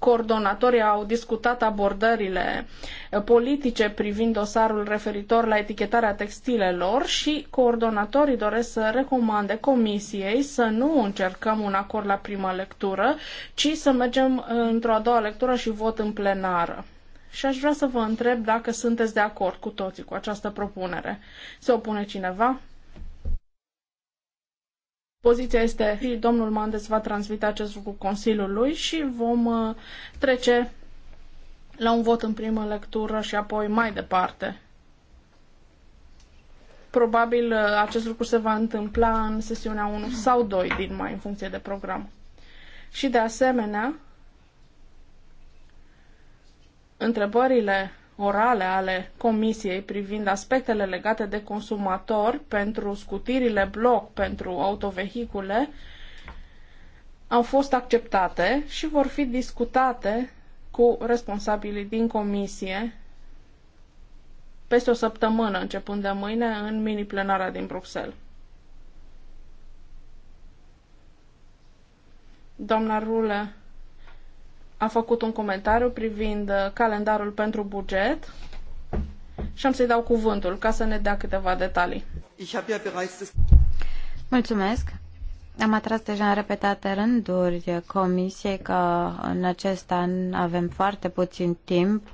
coordonatorii au discutat abordările politice privind dosarul referitor la etichetarea textilelor și coordonatorii doresc să recomande comisiei să nu încercăm un acord la prima lectură, ci să mergem uh, într-o a doua lectură și vot în plenară. Și aș vrea să vă întreb dacă sunteți de acord cu toții cu această propunere. Se opune cineva? Poziția este, domnul Mandes va transmite acest lucru Consiliului și vom uh, trece la un vot în primă lectură și apoi mai departe. Probabil uh, acest lucru se va întâmpla în sesiunea 1 sau 2 din mai, în funcție de program. Și de asemenea, întrebările orale ale Comisiei privind aspectele legate de consumatori pentru scutirile bloc pentru autovehicule au fost acceptate și vor fi discutate cu responsabilii din Comisie peste o săptămână, începând de mâine, în mini-plenara din Bruxelles. Doamna Rule a făcut un comentariu privind uh, calendarul pentru buget și am să-i dau cuvântul ca să ne dea câteva detalii. Mulțumesc. Am atras deja în repetate rânduri comisiei că în acest an avem foarte puțin timp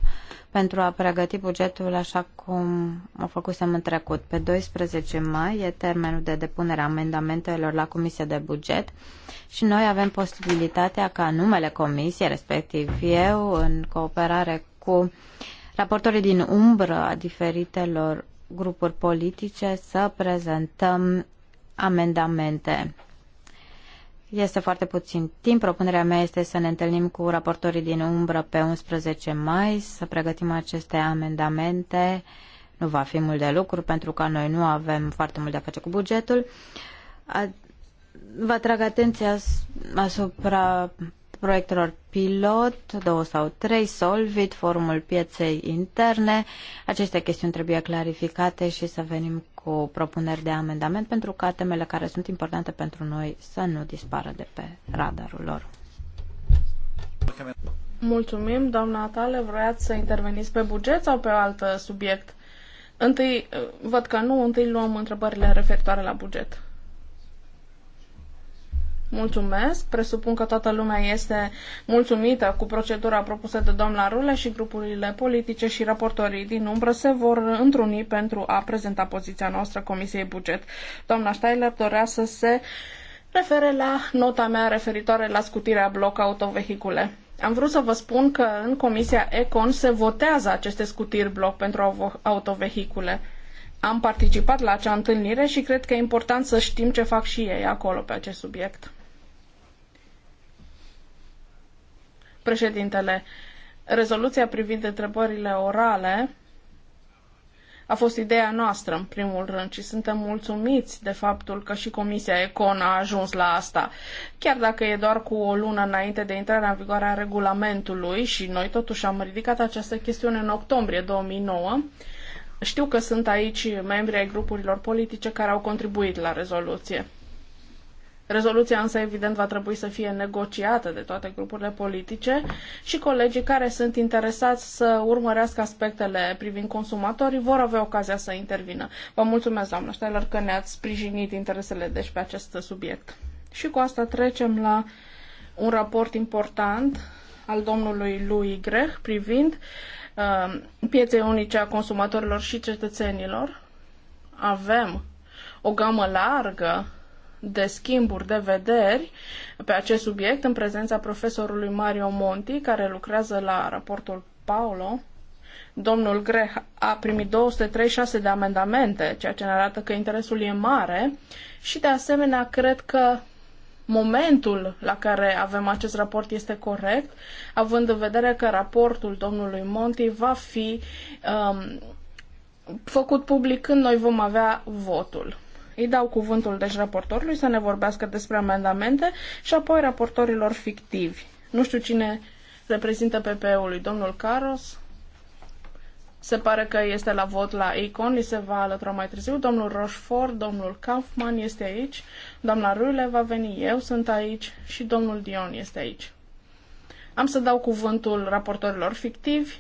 pentru a pregăti bugetul așa cum o făcusem în trecut. Pe 12 mai e termenul de depunere a amendamentelor la Comisia de Buget și noi avem posibilitatea ca numele comisiei, respectiv eu, în cooperare cu raportorii din umbră a diferitelor grupuri politice, să prezentăm amendamente este foarte puțin timp. Propunerea mea este să ne întâlnim cu raportorii din umbră pe 11 mai, să pregătim aceste amendamente. Nu va fi mult de lucru pentru că noi nu avem foarte mult de a face cu bugetul. vă atrag atenția asupra proiectelor pilot, două sau trei, Solvit, formul Pieței Interne. Aceste chestiuni trebuie clarificate și să venim cu propuneri de amendament pentru ca temele care sunt importante pentru noi să nu dispară de pe radarul lor. Mulțumim, doamna Tale, vreați să interveniți pe buget sau pe alt uh, subiect? Întâi, uh, văd că nu, întâi luăm întrebările referitoare la buget. Mulțumesc. Presupun că toată lumea este mulțumită cu procedura propusă de doamna Rule și grupurile politice și raportorii din umbră se vor întruni pentru a prezenta poziția noastră Comisiei Buget. Doamna Steiler dorea să se refere la nota mea referitoare la scutirea bloc autovehicule. Am vrut să vă spun că în Comisia Econ se votează aceste scutiri bloc pentru autovehicule. Am participat la acea întâlnire și cred că e important să știm ce fac și ei acolo pe acest subiect. Președintele, rezoluția privind întrebările orale a fost ideea noastră, în primul rând, și suntem mulțumiți de faptul că și Comisia Econ a ajuns la asta. Chiar dacă e doar cu o lună înainte de intrarea în vigoare a regulamentului și noi totuși am ridicat această chestiune în octombrie 2009, știu că sunt aici membri ai grupurilor politice care au contribuit la rezoluție. Rezoluția însă evident va trebui să fie negociată de toate grupurile politice și colegii care sunt interesați să urmărească aspectele privind consumatorii vor avea ocazia să intervină. Vă mulțumesc, doamnă Steller, că ne-ați sprijinit interesele deci pe acest subiect. Și cu asta trecem la un raport important al domnului lui Greh privind uh, pieței unice a consumatorilor și cetățenilor. Avem o gamă largă de schimburi de vederi pe acest subiect în prezența profesorului Mario Monti, care lucrează la raportul Paolo. Domnul Greh a primit 236 de amendamente, ceea ce ne arată că interesul e mare și, de asemenea, cred că momentul la care avem acest raport este corect, având în vedere că raportul domnului Monti va fi um, făcut public când noi vom avea votul. Îi dau cuvântul deci raportorului să ne vorbească despre amendamente și apoi raportorilor fictivi. Nu știu cine reprezintă PPE-ului, domnul Caros. Se pare că este la vot la ICON, li se va alătura mai târziu. Domnul Rochefort, domnul Kaufman este aici, doamna Rule va veni, eu sunt aici și domnul Dion este aici. Am să dau cuvântul raportorilor fictivi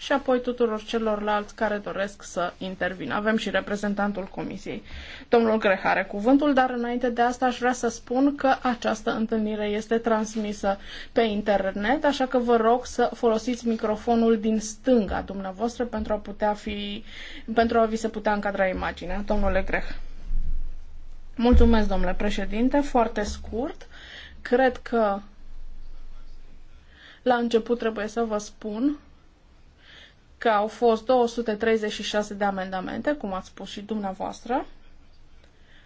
și apoi tuturor celorlalți care doresc să intervină. Avem și reprezentantul Comisiei. Domnul Greh are cuvântul, dar înainte de asta aș vrea să spun că această întâlnire este transmisă pe internet, așa că vă rog să folosiți microfonul din stânga dumneavoastră pentru a, putea fi, pentru a vi se putea încadra imaginea. Domnule Greh. Mulțumesc, domnule președinte. Foarte scurt. Cred că la început trebuie să vă spun că au fost 236 de amendamente, cum ați spus și dumneavoastră.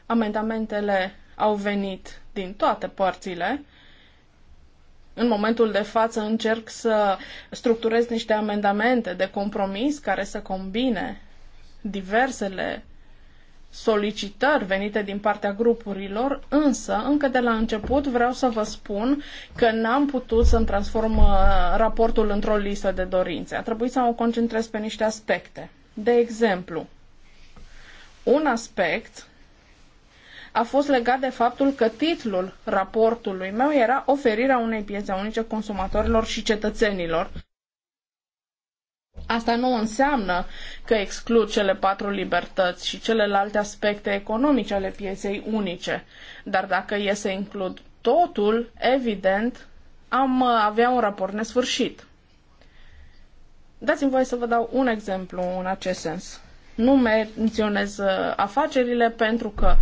Amendamentele au venit din toate părțile. În momentul de față încerc să structurez niște amendamente de compromis care să combine diversele solicitări venite din partea grupurilor, însă încă de la început vreau să vă spun că n-am putut să-mi transform uh, raportul într-o listă de dorințe. A trebuit să mă concentrez pe niște aspecte. De exemplu, un aspect a fost legat de faptul că titlul raportului meu era oferirea unei piețe unice consumatorilor și cetățenilor. Asta nu înseamnă că exclud cele patru libertăți și celelalte aspecte economice ale pieței unice, dar dacă e să includ totul, evident, am uh, avea un raport nesfârșit. Dați-mi voie să vă dau un exemplu în acest sens. Nu menționez uh, afacerile pentru că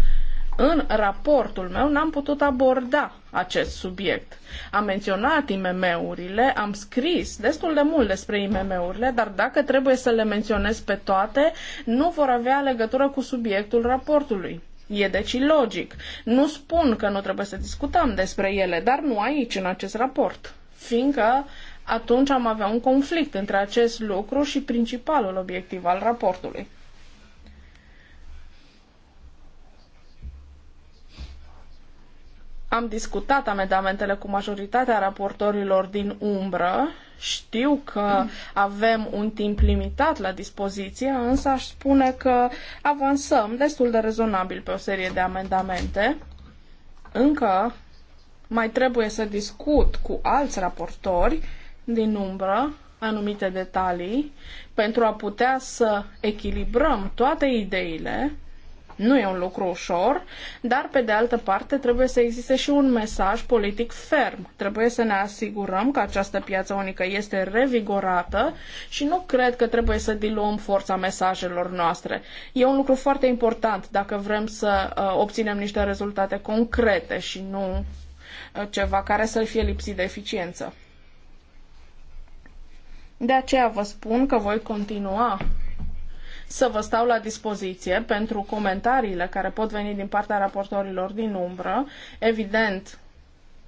în raportul meu n-am putut aborda acest subiect. Am menționat IMM-urile, am scris destul de mult despre IMM-urile, dar dacă trebuie să le menționez pe toate, nu vor avea legătură cu subiectul raportului. E deci logic. Nu spun că nu trebuie să discutăm despre ele, dar nu aici, în acest raport, fiindcă atunci am avea un conflict între acest lucru și principalul obiectiv al raportului. am discutat amendamentele cu majoritatea raportorilor din umbră. Știu că avem un timp limitat la dispoziție, însă aș spune că avansăm destul de rezonabil pe o serie de amendamente. Încă mai trebuie să discut cu alți raportori din umbră anumite detalii pentru a putea să echilibrăm toate ideile nu e un lucru ușor, dar pe de altă parte trebuie să existe și un mesaj politic ferm. Trebuie să ne asigurăm că această piață unică este revigorată și nu cred că trebuie să diluăm forța mesajelor noastre. E un lucru foarte important dacă vrem să uh, obținem niște rezultate concrete și nu uh, ceva care să fie lipsit de eficiență. De aceea vă spun că voi continua să vă stau la dispoziție pentru comentariile care pot veni din partea raportorilor din umbră. Evident,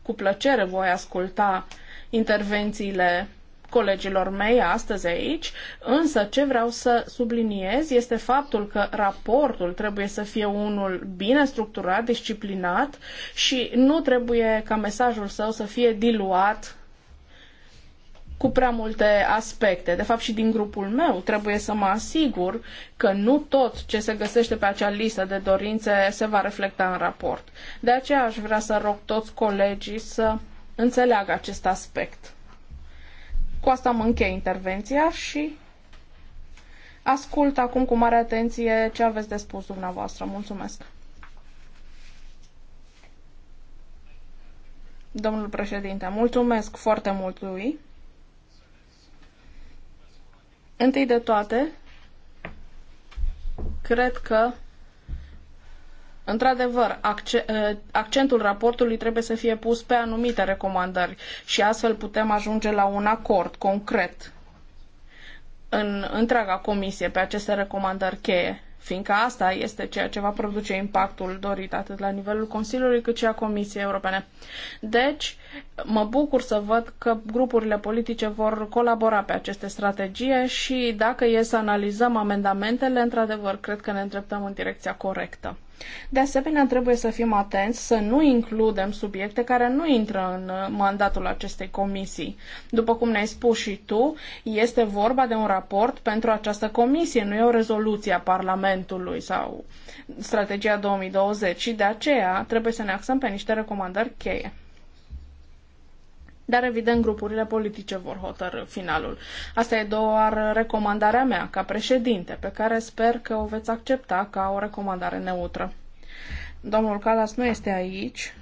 cu plăcere voi asculta intervențiile colegilor mei astăzi aici, însă ce vreau să subliniez este faptul că raportul trebuie să fie unul bine structurat, disciplinat și nu trebuie ca mesajul său să fie diluat cu prea multe aspecte. De fapt, și din grupul meu trebuie să mă asigur că nu tot ce se găsește pe acea listă de dorințe se va reflecta în raport. De aceea aș vrea să rog toți colegii să înțeleagă acest aspect. Cu asta mă închei intervenția și ascult acum cu mare atenție ce aveți de spus dumneavoastră. Mulțumesc! Domnul președinte, mulțumesc foarte mult lui. Întâi de toate, cred că, într-adevăr, ă, accentul raportului trebuie să fie pus pe anumite recomandări și astfel putem ajunge la un acord concret în întreaga comisie pe aceste recomandări cheie fiindcă asta este ceea ce va produce impactul dorit atât la nivelul Consiliului cât și a Comisiei Europene. Deci, mă bucur să văd că grupurile politice vor colabora pe aceste strategie și dacă e să analizăm amendamentele, într-adevăr, cred că ne îndreptăm în direcția corectă. De asemenea, trebuie să fim atenți să nu includem subiecte care nu intră în uh, mandatul acestei comisii. După cum ne-ai spus și tu, este vorba de un raport pentru această comisie, nu e o rezoluție a Parlamentului sau strategia 2020 și de aceea trebuie să ne axăm pe niște recomandări cheie. Dar, evident, grupurile politice vor hotărâ finalul. Asta e doar recomandarea mea ca președinte, pe care sper că o veți accepta ca o recomandare neutră. Domnul Calas nu este aici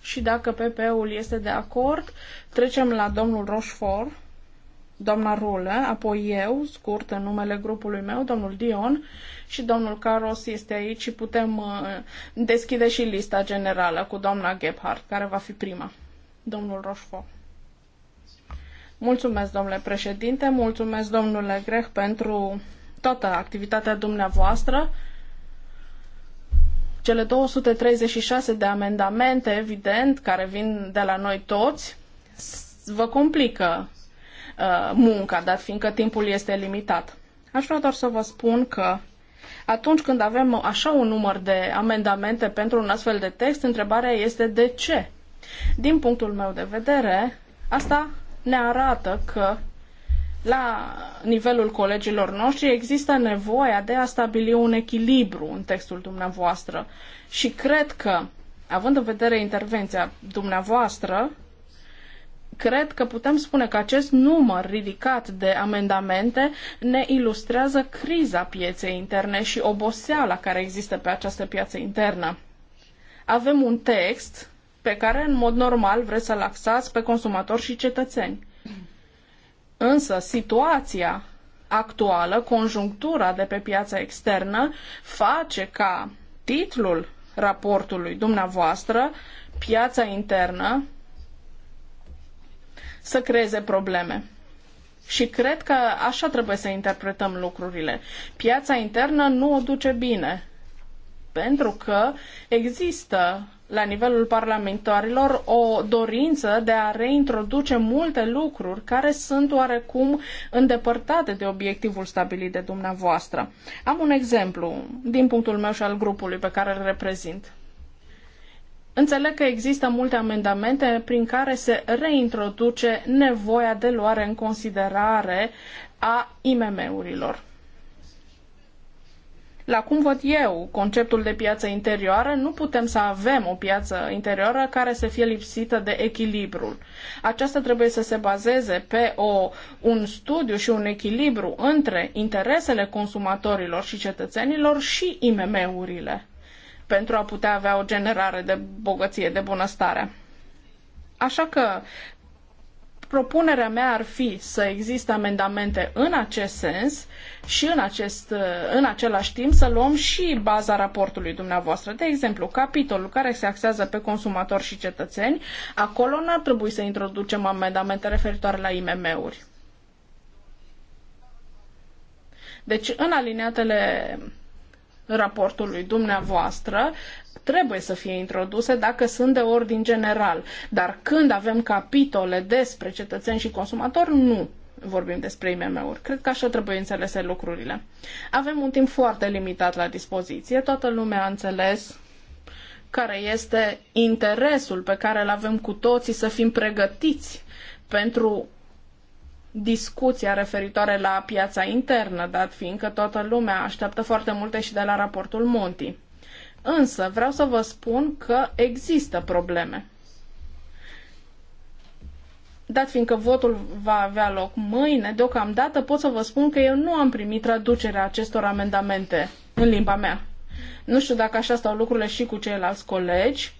și dacă PP-ul este de acord, trecem la domnul Rochefort, doamna Rulă, apoi eu, scurt în numele grupului meu, domnul Dion și domnul Caros este aici și putem uh, deschide și lista generală cu doamna Gebhardt, care va fi prima. Domnul Rochefort. Mulțumesc, domnule președinte, mulțumesc, domnule Greh, pentru toată activitatea dumneavoastră. Cele 236 de amendamente, evident, care vin de la noi toți, vă complică uh, munca, dat fiindcă timpul este limitat. Aș vrea doar să vă spun că atunci când avem așa un număr de amendamente pentru un astfel de text, întrebarea este de ce. Din punctul meu de vedere, asta ne arată că la nivelul colegilor noștri există nevoia de a stabili un echilibru în textul dumneavoastră și cred că, având în vedere intervenția dumneavoastră, cred că putem spune că acest număr ridicat de amendamente ne ilustrează criza pieței interne și oboseala care există pe această piață internă. Avem un text pe care, în mod normal, vreți să-l axați pe consumatori și cetățeni. Însă, situația actuală, conjunctura de pe piața externă, face ca titlul raportului dumneavoastră, piața internă, să creeze probleme. Și cred că așa trebuie să interpretăm lucrurile. Piața internă nu o duce bine, pentru că există la nivelul parlamentarilor o dorință de a reintroduce multe lucruri care sunt oarecum îndepărtate de obiectivul stabilit de dumneavoastră. Am un exemplu din punctul meu și al grupului pe care îl reprezint. Înțeleg că există multe amendamente prin care se reintroduce nevoia de luare în considerare a IMM-urilor la cum văd eu conceptul de piață interioară, nu putem să avem o piață interioară care să fie lipsită de echilibrul. Aceasta trebuie să se bazeze pe o, un studiu și un echilibru între interesele consumatorilor și cetățenilor și IMM-urile pentru a putea avea o generare de bogăție, de bunăstare. Așa că Propunerea mea ar fi să existe amendamente în acest sens și în, acest, în același timp să luăm și baza raportului dumneavoastră. De exemplu, capitolul care se axează pe consumatori și cetățeni, acolo n-ar trebui să introducem amendamente referitoare la IMM-uri. Deci, în alineatele raportului dumneavoastră, trebuie să fie introduse dacă sunt de ordin general. Dar când avem capitole despre cetățeni și consumatori, nu vorbim despre IMM-uri. Cred că așa trebuie înțelese lucrurile. Avem un timp foarte limitat la dispoziție. Toată lumea a înțeles care este interesul pe care îl avem cu toții să fim pregătiți pentru discuția referitoare la piața internă, dat fiindcă toată lumea așteaptă foarte multe și de la raportul Monti. Însă vreau să vă spun că există probleme. Dat fiindcă votul va avea loc mâine, deocamdată pot să vă spun că eu nu am primit traducerea acestor amendamente în limba mea. Nu știu dacă așa stau lucrurile și cu ceilalți colegi.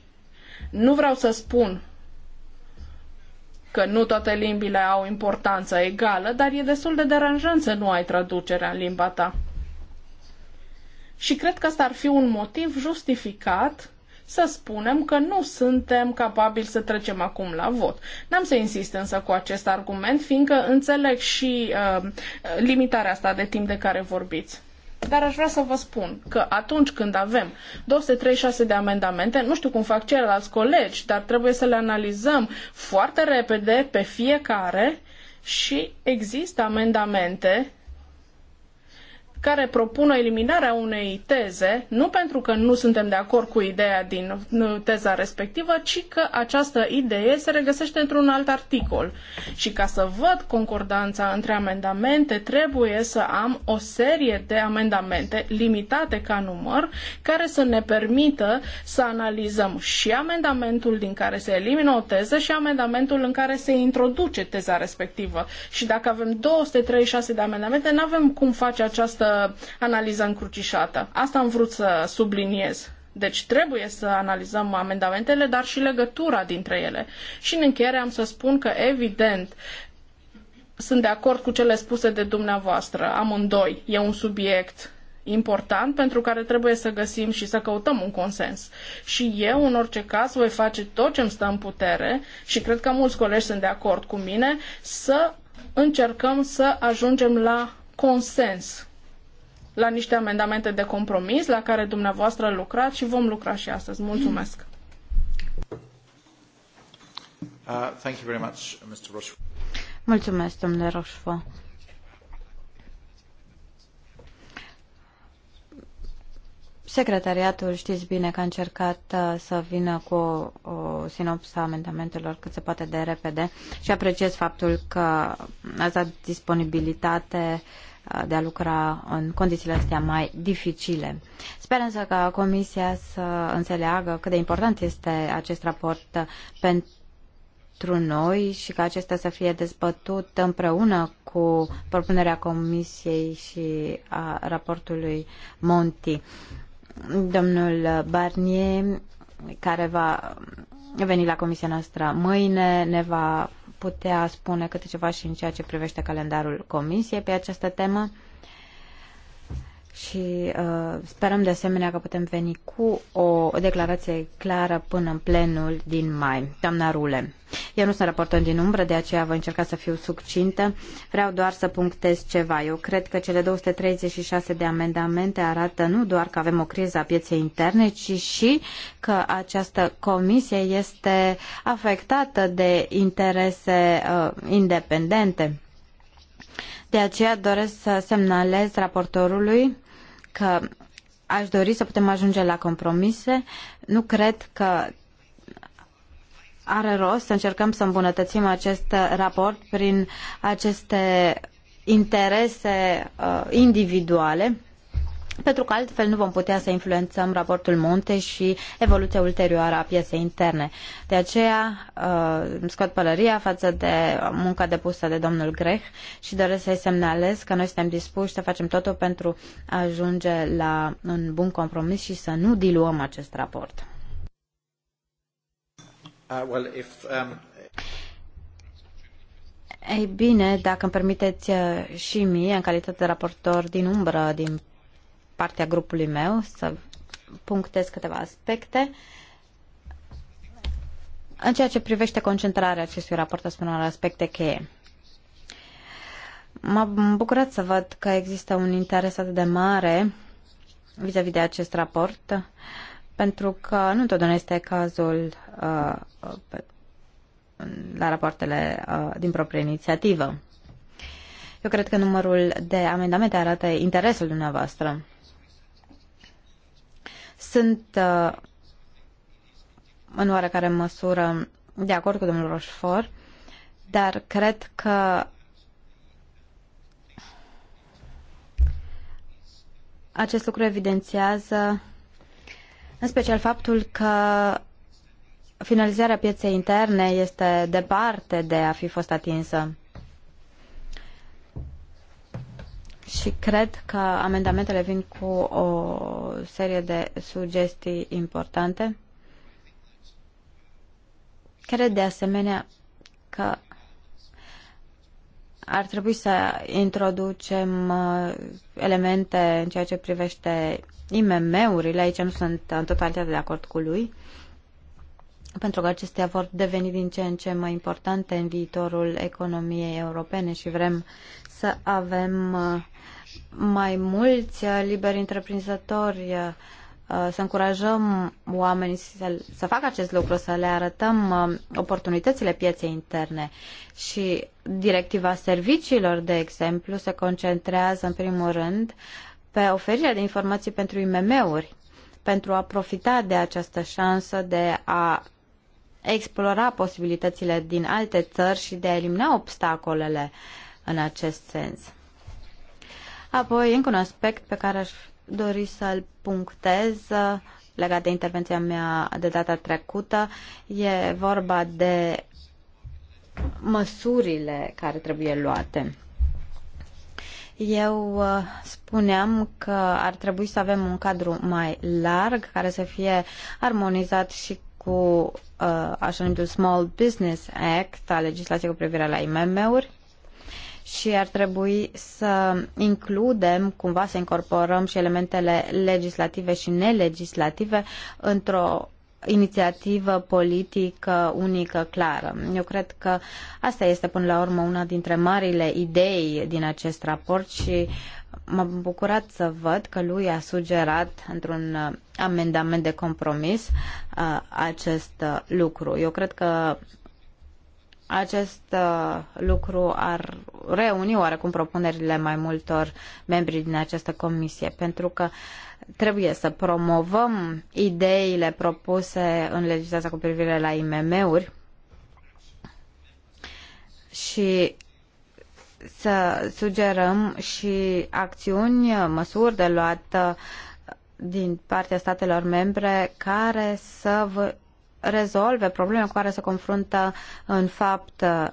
Nu vreau să spun că nu toate limbile au importanță egală, dar e destul de deranjant să nu ai traducerea în limba ta. Și cred că asta ar fi un motiv justificat să spunem că nu suntem capabili să trecem acum la vot. N-am să insist însă cu acest argument, fiindcă înțeleg și uh, limitarea asta de timp de care vorbiți. Dar aș vrea să vă spun că atunci când avem 236 de amendamente, nu știu cum fac ceilalți colegi, dar trebuie să le analizăm foarte repede pe fiecare și există amendamente care propună eliminarea unei teze, nu pentru că nu suntem de acord cu ideea din teza respectivă, ci că această idee se regăsește într-un alt articol. Și ca să văd concordanța între amendamente, trebuie să am o serie de amendamente limitate ca număr, care să ne permită să analizăm și amendamentul din care se elimină o teză și amendamentul în care se introduce teza respectivă. Și dacă avem 236 de amendamente, nu avem cum face această analiza încrucișată. Asta am vrut să subliniez. Deci trebuie să analizăm amendamentele, dar și legătura dintre ele. Și în încheiere am să spun că, evident, sunt de acord cu cele spuse de dumneavoastră, amândoi. E un subiect important pentru care trebuie să găsim și să căutăm un consens. Și eu, în orice caz, voi face tot ce îmi stă în putere și cred că mulți colegi sunt de acord cu mine să încercăm să ajungem la consens la niște amendamente de compromis la care dumneavoastră lucrați și vom lucra și astăzi. Mulțumesc! Uh, thank you very much, uh, Mr. Mulțumesc, domnule Roșfo. Secretariatul știți bine că a încercat uh, să vină cu o, o sinopsă a amendamentelor cât se poate de repede și apreciez faptul că ați dat disponibilitate uh, de a lucra în condițiile astea mai dificile. Sper însă ca Comisia să înțeleagă cât de important este acest raport pentru noi și ca acesta să fie dezbătut împreună cu propunerea Comisiei și a raportului Monti. Domnul Barnier, care va veni la comisia noastră mâine, ne va putea spune câte ceva și în ceea ce privește calendarul Comisiei pe această temă? și uh, sperăm de asemenea că putem veni cu o declarație clară până în plenul din mai. Doamna Rule, eu nu sunt raportor din umbră, de aceea voi încerca să fiu succintă. Vreau doar să punctez ceva. Eu cred că cele 236 de amendamente arată nu doar că avem o criză a pieței interne, ci și că această comisie este afectată de interese uh, independente de aceea doresc să semnalez raportorului că aș dori să putem ajunge la compromise. Nu cred că are rost să încercăm să îmbunătățim acest raport prin aceste interese uh, individuale pentru că altfel nu vom putea să influențăm raportul Monte și evoluția ulterioară a pieței interne. De aceea uh, îmi scot pălăria față de munca depusă de domnul Grech și doresc să-i semnalez că noi suntem dispuși să facem totul pentru a ajunge la un bun compromis și să nu diluăm acest raport. Uh, well, if, um... Ei bine, dacă îmi permiteți uh, și mie, în calitate de raportor din umbră din partea grupului meu să punctez câteva aspecte. În ceea ce privește concentrarea acestui raport asupra unor aspecte cheie. M-am bucurat să văd că există un interes atât de mare vis-a-vis -vis de acest raport, pentru că nu întotdeauna este cazul uh, la rapoartele uh, din proprie inițiativă. Eu cred că numărul de amendamente arată interesul dumneavoastră. Sunt uh, în oarecare măsură de acord cu domnul Roșfor, dar cred că acest lucru evidențiază în special faptul că finalizarea pieței interne este departe de a fi fost atinsă. și cred că amendamentele vin cu o serie de sugestii importante. Cred de asemenea că ar trebui să introducem uh, elemente în ceea ce privește IMM-urile. Aici nu sunt în totalitate de acord cu lui, pentru că acestea vor deveni din ce în ce mai importante în viitorul economiei europene și vrem să avem uh, mai mulți uh, liberi întreprinzători, uh, să încurajăm oamenii să, să facă acest lucru, să le arătăm oportunitățile pieței interne. Și directiva serviciilor, de exemplu, se concentrează în primul rând pe oferirea de informații pentru IMM-uri, pentru a profita de această șansă de a explora posibilitățile din alte țări și de a elimina obstacolele uh, în acest sens. Apoi, încă un aspect pe care aș dori să-l punctez uh, legat de intervenția mea de data trecută, e vorba de măsurile care trebuie luate. Eu uh, spuneam că ar trebui să avem un cadru mai larg care să fie armonizat și cu uh, așa numitul Small Business Act, a legislației cu privire la IMM-uri, și ar trebui să includem, cumva să incorporăm și elementele legislative și nelegislative într-o inițiativă politică unică clară. Eu cred că asta este până la urmă una dintre marile idei din acest raport și m-am bucurat să văd că lui a sugerat într-un amendament de compromis uh, acest uh, lucru. Eu cred că acest uh, lucru ar reuni oarecum propunerile mai multor membri din această comisie, pentru că trebuie să promovăm ideile propuse în legislația cu privire la IMM-uri și să sugerăm și acțiuni, măsuri de luat uh, din partea statelor membre care să rezolve probleme cu care se confruntă în fapt uh,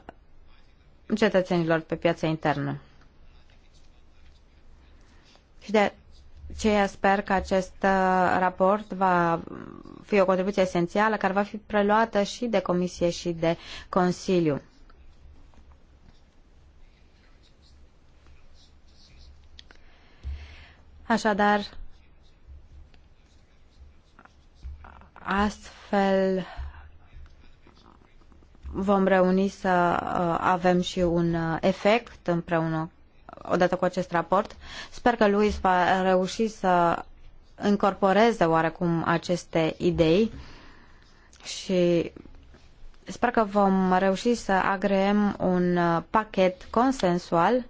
cetățenilor pe piața internă. Și de aceea sper că acest uh, raport va fi o contribuție esențială care va fi preluată și de Comisie și de Consiliu. Așadar, astfel Astfel vom reuni să uh, avem și un uh, efect împreună odată cu acest raport. Sper că Luis va reuși să incorporeze oarecum aceste idei și sper că vom reuși să agreem un uh, pachet consensual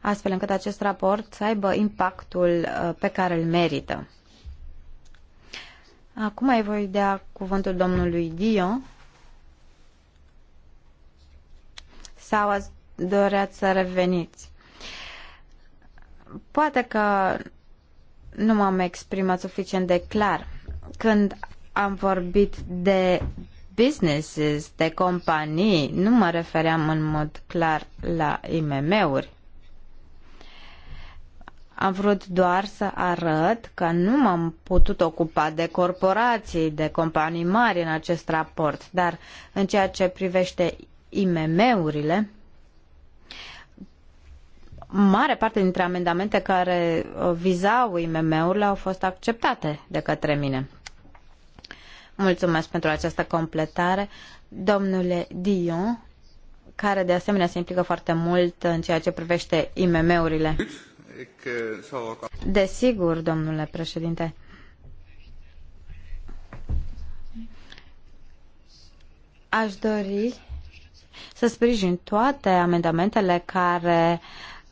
astfel încât acest raport să aibă impactul pe care îl merită. Acum ai voi da cuvântul domnului Dio. Sau ați doreați să reveniți? Poate că nu m-am exprimat suficient de clar. Când am vorbit de businesses, de companii, nu mă refeream în mod clar la IMM-uri. Am vrut doar să arăt că nu m-am putut ocupa de corporații, de companii mari în acest raport, dar în ceea ce privește IMM-urile, mare parte dintre amendamente care uh, vizau IMM-urile au fost acceptate de către mine. Mulțumesc pentru această completare. Domnule Dion, care de asemenea se implică foarte mult în ceea ce privește IMM-urile. Desigur, domnule președinte. Aș dori să sprijin toate amendamentele care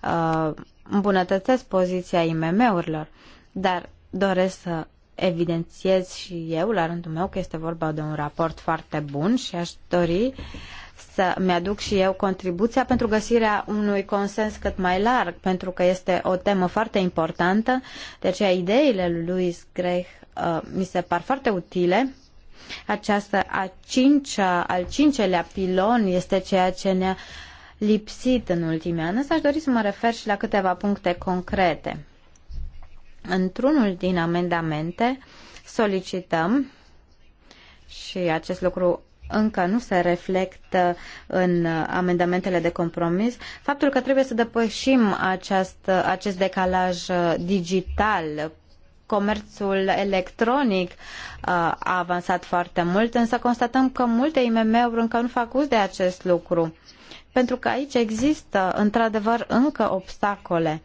uh, îmbunătățesc poziția IMM-urilor, dar doresc să evidențiez și eu, la rândul meu, că este vorba de un raport foarte bun și aș dori să-mi aduc și eu contribuția pentru găsirea unui consens cât mai larg, pentru că este o temă foarte importantă. De aceea, ideile lui Louis Grech uh, mi se par foarte utile. Această a cincea, al cincelea pilon este ceea ce ne-a lipsit în ultimii ani. Însă aș dori să mă refer și la câteva puncte concrete. Într-unul din amendamente solicităm și acest lucru încă nu se reflectă în amendamentele de compromis, faptul că trebuie să depășim aceast, acest decalaj digital comerțul electronic uh, a avansat foarte mult, însă constatăm că multe IMM-uri încă nu fac uz de acest lucru, pentru că aici există, într-adevăr, încă obstacole.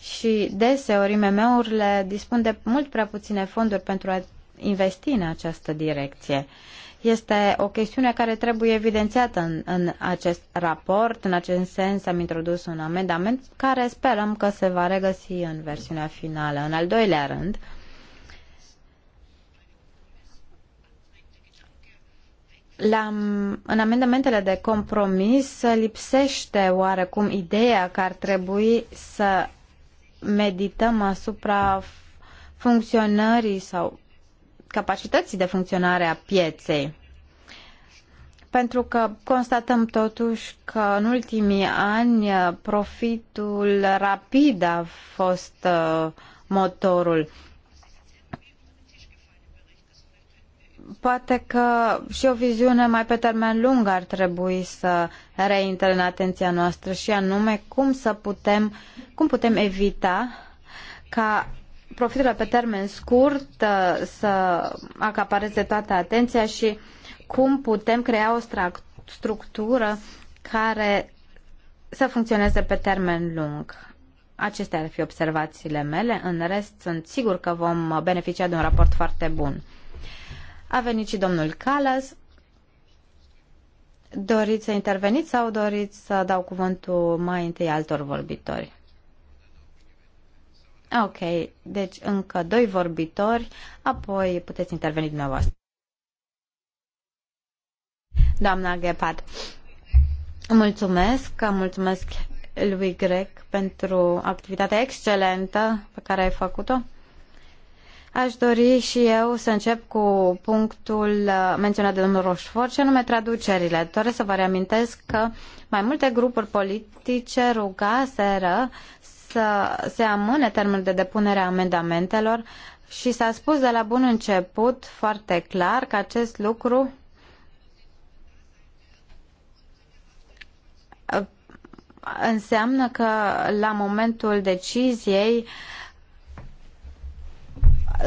Și deseori IMM-urile dispun de mult prea puține fonduri pentru a investi în această direcție. Uh, este o chestiune care trebuie evidențiată în, în acest raport. În acest sens am introdus un amendament care sperăm că se va regăsi în versiunea finală. În al doilea rând, la, în amendamentele de compromis lipsește oarecum ideea că ar trebui să medităm asupra funcționării sau capacității de funcționare a pieței. Pentru că constatăm totuși că în ultimii ani profitul rapid a fost uh, motorul. Poate că și o viziune mai pe termen lung ar trebui să reintre în atenția noastră și anume cum să putem, cum putem evita ca profiturile pe termen scurt uh, să acapareze toată atenția și cum putem crea o structură care să funcționeze pe termen lung. Acestea ar fi observațiile mele. În rest, sunt sigur că vom beneficia de un raport foarte bun. A venit și domnul Calas. Doriți să interveniți sau doriți să dau cuvântul mai întâi altor vorbitori? Ok, deci încă doi vorbitori, apoi puteți interveni dumneavoastră. Doamna Ghepat, mulțumesc, mulțumesc lui Grec pentru activitatea excelentă pe care ai făcut-o. Aș dori și eu să încep cu punctul menționat de domnul Roșfort, și anume traducerile. Doresc să vă reamintesc că mai multe grupuri politice rugaseră să se amâne termenul de depunere a amendamentelor și s-a spus de la bun început foarte clar că acest lucru uh, înseamnă că la momentul deciziei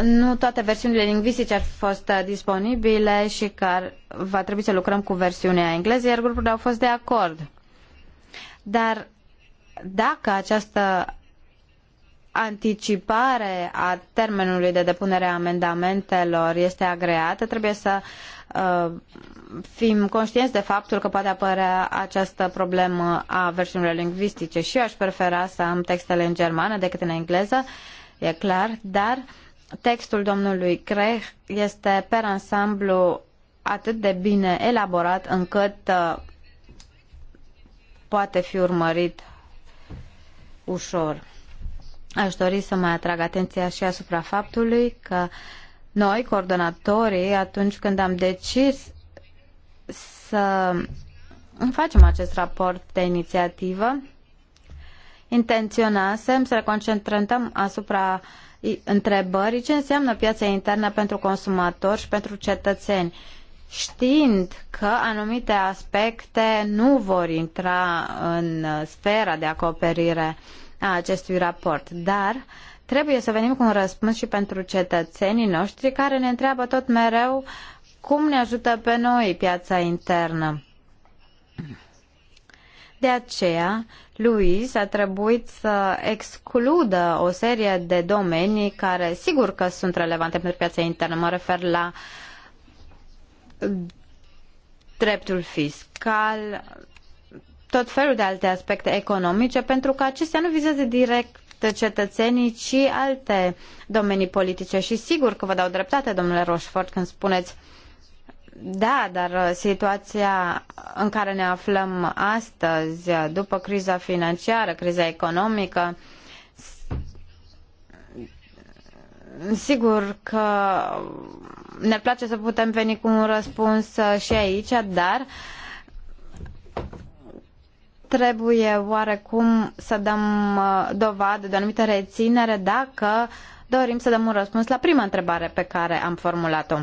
nu toate versiunile lingvistice ar fi fost uh, disponibile și că ar, va trebui să lucrăm cu versiunea engleză, iar grupurile au fost de acord. Dar dacă această anticipare a termenului de depunere a amendamentelor este agreată, trebuie să uh, fim conștienți de faptul că poate apărea această problemă a versiunilor lingvistice și eu aș prefera să am textele în germană decât în engleză, e clar, dar textul domnului Krech este per ansamblu atât de bine elaborat încât uh, poate fi urmărit ușor. Aș dori să mai atrag atenția și asupra faptului că noi, coordonatorii, atunci când am decis să facem acest raport de inițiativă, intenționasem să ne concentrăm asupra întrebării ce înseamnă piața internă pentru consumatori și pentru cetățeni știind că anumite aspecte nu vor intra în sfera de acoperire a acestui raport, dar trebuie să venim cu un răspuns și pentru cetățenii noștri care ne întreabă tot mereu cum ne ajută pe noi piața internă. De aceea, Luis a trebuit să excludă o serie de domenii care sigur că sunt relevante pentru piața internă. Mă refer la uh, dreptul fiscal, tot felul de alte aspecte economice, pentru că acestea nu vizează direct cetățenii, ci alte domenii politice. Și sigur că vă dau dreptate, domnule Roșfort, când spuneți da, dar situația în care ne aflăm astăzi, după criza financiară, criza economică, Sigur că ne place să putem veni cu un răspuns uh, și aici, dar trebuie oarecum să dăm uh, dovadă de o anumită reținere dacă dorim să dăm un răspuns la prima întrebare pe care am formulat-o.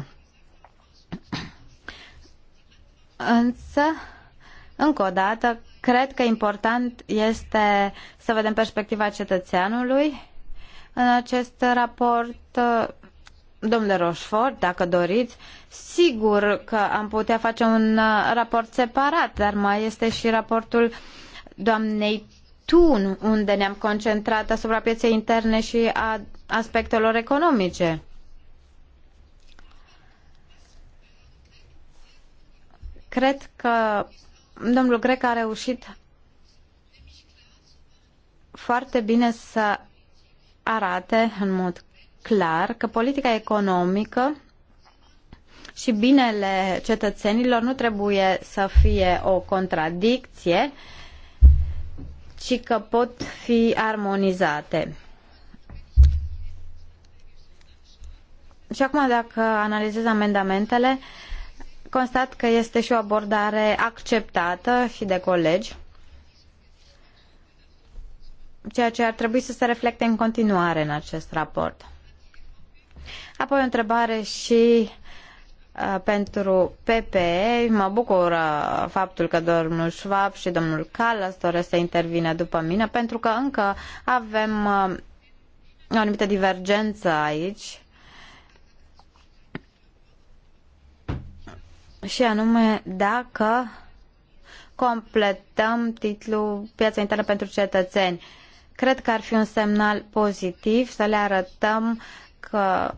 Însă, încă o dată, cred că important este să vedem perspectiva cetățeanului în acest raport. Uh, domnule Roșfort, dacă doriți, sigur că am putea face un uh, raport separat, dar mai este și raportul doamnei Tun, unde ne-am concentrat asupra pieței interne și a aspectelor economice. Cred că domnul Grec a reușit foarte bine să arate în mod clar că politica economică și binele cetățenilor nu trebuie să fie o contradicție, ci că pot fi armonizate. Și acum, dacă analizez amendamentele, constat că este și o abordare acceptată și de colegi ceea ce ar trebui să se reflecte în continuare în acest raport. Apoi o întrebare și uh, pentru PPE. Mă bucur faptul că domnul Schwab și domnul Callas doresc să intervină după mine, pentru că încă avem uh, o anumită divergență aici. Și anume dacă completăm titlul Piața internă pentru cetățeni. Uh, Cred că ar fi un semnal pozitiv să le arătăm că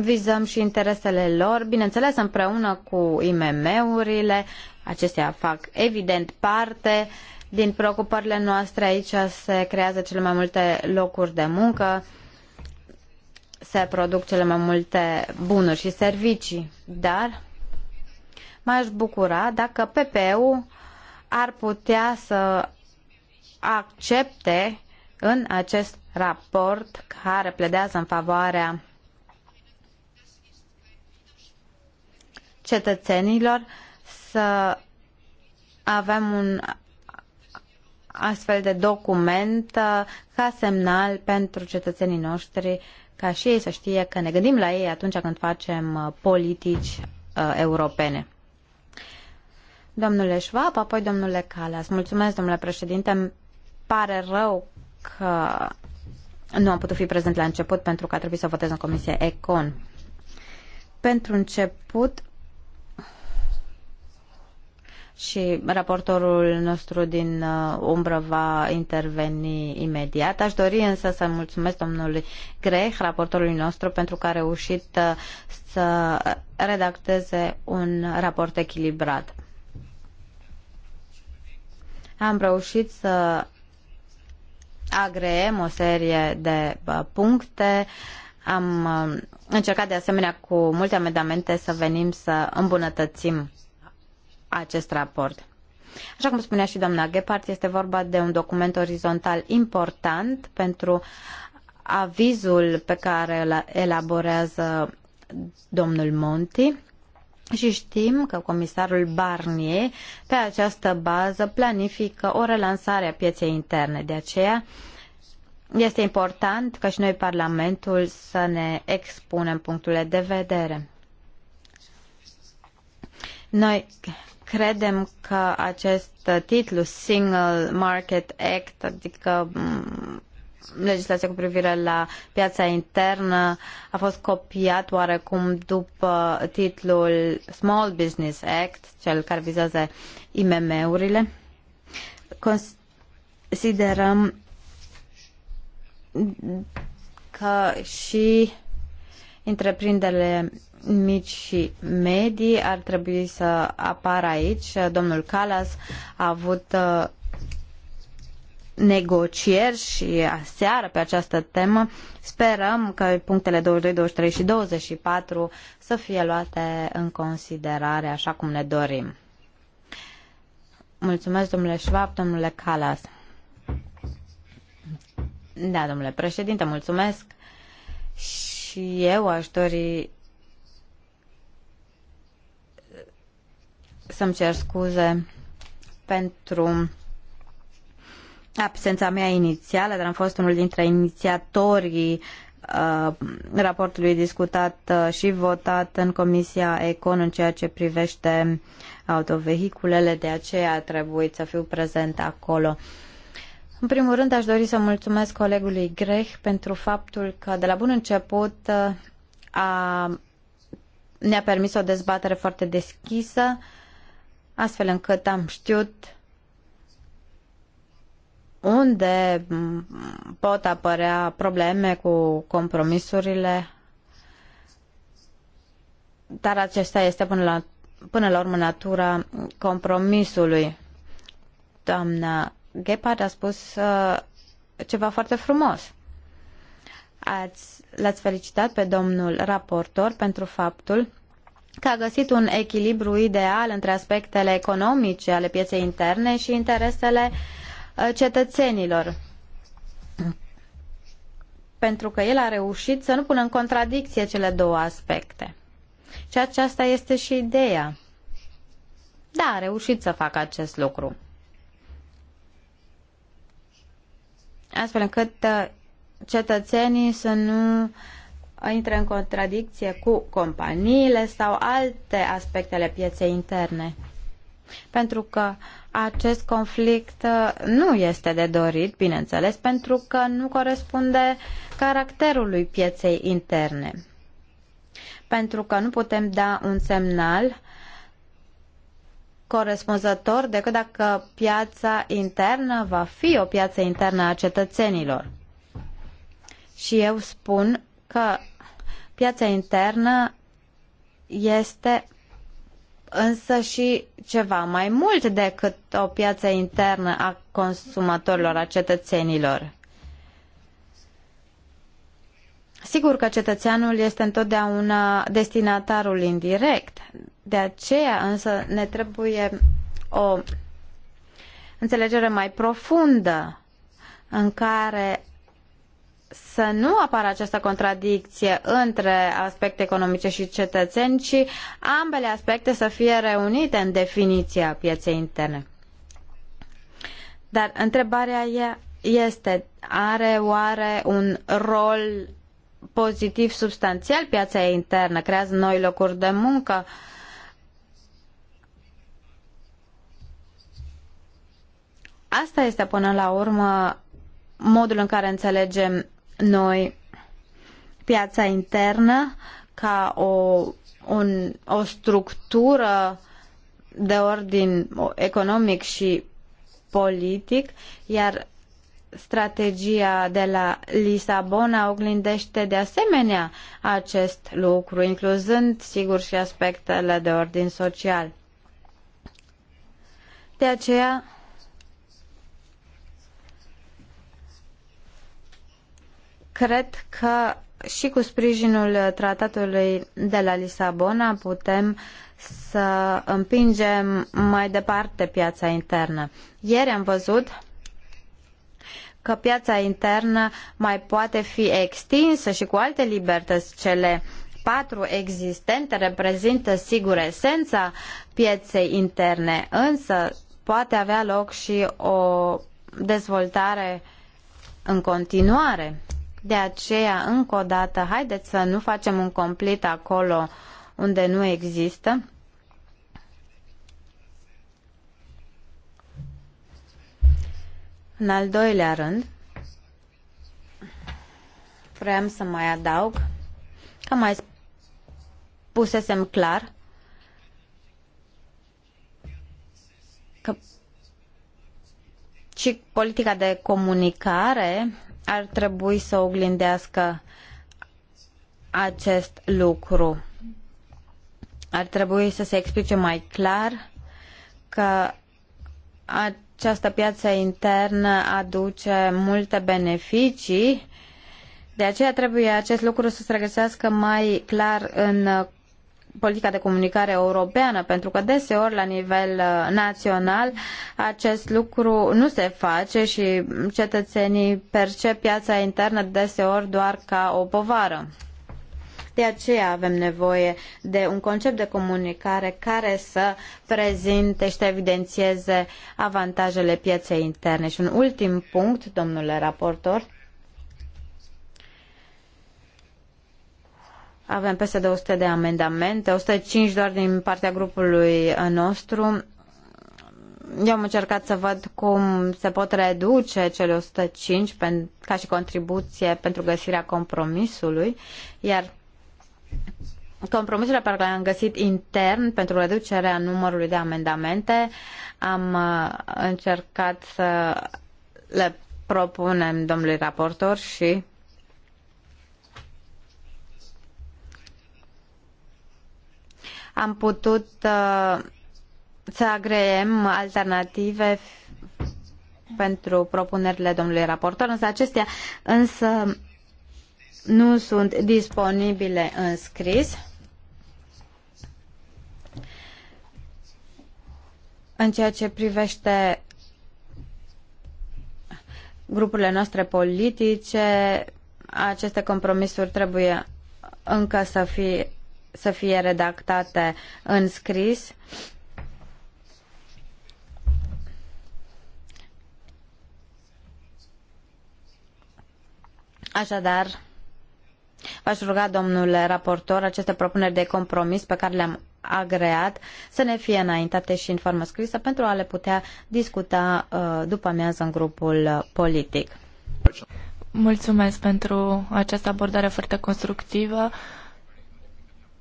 vizăm și interesele lor, bineînțeles împreună cu IMM-urile, acestea fac evident parte din preocupările noastre, aici se creează cele mai multe locuri de muncă, se produc cele mai multe bunuri și servicii, dar m-aș bucura dacă PPU ar putea să accepte în acest raport care pledează în favoarea cetățenilor să avem un astfel de document uh, ca semnal pentru cetățenii noștri ca și ei să știe că ne gândim la ei atunci când facem uh, politici uh, europene. Domnule Schwab, apoi domnule Calas. Mulțumesc, domnule președinte pare rău că nu am putut fi prezent la început pentru că a trebuit să votez în Comisia Econ. Pentru început, și raportorul nostru din uh, umbră va interveni imediat. Aș dori însă să mulțumesc domnului Greh, raportorului nostru, pentru că a reușit uh, să redacteze un raport echilibrat. Am reușit să agreem o serie de puncte. Am uh, încercat de asemenea cu multe amendamente să venim să îmbunătățim acest raport. Așa cum spunea și doamna Gepard, este vorba de un document orizontal important pentru avizul pe care îl elaborează domnul Monti și știm că comisarul Barnier pe această bază planifică o relansare a pieței interne. De aceea este important ca și noi Parlamentul să ne expunem punctele de vedere. Noi credem că acest titlu Single Market Act, adică legislația cu privire la piața internă a fost copiat oarecum după titlul Small Business Act, cel care vizează IMM-urile. Considerăm că și întreprinderile mici și medii ar trebui să apară aici. Domnul Calas a avut uh, negocieri și aseară pe această temă. Sperăm că punctele 22, 23 și 24 să fie luate în considerare așa cum ne dorim. Mulțumesc, domnule Schwab, domnule Calas. Da, domnule președinte, mulțumesc. Și eu aș dori să-mi cer scuze pentru absența mea inițială, dar am fost unul dintre inițiatorii uh, raportului discutat uh, și votat în Comisia Econ în ceea ce privește autovehiculele, de aceea a trebuit să fiu prezent acolo. În primul rând aș dori să mulțumesc colegului Greh pentru faptul că de la bun început uh, a, ne-a permis o dezbatere foarte deschisă, astfel încât am știut unde pot apărea probleme cu compromisurile, dar acesta este până la, până la urmă natura compromisului. Doamna Gepard a spus uh, ceva foarte frumos. Ați, l-ați felicitat pe domnul raportor pentru faptul că a găsit un echilibru ideal între aspectele economice ale pieței interne și interesele uh, Uh, cetățenilor. Pentru că el a reușit să nu pună în contradicție cele două aspecte. Și aceasta este și ideea. Da, a reușit să facă acest lucru. Astfel încât uh, cetățenii să nu intre în contradicție cu companiile sau alte aspecte ale pieței interne pentru că acest conflict uh, nu este de dorit, bineînțeles, pentru că nu corespunde caracterului pieței interne. Pentru că nu putem da un semnal corespunzător decât dacă piața internă va fi o piață internă a cetățenilor. Și eu spun că piața internă este însă și ceva mai mult decât o piață internă a consumatorilor, a cetățenilor. Sigur că cetățeanul este întotdeauna destinatarul indirect, de aceea însă ne trebuie o înțelegere mai profundă în care să nu apară această contradicție între aspecte economice și cetățeni, ci ambele aspecte să fie reunite în definiția pieței interne. Dar întrebarea este, are oare un rol pozitiv substanțial piața internă? Creează noi locuri de muncă? Asta este până la urmă modul în care înțelegem noi piața internă ca o, un, o structură de ordin economic și politic, iar strategia de la Lisabona oglindește de asemenea acest lucru, incluzând, sigur, și aspectele de ordin social. De aceea, Cred că și cu sprijinul tratatului de la Lisabona putem să împingem mai departe piața internă. Ieri am văzut că piața internă mai poate fi extinsă și cu alte libertăți cele patru existente reprezintă sigur esența pieței interne, însă poate avea loc și o dezvoltare în continuare. De aceea, încă o dată, haideți să nu facem un complet acolo unde nu există. În al doilea rând, vreau să mai adaug că mai pusesem clar că și politica de comunicare ar trebui să oglindească acest lucru. Ar trebui să se explice mai clar că această piață internă aduce multe beneficii, de aceea trebuie acest lucru să se regăsească mai clar în politica de comunicare europeană, pentru că deseori la nivel uh, național acest lucru nu se face și cetățenii percep piața internă deseori doar ca o povară. De aceea avem nevoie de un concept de comunicare care să prezinte și să evidențieze avantajele pieței interne. Și un ultim punct, domnule raportor, Avem peste 200 de amendamente, 105 doar din partea grupului nostru. Eu am încercat să văd cum se pot reduce cele 105 ca și contribuție pentru găsirea compromisului, iar compromisurile pe care le-am găsit intern pentru reducerea numărului de amendamente, am uh, încercat să le propunem domnului raportor și am putut uh, să agreem alternative pentru propunerile domnului raportor, însă acestea însă nu sunt disponibile în scris. În ceea ce privește grupurile noastre politice, aceste compromisuri trebuie încă să fie să fie redactate în scris. Așadar, v-aș ruga, domnule raportor, aceste propuneri de compromis pe care le-am agreat să ne fie înaintate și în formă scrisă pentru a le putea discuta uh, după amiază în grupul politic. Mulțumesc pentru această abordare foarte constructivă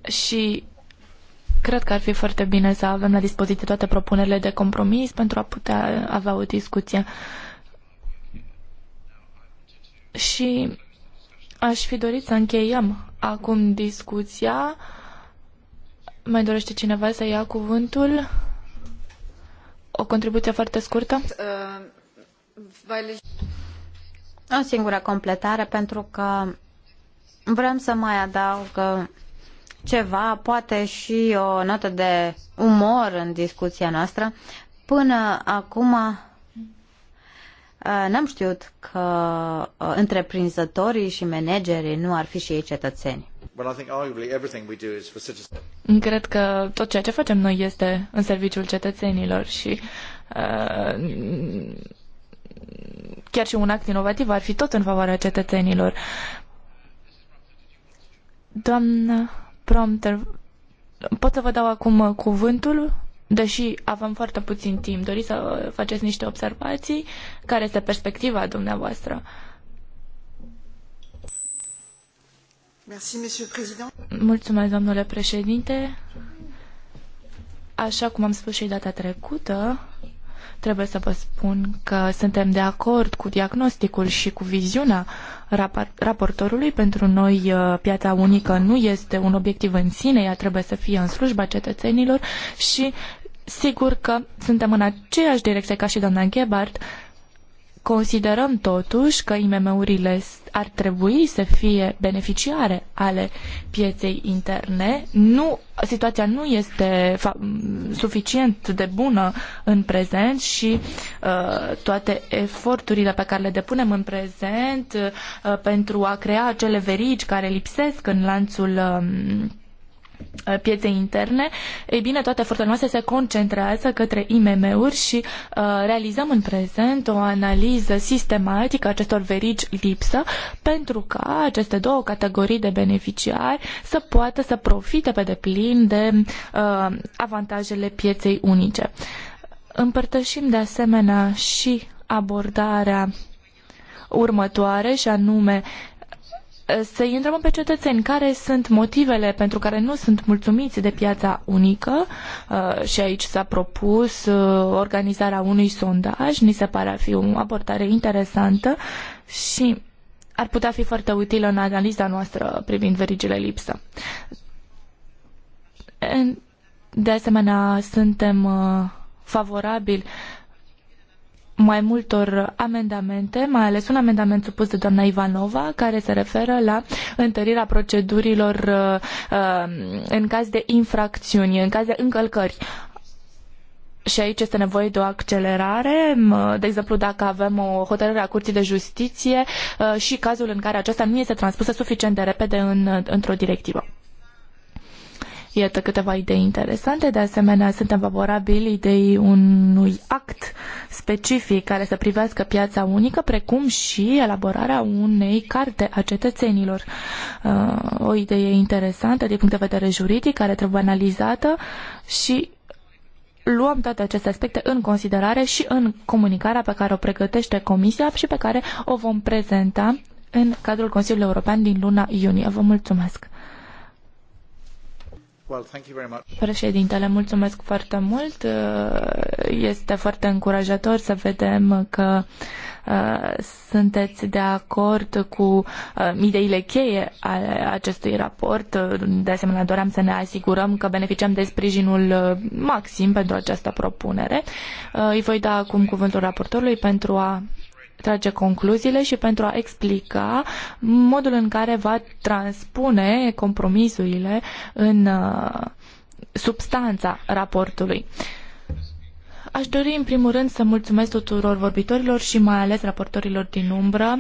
și cred că ar fi foarte bine să avem la dispoziție toate propunerile de compromis pentru a putea avea o discuție. Și aș fi dorit să încheiem acum discuția. Mai dorește cineva să ia cuvântul? O contribuție foarte scurtă? O singură completare pentru că vrem să mai adaug ceva, poate și o notă de umor în discuția noastră. Până acum uh, n-am știut că uh, întreprinzătorii și managerii nu ar fi și ei cetățeni. Mm, cred că tot ceea ce facem noi este în serviciul cetățenilor și uh, chiar și un act inovativ ar fi tot în favoarea cetățenilor. Doamna prompter. Pot să vă dau acum uh, cuvântul, deși avem foarte puțin timp. Doriți să faceți niște observații? Care este perspectiva dumneavoastră? Mulțumesc, domnule președinte. Așa cum am spus și data trecută, Trebuie să vă spun că suntem de acord cu diagnosticul și cu viziunea raportorului. Pentru noi, uh, piața unică nu este un obiectiv în sine, ea trebuie să fie în slujba cetățenilor și sigur că suntem în aceeași direcție ca și doamna Gebhardt Considerăm totuși că IMM-urile ar trebui să fie beneficiare ale pieței interne. Nu, situația nu este suficient de bună în prezent și uh, toate eforturile pe care le depunem în prezent uh, pentru a crea acele verigi care lipsesc în lanțul uh, Uh, pieței interne, ei bine, toate eforturile noastre se concentrează către IMM-uri și uh, realizăm în prezent o analiză sistematică a acestor verici lipsă pentru ca aceste două categorii de beneficiari să poată să profite pe deplin de uh, avantajele pieței unice. Împărtășim de asemenea și abordarea următoare și anume să-i întrebăm pe cetățeni care sunt motivele pentru care nu sunt mulțumiți de piața unică uh, și aici s-a propus uh, organizarea unui sondaj, ni se pare a fi o abordare interesantă și ar putea fi foarte utilă în analiza noastră privind verigile lipsă. De asemenea, suntem uh, favorabili mai multor amendamente, mai ales un amendament supus de doamna Ivanova, care se referă la întărirea procedurilor uh, uh în caz de infracțiuni, în caz de încălcări. Și aici este nevoie de o accelerare, de exemplu dacă avem o hotărâre a Curții de Justiție uh, și cazul în care aceasta nu este transpusă suficient de repede în, într-o directivă. Iată câteva idei interesante. De asemenea, suntem favorabili ideii unui act specific care să privească piața unică, precum și elaborarea unei carte a cetățenilor. Uh, o idee interesantă din punct de vedere juridic, care trebuie analizată și luăm toate aceste aspecte în considerare și în comunicarea pe care o pregătește Comisia și pe care o vom prezenta în cadrul Consiliului European din luna iunie. Vă mulțumesc! Președintele, mulțumesc foarte mult. Este foarte încurajator să vedem că uh, sunteți de acord cu uh, ideile cheie ale acestui raport. De asemenea, doream să ne asigurăm că beneficiem de sprijinul uh, maxim pentru această propunere. Îi voi da acum cuvântul raportorului pentru a trage concluziile și pentru a explica modul în care va transpune compromisurile în uh, substanța raportului. Aș dori în primul rând să mulțumesc tuturor vorbitorilor și mai ales raportorilor din umbră.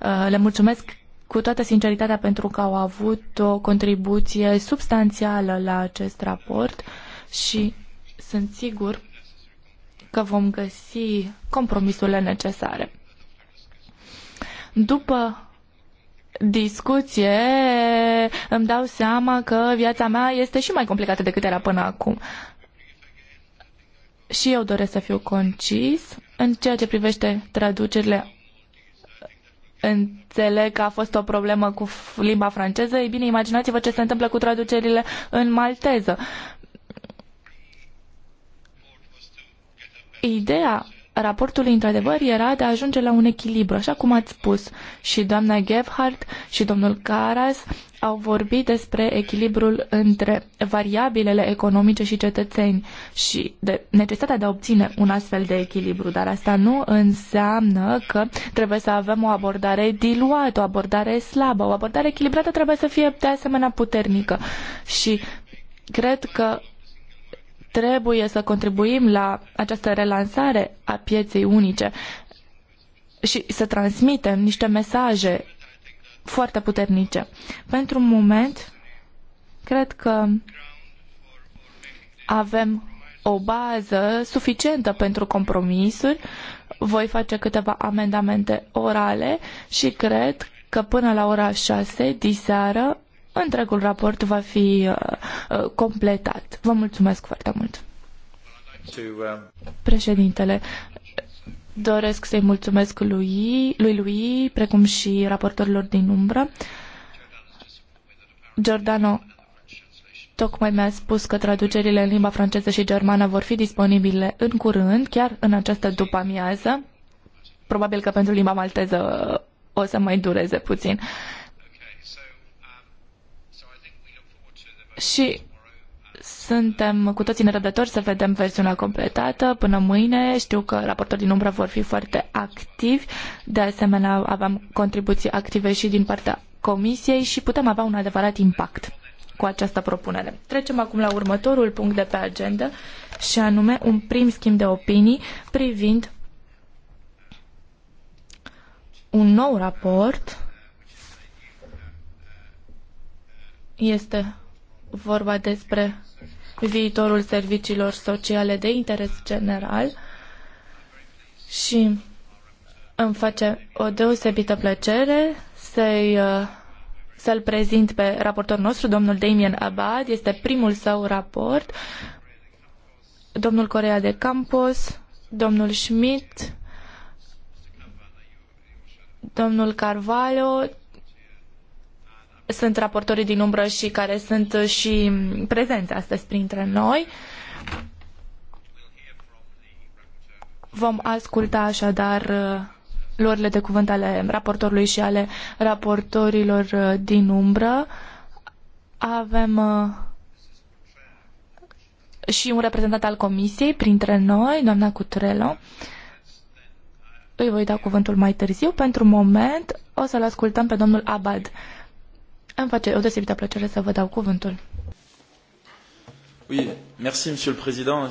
Uh, le mulțumesc cu toată sinceritatea pentru că au avut o contribuție substanțială la acest raport și sunt sigur că vom găsi compromisurile necesare. După discuție îmi dau seama că viața mea este și mai complicată decât era până acum. Și eu doresc să fiu concis în ceea ce privește traducerile înțeleg că a fost o problemă cu limba franceză, ei bine, imaginați-vă ce se întâmplă cu traducerile în malteză. Ideea raportului, într-adevăr, era de a ajunge la un echilibru, așa cum ați spus. Și doamna Gebhardt și domnul Caras au vorbit despre echilibrul între variabilele economice și cetățeni și de necesitatea de a obține un astfel de echilibru, dar asta nu înseamnă că trebuie să avem o abordare diluată, o abordare slabă, o abordare echilibrată trebuie să fie de asemenea puternică. Și cred că Trebuie să contribuim la această relansare a pieței unice și să transmitem niște mesaje foarte puternice. Pentru un moment, cred că avem o bază suficientă pentru compromisuri. Voi face câteva amendamente orale și cred că până la ora 6 diseară întregul raport va fi uh, uh, completat. Vă mulțumesc foarte mult. Președintele, doresc să-i mulțumesc lui, lui lui, precum și raportorilor din umbră. Giordano tocmai mi-a spus că traducerile în limba franceză și germană vor fi disponibile în curând, chiar în această după-amiază. Probabil că pentru limba malteză o să mai dureze puțin. și suntem cu toții nerăbdători să vedem versiunea completată până mâine. Știu că raportorii din umbră vor fi foarte activi. De asemenea, avem contribuții active și din partea Comisiei și putem avea un adevărat impact cu această propunere. Trecem acum la următorul punct de pe agenda și anume un prim schimb de opinii privind un nou raport. Este vorba despre viitorul serviciilor sociale de interes general și îmi face o deosebită plăcere să-i uh, să-l prezint pe raportor nostru, domnul Damien Abad. Este primul său raport. Domnul Corea de Campos, domnul Schmidt, domnul Carvalho, sunt raportorii din umbră și care sunt și prezenți astăzi printre noi. Vom asculta așadar uh, luările de cuvânt ale raportorului și ale raportorilor uh, din umbră. Avem uh, și un reprezentant al comisiei printre noi, doamna Cutrelo. Îi voi da cuvântul mai târziu. Pentru moment o să-l ascultăm pe domnul Abad, îmi face o deosebită plăcere să vă dau cuvântul. Oui, merci, monsieur le président.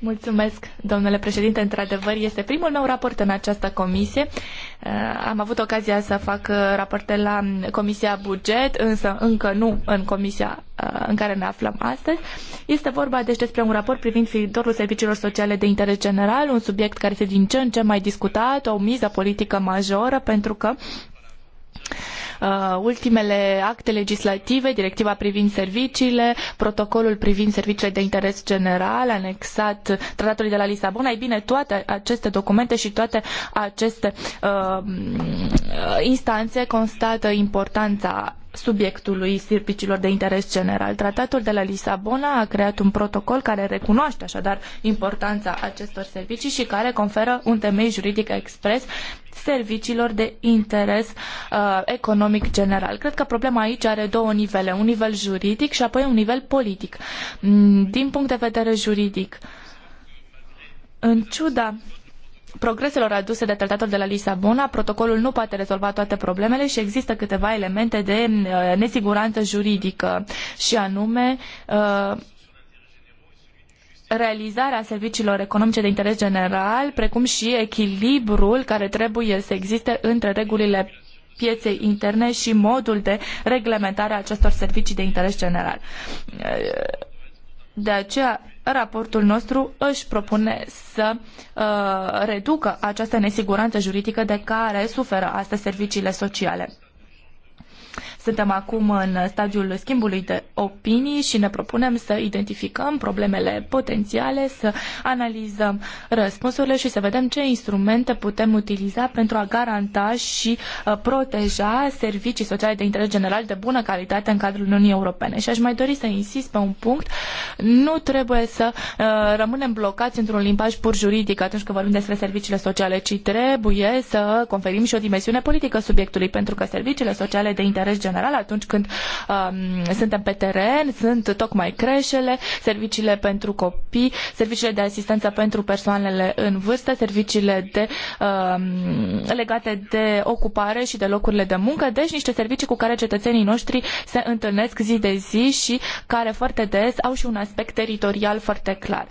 Mulțumesc, domnule președinte. Într-adevăr, este primul meu raport în această comisie. Uh, am avut ocazia să fac uh, raporte la Comisia Buget, însă încă nu în comisia uh, în care ne aflăm astăzi. Este vorba deci despre un raport privind viitorul serviciilor sociale de interes general, un subiect care este din ce în ce mai discutat, o miză politică majoră, pentru că uh, ultimele acte legislative, directiva privind serviciile, protocolul privind serviciile de interes general, anexat tratatului de la Lisabona. Ei bine, toate aceste documente și toate aceste uh, instanțe constată importanța subiectului serviciilor de interes general. Tratatul de la Lisabona a creat un protocol care recunoaște așadar importanța acestor servicii și care conferă un temei juridic expres serviciilor de interes uh, economic general. Cred că problema aici are două nivele, un nivel juridic și apoi un nivel politic. Mm, din punct de vedere juridic, în ciuda progreselor aduse de tratatul de la Lisabona, protocolul nu poate rezolva toate problemele și există câteva elemente de uh, nesiguranță juridică și anume uh, realizarea serviciilor economice de interes general, precum și echilibrul care trebuie să existe între regulile pieței interne și modul de reglementare a acestor servicii de interes general. De aceea, raportul nostru își propune să uh, reducă această nesiguranță juridică de care suferă astăzi serviciile sociale. Suntem acum în stadiul schimbului de opinii și ne propunem să identificăm problemele potențiale, să analizăm răspunsurile și să vedem ce instrumente putem utiliza pentru a garanta și uh, proteja servicii sociale de interes general de bună calitate în cadrul Uniunii Europene. Și aș mai dori să insist pe un punct. Nu trebuie să uh, rămânem blocați într-un limbaj pur juridic atunci când vorbim despre serviciile sociale, ci trebuie să conferim și o dimensiune politică subiectului, pentru că serviciile sociale de interes general general atunci când um, suntem pe teren, sunt tocmai creșele, serviciile pentru copii, serviciile de asistență pentru persoanele în vârstă, serviciile de, um, legate de ocupare și de locurile de muncă, deci niște servicii cu care cetățenii noștri se întâlnesc zi de zi și care foarte des au și un aspect teritorial foarte clar.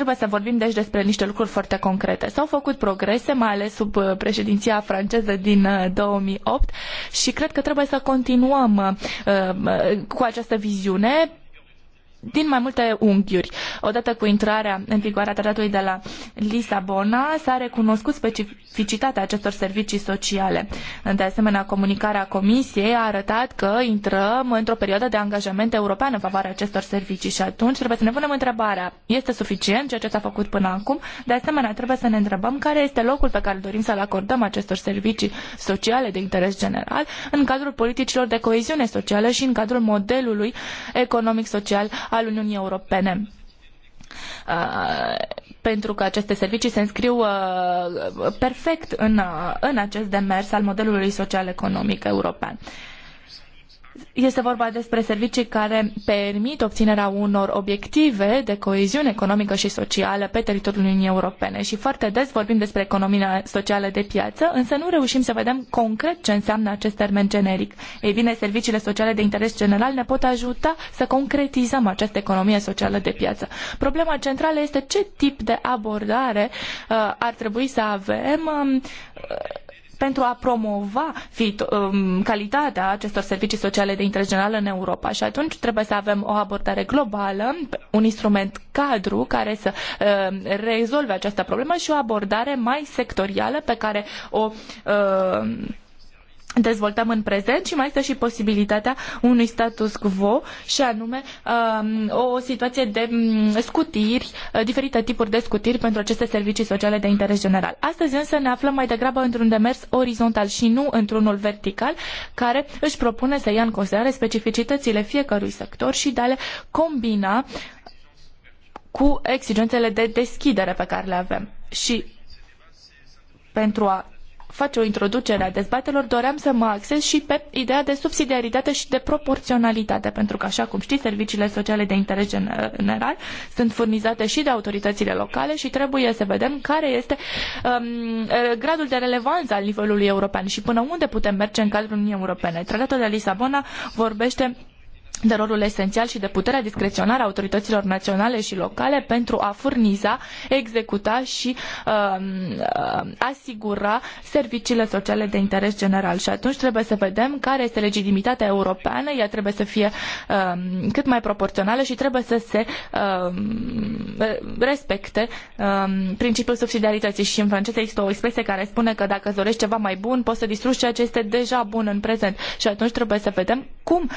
Trebuie să vorbim deci despre niște lucruri foarte concrete. S-au făcut progrese, mai ales sub uh, președinția franceză din 2008 uh, și cred că trebuie să continuăm uh, cu această viziune din mai multe unghiuri. Odată cu intrarea în vigoare a tratatului de la Lisabona, s-a recunoscut specificitatea acestor servicii sociale. De asemenea, comunicarea Comisiei a arătat că intrăm într-o perioadă de angajament european în favoarea acestor servicii și atunci trebuie să ne punem întrebarea, este suficient ceea ce s-a făcut până acum? De asemenea, trebuie să ne întrebăm care este locul pe care dorim să-l acordăm acestor servicii sociale de interes general în cadrul politicilor de coeziune socială și în cadrul modelului economic-social al Uniunii Europene uh, pentru că aceste servicii se înscriu uh, perfect în, uh, în acest demers al modelului social-economic european. Este vorba despre servicii care permit obținerea unor obiective de coeziune economică și socială pe teritoriul Uniunii Europene și foarte des vorbim despre economia socială de piață, însă nu reușim să vedem concret ce înseamnă acest termen generic. Ei bine, serviciile sociale de interes general ne pot ajuta să concretizăm această economie socială de piață. Problema centrală este ce tip de abordare uh, ar trebui să avem uh, pentru a promova um, calitatea acestor servicii sociale de interes general în Europa. Și atunci trebuie să avem o abordare globală, un instrument cadru care să uh, rezolve această problemă și o abordare mai sectorială pe care o uh, dezvoltăm în prezent și mai este și posibilitatea unui status quo și anume um, o situație de mm, scutiri, uh, diferite tipuri de scutiri pentru aceste servicii sociale de interes general. Astăzi însă ne aflăm mai degrabă într-un demers orizontal și nu într-unul vertical care își propune să ia în considerare specificitățile fiecărui sector și de a le combina cu exigențele de deschidere pe care le avem. Și pentru a face o introducere a dezbatelor, doream să mă axez și pe ideea de subsidiaritate și de proporționalitate, pentru că, așa cum știți, serviciile sociale de interes general sunt furnizate și de autoritățile locale și trebuie să vedem care este um, gradul de relevanță al nivelului european și până unde putem merge în cadrul Uniunii Europene. Tratatul de Lisabona vorbește de rolul esențial și de puterea discreționară a autorităților naționale și locale pentru a furniza, executa și um, uh, asigura serviciile sociale de interes general. Și atunci trebuie să vedem care este legitimitatea europeană, ea trebuie să fie uh, cât mai proporțională și trebuie să se um, respecte principiul subsidiarității. Și în franceză există o expresie care spune că dacă îți dorești ceva mai bun, poți să distrugi ceea ce este deja bun în prezent. Și atunci trebuie să vedem cum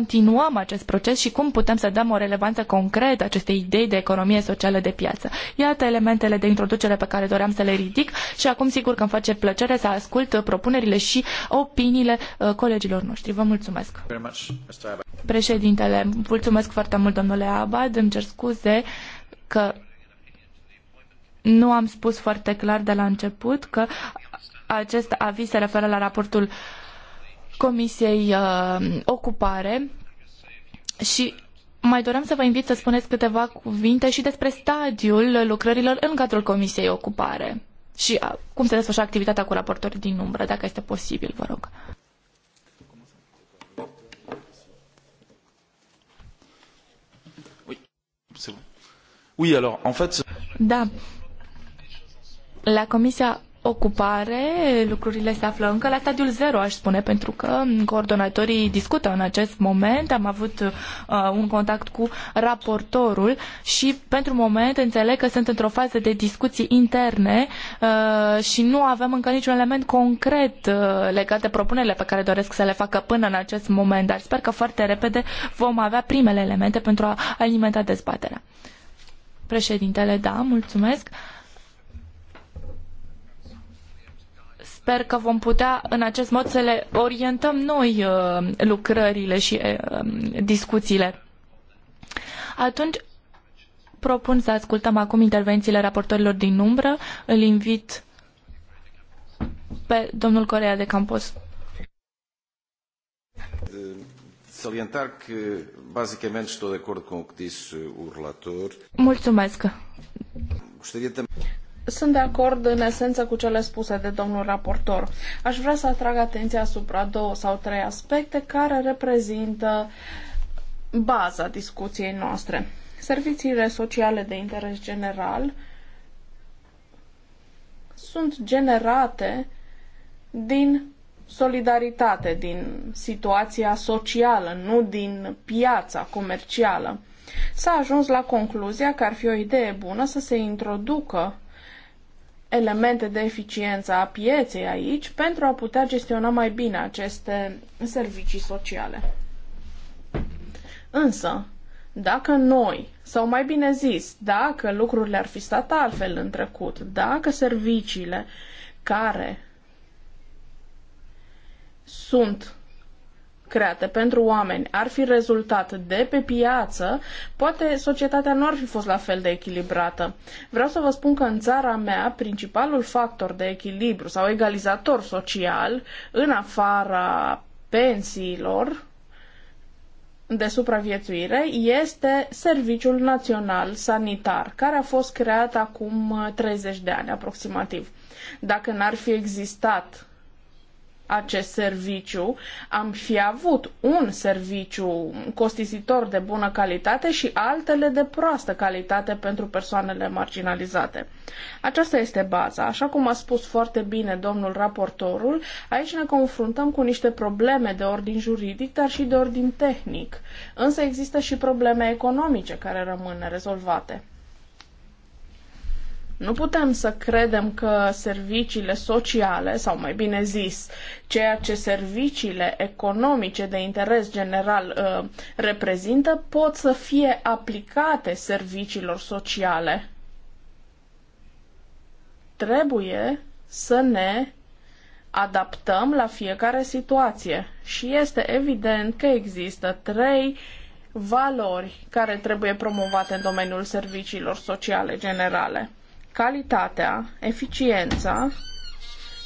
continuăm acest proces și cum putem să dăm o relevanță concretă acestei idei de economie socială de piață. Iată elementele de introducere pe care doream să le ridic și acum sigur că îmi face plăcere să ascult propunerile și opiniile uh, colegilor noștri. Vă mulțumesc. Președintele, mulțumesc foarte mult, domnule Abad. Îmi cer scuze că nu am spus foarte clar de la început că acest aviz se referă la raportul uh, Comisiei uh, Ocupare și mai doream să vă invit să spuneți câteva cuvinte și despre stadiul lucrărilor în cadrul Comisiei Ocupare și uh, cum se desfășoară activitatea cu raportori din umbră, dacă este posibil, vă rog. Da. La Comisia ocupare, lucrurile se află încă la stadiul zero, aș spune, pentru că coordonatorii discută în acest moment. Am avut uh, un contact cu raportorul și pentru moment înțeleg că sunt într-o fază de discuții interne uh, și nu avem încă niciun element concret uh, legat de propunerile pe care doresc să le facă până în acest moment, dar sper că foarte repede vom avea primele elemente pentru a alimenta dezbaterea. Președintele, da, mulțumesc. Uh, sper că vom putea în acest mod să le orientăm noi uh, lucrările și uh, discuțiile. Atunci propun să ascultăm acum intervențiile raportorilor din umbră. Îl invit pe domnul Corea de Campos. Salientar că, basicamente, sunt de acord cu o que disse o relator. Mulțumesc. Sunt de acord în esență cu cele spuse de domnul raportor. Aș vrea să atrag atenția asupra două sau trei aspecte care reprezintă baza discuției noastre. Serviciile sociale de interes general sunt generate din solidaritate, din situația socială, nu din piața comercială. S-a ajuns la concluzia că ar fi o idee bună să se introducă elemente de eficiență a pieței aici pentru a putea gestiona mai bine aceste servicii sociale. Însă, dacă noi, sau mai bine zis, dacă lucrurile ar fi stat altfel în trecut, dacă serviciile care sunt create pentru oameni ar fi rezultat de pe piață, poate societatea nu ar fi fost la fel de echilibrată. Vreau să vă spun că în țara mea, principalul factor de echilibru sau egalizator social, în afara pensiilor de supraviețuire, este Serviciul Național Sanitar, care a fost creat acum 30 uh, de ani aproximativ. Dacă n-ar fi existat acest serviciu, am fi avut un serviciu costisitor de bună calitate și altele de proastă calitate pentru persoanele marginalizate. Aceasta este baza. Așa cum a spus foarte bine domnul raportorul, aici ne confruntăm cu niște probleme de ordin juridic, dar și de ordin tehnic. Însă există și probleme economice care rămân nerezolvate. Nu putem să credem că serviciile sociale, sau mai bine zis, ceea ce serviciile economice de interes general uh, reprezintă, pot să fie aplicate serviciilor sociale. Trebuie să ne adaptăm la fiecare situație și este evident că există trei valori care trebuie promovate în domeniul serviciilor sociale generale calitatea, eficiența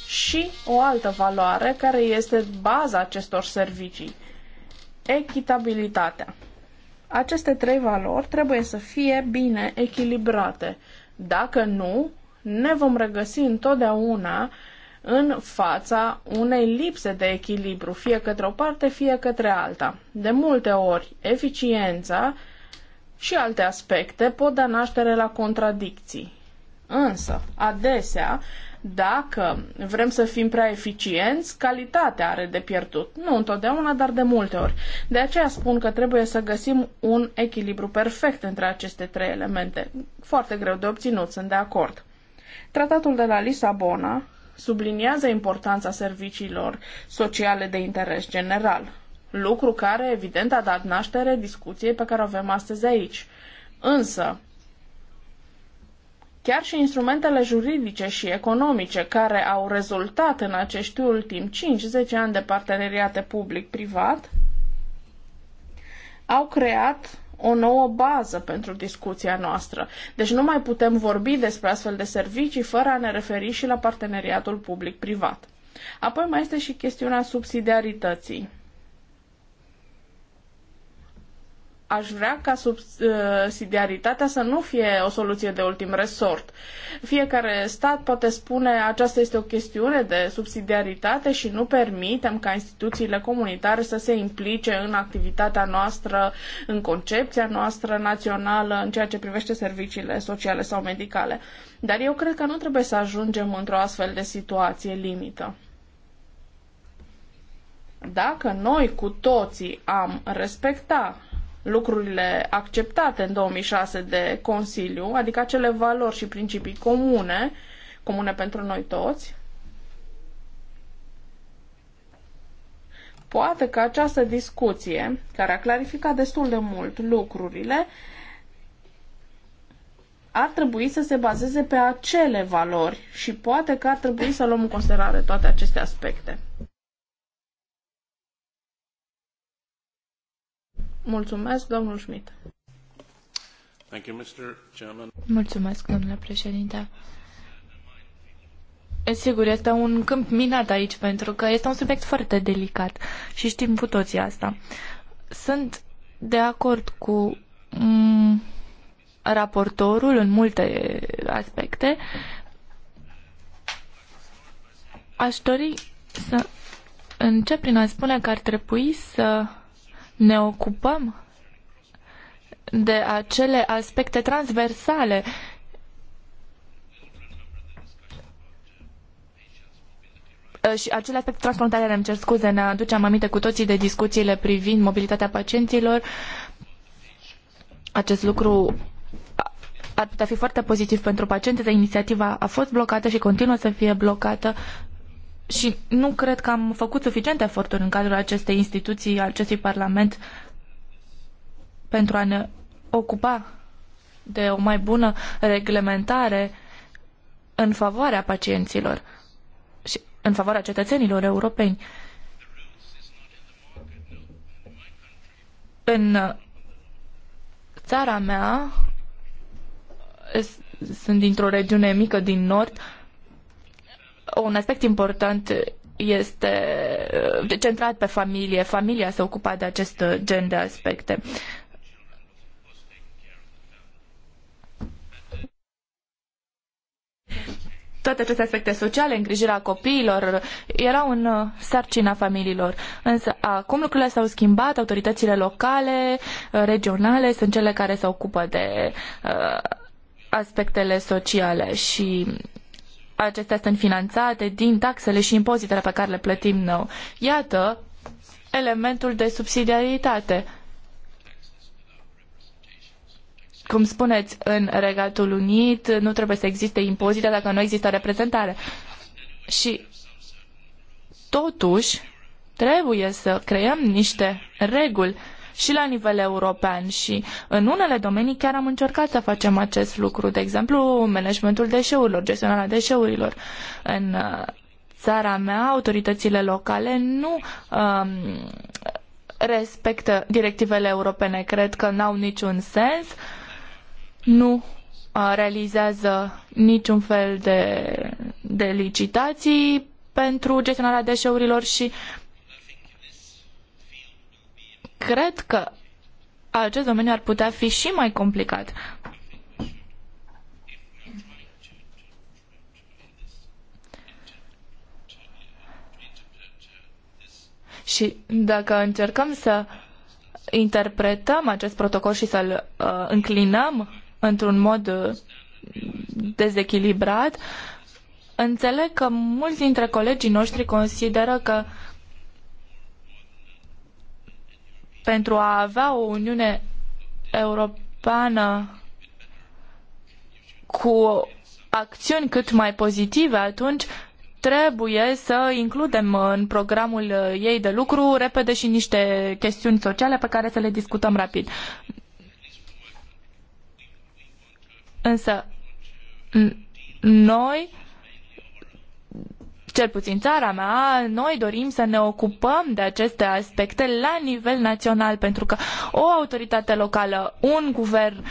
și o altă valoare care este baza acestor servicii, echitabilitatea. Aceste trei valori trebuie să fie bine echilibrate. Dacă nu, ne vom regăsi întotdeauna în fața unei lipse de echilibru, fie către o parte, fie către alta. De multe ori, eficiența și alte aspecte pot da naștere la contradicții. Însă, adesea, dacă vrem să fim prea eficienți, calitatea are de pierdut. Nu întotdeauna, dar de multe ori. De aceea spun că trebuie să găsim un echilibru perfect între aceste trei elemente. Foarte greu de obținut, sunt de acord. Tratatul de la Lisabona subliniază importanța serviciilor sociale de interes general, lucru care, evident, a dat naștere discuției pe care o avem astăzi aici. Însă, Chiar și instrumentele juridice și economice care au rezultat în acești ultimi 5-10 ani de parteneriate public-privat au creat o nouă bază pentru discuția noastră. Deci nu mai putem vorbi despre astfel de servicii fără a ne referi și la parteneriatul public-privat. Apoi mai este și chestiunea subsidiarității. aș vrea ca uh, subsidiaritatea să nu fie o soluție de ultim resort. Fiecare stat poate spune aceasta este o chestiune de subsidiaritate și nu permitem ca instituțiile comunitare să se implice în activitatea noastră, în concepția noastră națională, în ceea ce privește serviciile sociale sau medicale. Dar eu cred că nu trebuie să ajungem într-o astfel de situație limită dacă noi cu toții am respecta lucrurile acceptate în 2006 de Consiliu, adică acele valori și principii comune, comune pentru noi toți, poate că această discuție, care a clarificat destul de mult lucrurile, ar trebui să se bazeze pe acele valori și poate că ar trebui să luăm în considerare toate aceste aspecte. Mulțumesc, domnul Schmidt. Thank you, Mr. Chairman. Mulțumesc, domnule președinte. Sigur, este un câmp minat aici pentru că este un subiect foarte delicat și știm cu toții asta. Sunt de acord cu mm, raportorul în multe aspecte. Aș dori să încep prin a spune că ar trebui să ne ocupăm de acele aspecte transversale ă, și acele aspecte transfrontaliere, îmi cer scuze, ne aducem aminte cu toții de discuțiile privind mobilitatea pacienților. Acest lucru ar putea fi foarte pozitiv pentru paciente, dar inițiativa a fost blocată și continuă să fie blocată și nu cred că am făcut suficiente eforturi în cadrul acestei instituții, acestui Parlament, pentru a ne ocupa de o mai bună reglementare în favoarea pacienților și în favoarea cetățenilor europeni. În țara mea, sunt dintr-o regiune mică din nord, un aspect important este uh, centrat pe familie. Familia se ocupa de acest gen de aspecte. toate aceste aspecte sociale, îngrijirea copiilor, erau în uh, sarcina familiilor. Însă acum lucrurile s-au schimbat, autoritățile locale, uh, regionale sunt cele care se ocupă de uh, aspectele sociale și acestea sunt finanțate din taxele și impozitele pe care le plătim noi. Iată elementul de subsidiaritate. Cum spuneți, în Regatul Unit nu trebuie să existe impozite dacă nu există reprezentare. Și totuși trebuie să creăm niște reguli și la nivel european și în unele domenii chiar am încercat să facem acest lucru, de exemplu managementul deșeurilor, gestionarea deșeurilor. În uh, țara mea, autoritățile locale nu um, respectă directivele europene, cred că n-au niciun sens, nu uh, realizează niciun fel de, de licitații pentru gestionarea deșeurilor și cred că acest domeniu ar putea fi și mai complicat. Și dacă încercăm să interpretăm acest protocol și să-l uh, înclinăm într-un mod uh, dezechilibrat, înțeleg că mulți dintre colegii noștri consideră că uh, pentru a avea o Uniune Europeană cu acțiuni cât mai pozitive, atunci trebuie să includem în programul ei de lucru repede și niște chestiuni sociale pe care să le discutăm rapid. Însă, noi cel puțin țara mea, noi dorim să ne ocupăm de aceste aspecte la nivel național, pentru că o autoritate locală, un guvern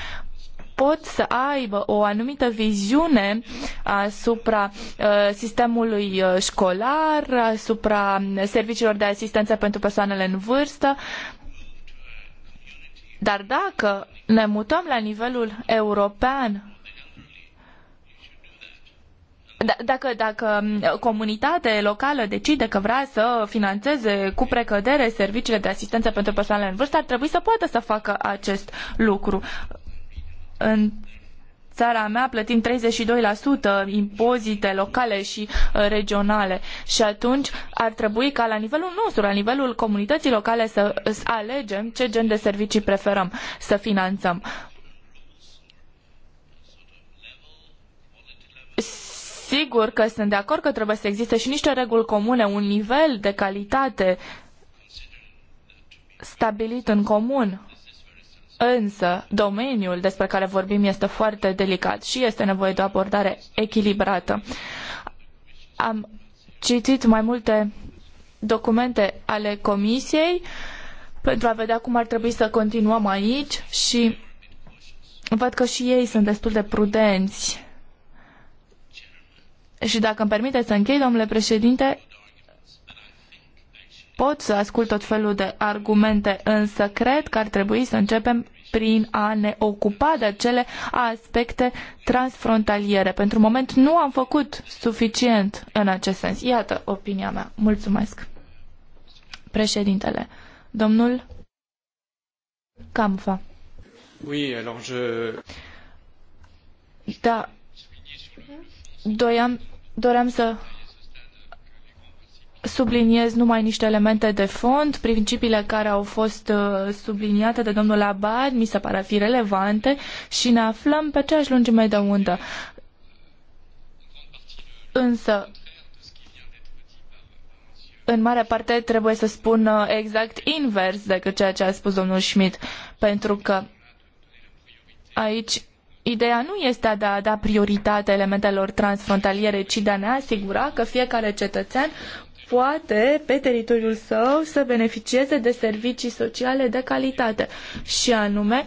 pot să aibă o anumită viziune asupra uh, sistemului uh, școlar, asupra serviciilor de asistență pentru persoanele în vârstă. Dar dacă ne mutăm la nivelul european da, dacă, dacă comunitate locală decide că vrea să financeze cu precădere serviciile de asistență pentru persoanele în vârstă, ar trebui să poată să facă acest lucru. În țara mea plătim 32% impozite locale și uh, regionale și atunci ar trebui ca la nivelul nostru, la nivelul comunității locale să, să alegem ce gen de servicii preferăm să finanțăm Sigur că sunt de acord că trebuie să existe și niște reguli comune, un nivel de calitate stabilit în comun. Însă, domeniul despre care vorbim este foarte delicat și este nevoie de o abordare echilibrată. Am citit mai multe documente ale Comisiei pentru a vedea cum ar trebui să continuăm aici și văd că și ei sunt destul de prudenți și dacă îmi permite să închei, domnule președinte, pot să ascult tot felul de argumente, însă cred că ar trebui să începem prin a ne ocupa de acele aspecte transfrontaliere. Pentru moment nu am făcut suficient în acest sens. Iată opinia mea. Mulțumesc. Președintele, domnul Camfa. Oui, alors je... Da. Doiam doream să subliniez numai niște elemente de fond, principiile care au fost uh, subliniate de domnul Abad, mi se pare a fi relevante și ne aflăm pe aceeași lungime de undă. Însă, în mare parte trebuie să spun uh, exact invers decât ceea ce a spus domnul Schmidt, pentru că aici Ideea nu este de a da prioritate elementelor transfrontaliere, ci de a ne asigura că fiecare cetățean poate pe teritoriul său să beneficieze de servicii sociale de calitate și anume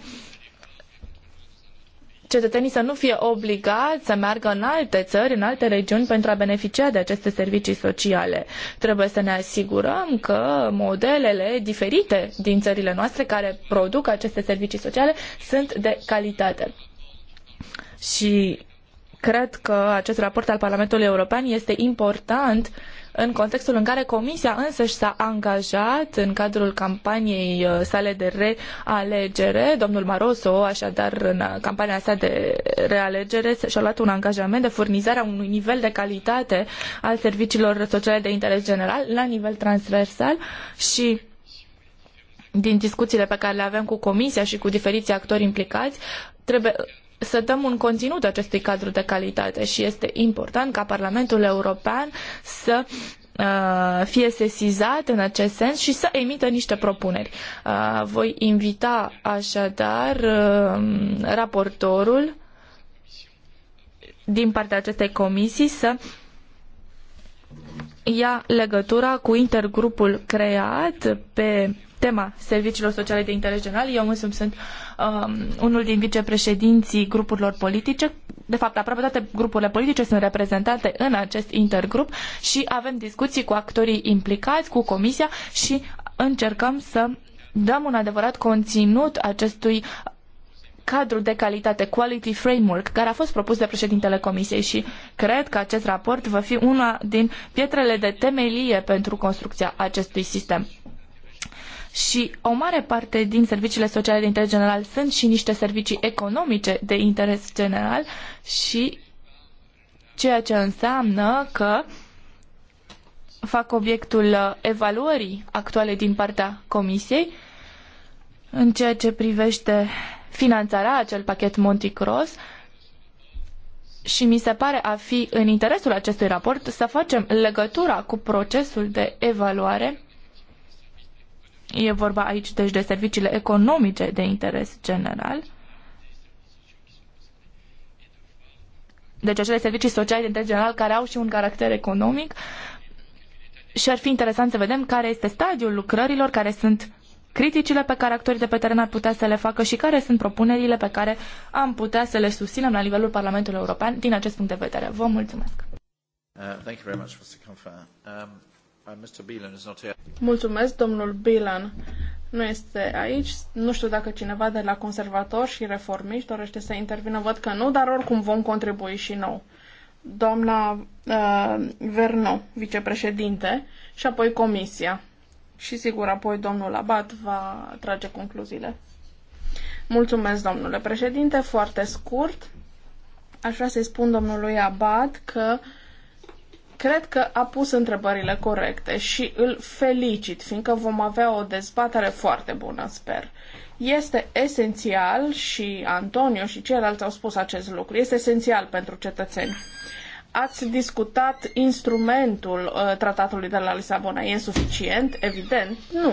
cetățenii să nu fie obligați să meargă în alte țări, în alte regiuni pentru a beneficia de aceste servicii sociale. Trebuie să ne asigurăm că modelele diferite din țările noastre care produc aceste servicii sociale sunt de calitate și cred că acest raport al Parlamentului European este important în contextul în care Comisia însăși s-a angajat în cadrul campaniei uh, sale de realegere. Domnul Maroso, așadar, în uh, campania sa de realegere, și-a luat un angajament de furnizarea unui nivel de calitate al serviciilor sociale de interes general la nivel transversal și din discuțiile pe care le avem cu Comisia și cu diferiții actori implicați, trebuie să dăm un conținut acestui cadru de calitate și este important ca Parlamentul European să uh, fie sesizat în acest sens și să emită niște propuneri. Uh, voi invita așadar uh, raportorul din partea acestei comisii să ia legătura cu intergrupul creat pe tema serviciilor sociale de interes general. Eu însumi sunt um, unul din vicepreședinții grupurilor politice. De fapt, aproape toate grupurile politice sunt reprezentate în acest intergrup și avem discuții cu actorii implicați, cu comisia și încercăm să dăm un adevărat conținut acestui cadru de calitate, Quality Framework, care a fost propus de președintele Comisiei și cred că acest raport va fi una din pietrele de temelie pentru construcția acestui sistem și o mare parte din serviciile sociale de interes general sunt și niște servicii economice de interes general și ceea ce înseamnă că fac obiectul evaluării actuale din partea Comisiei în ceea ce privește finanțarea acel pachet Monte Cross și mi se pare a fi în interesul acestui raport să facem legătura cu procesul de evaluare E vorba aici deci de serviciile economice de interes general. Deci acele servicii sociale de interes general care au și un caracter economic și ar fi interesant să vedem care este stadiul lucrărilor, care sunt criticile pe care actorii de pe teren ar putea să le facă și care sunt propunerile pe care am putea să le susținem la nivelul Parlamentului European din acest punct de vedere. Vă mulțumesc! Uh, Uh, Mulțumesc, domnul Bilan nu este aici. Nu știu dacă cineva de la conservatori și reformiști dorește să intervină. Văd că nu, dar oricum vom contribui și nou. Doamna uh, Verno, vicepreședinte, și apoi comisia. Și sigur, apoi domnul Abat va trage concluziile. Mulțumesc, domnule președinte. Foarte scurt, aș vrea să-i spun domnului Abat că uh, Cred că a pus întrebările corecte și îl felicit, fiindcă vom avea o dezbatere foarte bună, sper. Este esențial, și Antonio și ceilalți au spus acest lucru, este esențial pentru cetățeni ați discutat instrumentul uh, tratatului de la Lisabona. E suficient? Evident, nu.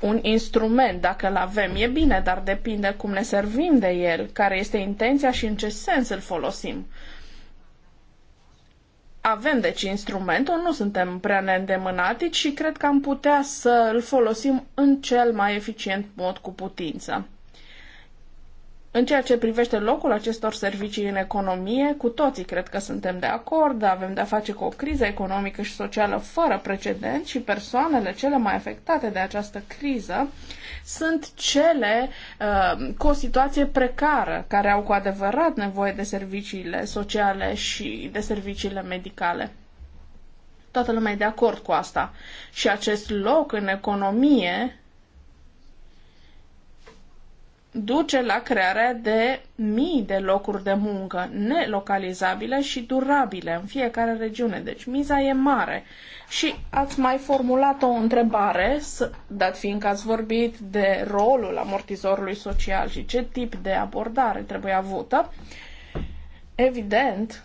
Un instrument, dacă îl avem, e bine, dar depinde cum ne servim de el, care este intenția și în ce sens îl folosim. Avem deci instrumentul, nu suntem prea neîndemânatici și cred că am putea să îl folosim în cel mai eficient mod cu putință. În ceea ce privește locul acestor servicii în economie, cu toții cred că suntem de acord, avem de-a face cu o criză economică și socială fără precedent și persoanele cele mai afectate de această criză sunt cele uh, cu o situație precară, care au cu adevărat nevoie de serviciile sociale și de serviciile medicale. Toată lumea e de acord cu asta. Și acest loc în economie duce la crearea de mii de locuri de muncă nelocalizabile și durabile în fiecare regiune. Deci miza e mare. Și ați mai formulat o întrebare, dat fiind că ați vorbit de rolul amortizorului social și ce tip de abordare trebuie avută. Evident,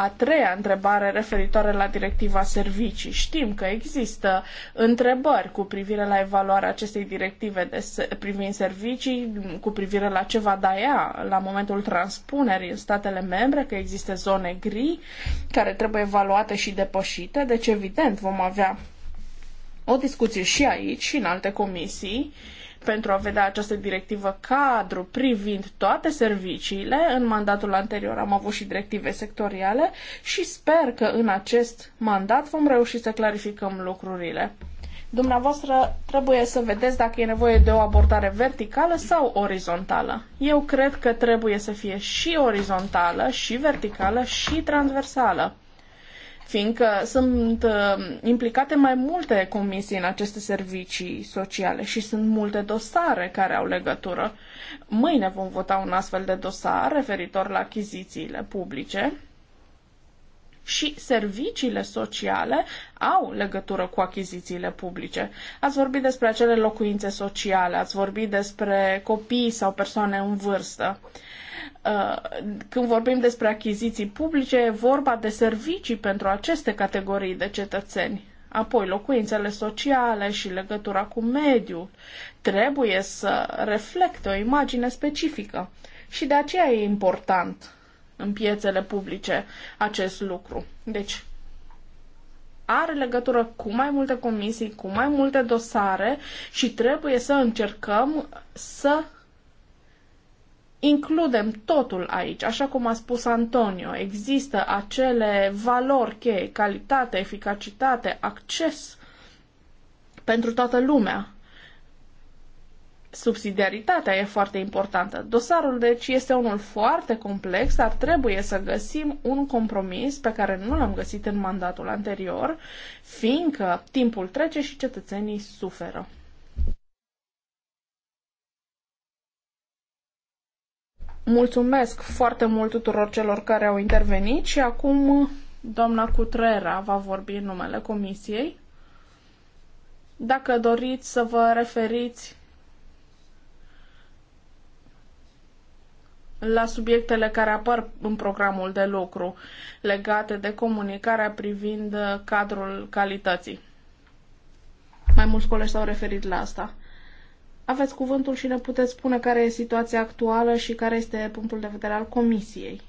a treia întrebare referitoare la directiva servicii. Știm că există întrebări cu privire la evaluarea acestei directive de se- privind servicii, cu privire la ce va da ea la momentul transpunerii în statele membre, că există zone gri care trebuie evaluate și depășite, deci evident vom avea o discuție și aici și în alte comisii uh, pentru a vedea această directivă cadru privind toate serviciile. În mandatul anterior am avut și directive sectoriale și sper că în acest mandat vom reuși să clarificăm lucrurile. Dumneavoastră trebuie să vedeți dacă e nevoie de o abordare verticală sau orizontală. Eu cred că trebuie să fie și orizontală, și verticală, și transversală fiindcă sunt uh, implicate mai multe comisii în aceste servicii sociale și sunt multe dosare care au legătură. Mâine vom vota un astfel de dosar referitor la achizițiile publice și serviciile sociale au legătură cu achizițiile publice. Ați vorbit despre acele locuințe sociale, ați vorbit despre copii sau persoane în vârstă. Uh, Uh, când vorbim despre achiziții publice, e vorba de servicii pentru aceste categorii de cetățeni. Apoi, locuințele sociale și legătura cu mediul trebuie să reflecte o imagine specifică. Și de aceea e important în piețele publice acest lucru. Deci, are legătură cu mai multe comisii, cu mai multe dosare și trebuie să încercăm să includem totul aici, așa cum a spus Antonio. Există acele valori cheie, calitate, eficacitate, acces pentru toată lumea. Subsidiaritatea e foarte importantă. Dosarul, deci, este unul foarte complex, dar trebuie să găsim un compromis pe care nu l-am găsit în mandatul anterior, fiindcă timpul trece și cetățenii suferă. Mulțumesc foarte mult tuturor celor care au intervenit și acum uh, doamna Cutrera va vorbi în numele Comisiei. Dacă doriți să vă referiți la subiectele care apar în programul de lucru legate de comunicarea privind uh, cadrul calității. Mai mulți colegi s-au referit la asta. Aveți cuvântul și ne puteți spune care e situația actuală și care este punctul de vedere al Comisiei.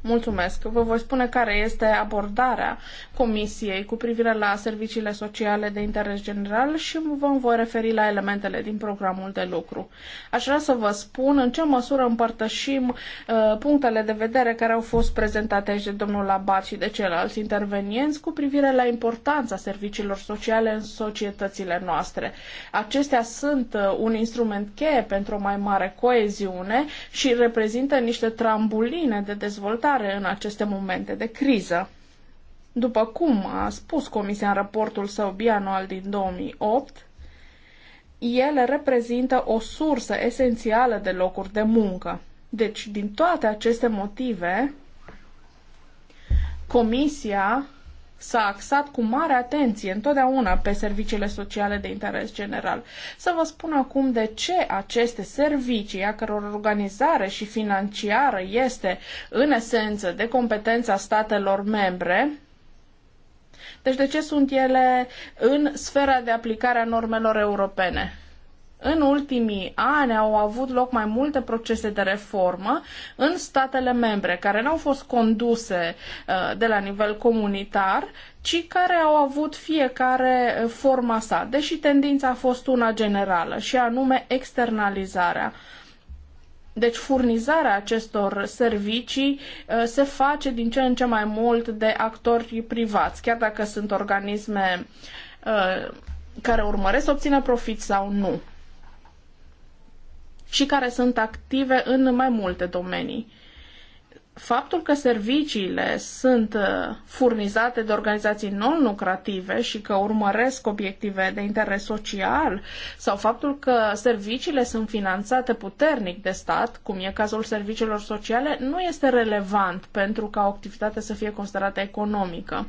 Mulțumesc. Vă voi spune care este abordarea Comisiei cu privire la serviciile sociale de interes general și vă voi referi la elementele din programul de lucru. Aș vrea să vă spun în ce măsură împărtășim uh, punctele de vedere care au fost prezentate aici de domnul Abad și de ceilalți intervenienți cu privire la importanța serviciilor sociale în societățile noastre. Acestea sunt uh, un instrument cheie pentru o mai mare coeziune și reprezintă niște trambuline de dezvoltare necesare în aceste momente de criză. După cum a spus Comisia în raportul său bianual din 2008, ele reprezintă o sursă esențială de locuri de muncă. Deci, din toate aceste motive, Comisia s-a axat cu mare atenție întotdeauna pe serviciile sociale de interes general. Să vă spun acum de ce aceste servicii, a căror organizare și financiară este în esență de competența statelor membre, deci de ce sunt ele în sfera de aplicare a normelor europene? În ultimii ani au avut loc mai multe procese de reformă în statele membre, care nu au fost conduse uh, de la nivel comunitar, ci care au avut fiecare uh, forma sa, deși tendința a fost una generală, și anume externalizarea. Deci furnizarea acestor servicii uh, se face din ce în ce mai mult de actori privați, chiar dacă sunt organisme care urmăresc să obțină profit sau nu și care sunt active în mai multe domenii. Faptul că serviciile sunt uh, furnizate de organizații non-lucrative și că urmăresc obiective de interes social sau faptul că serviciile sunt finanțate puternic de stat, cum e cazul serviciilor sociale, nu este relevant pentru ca o activitate să fie considerată economică.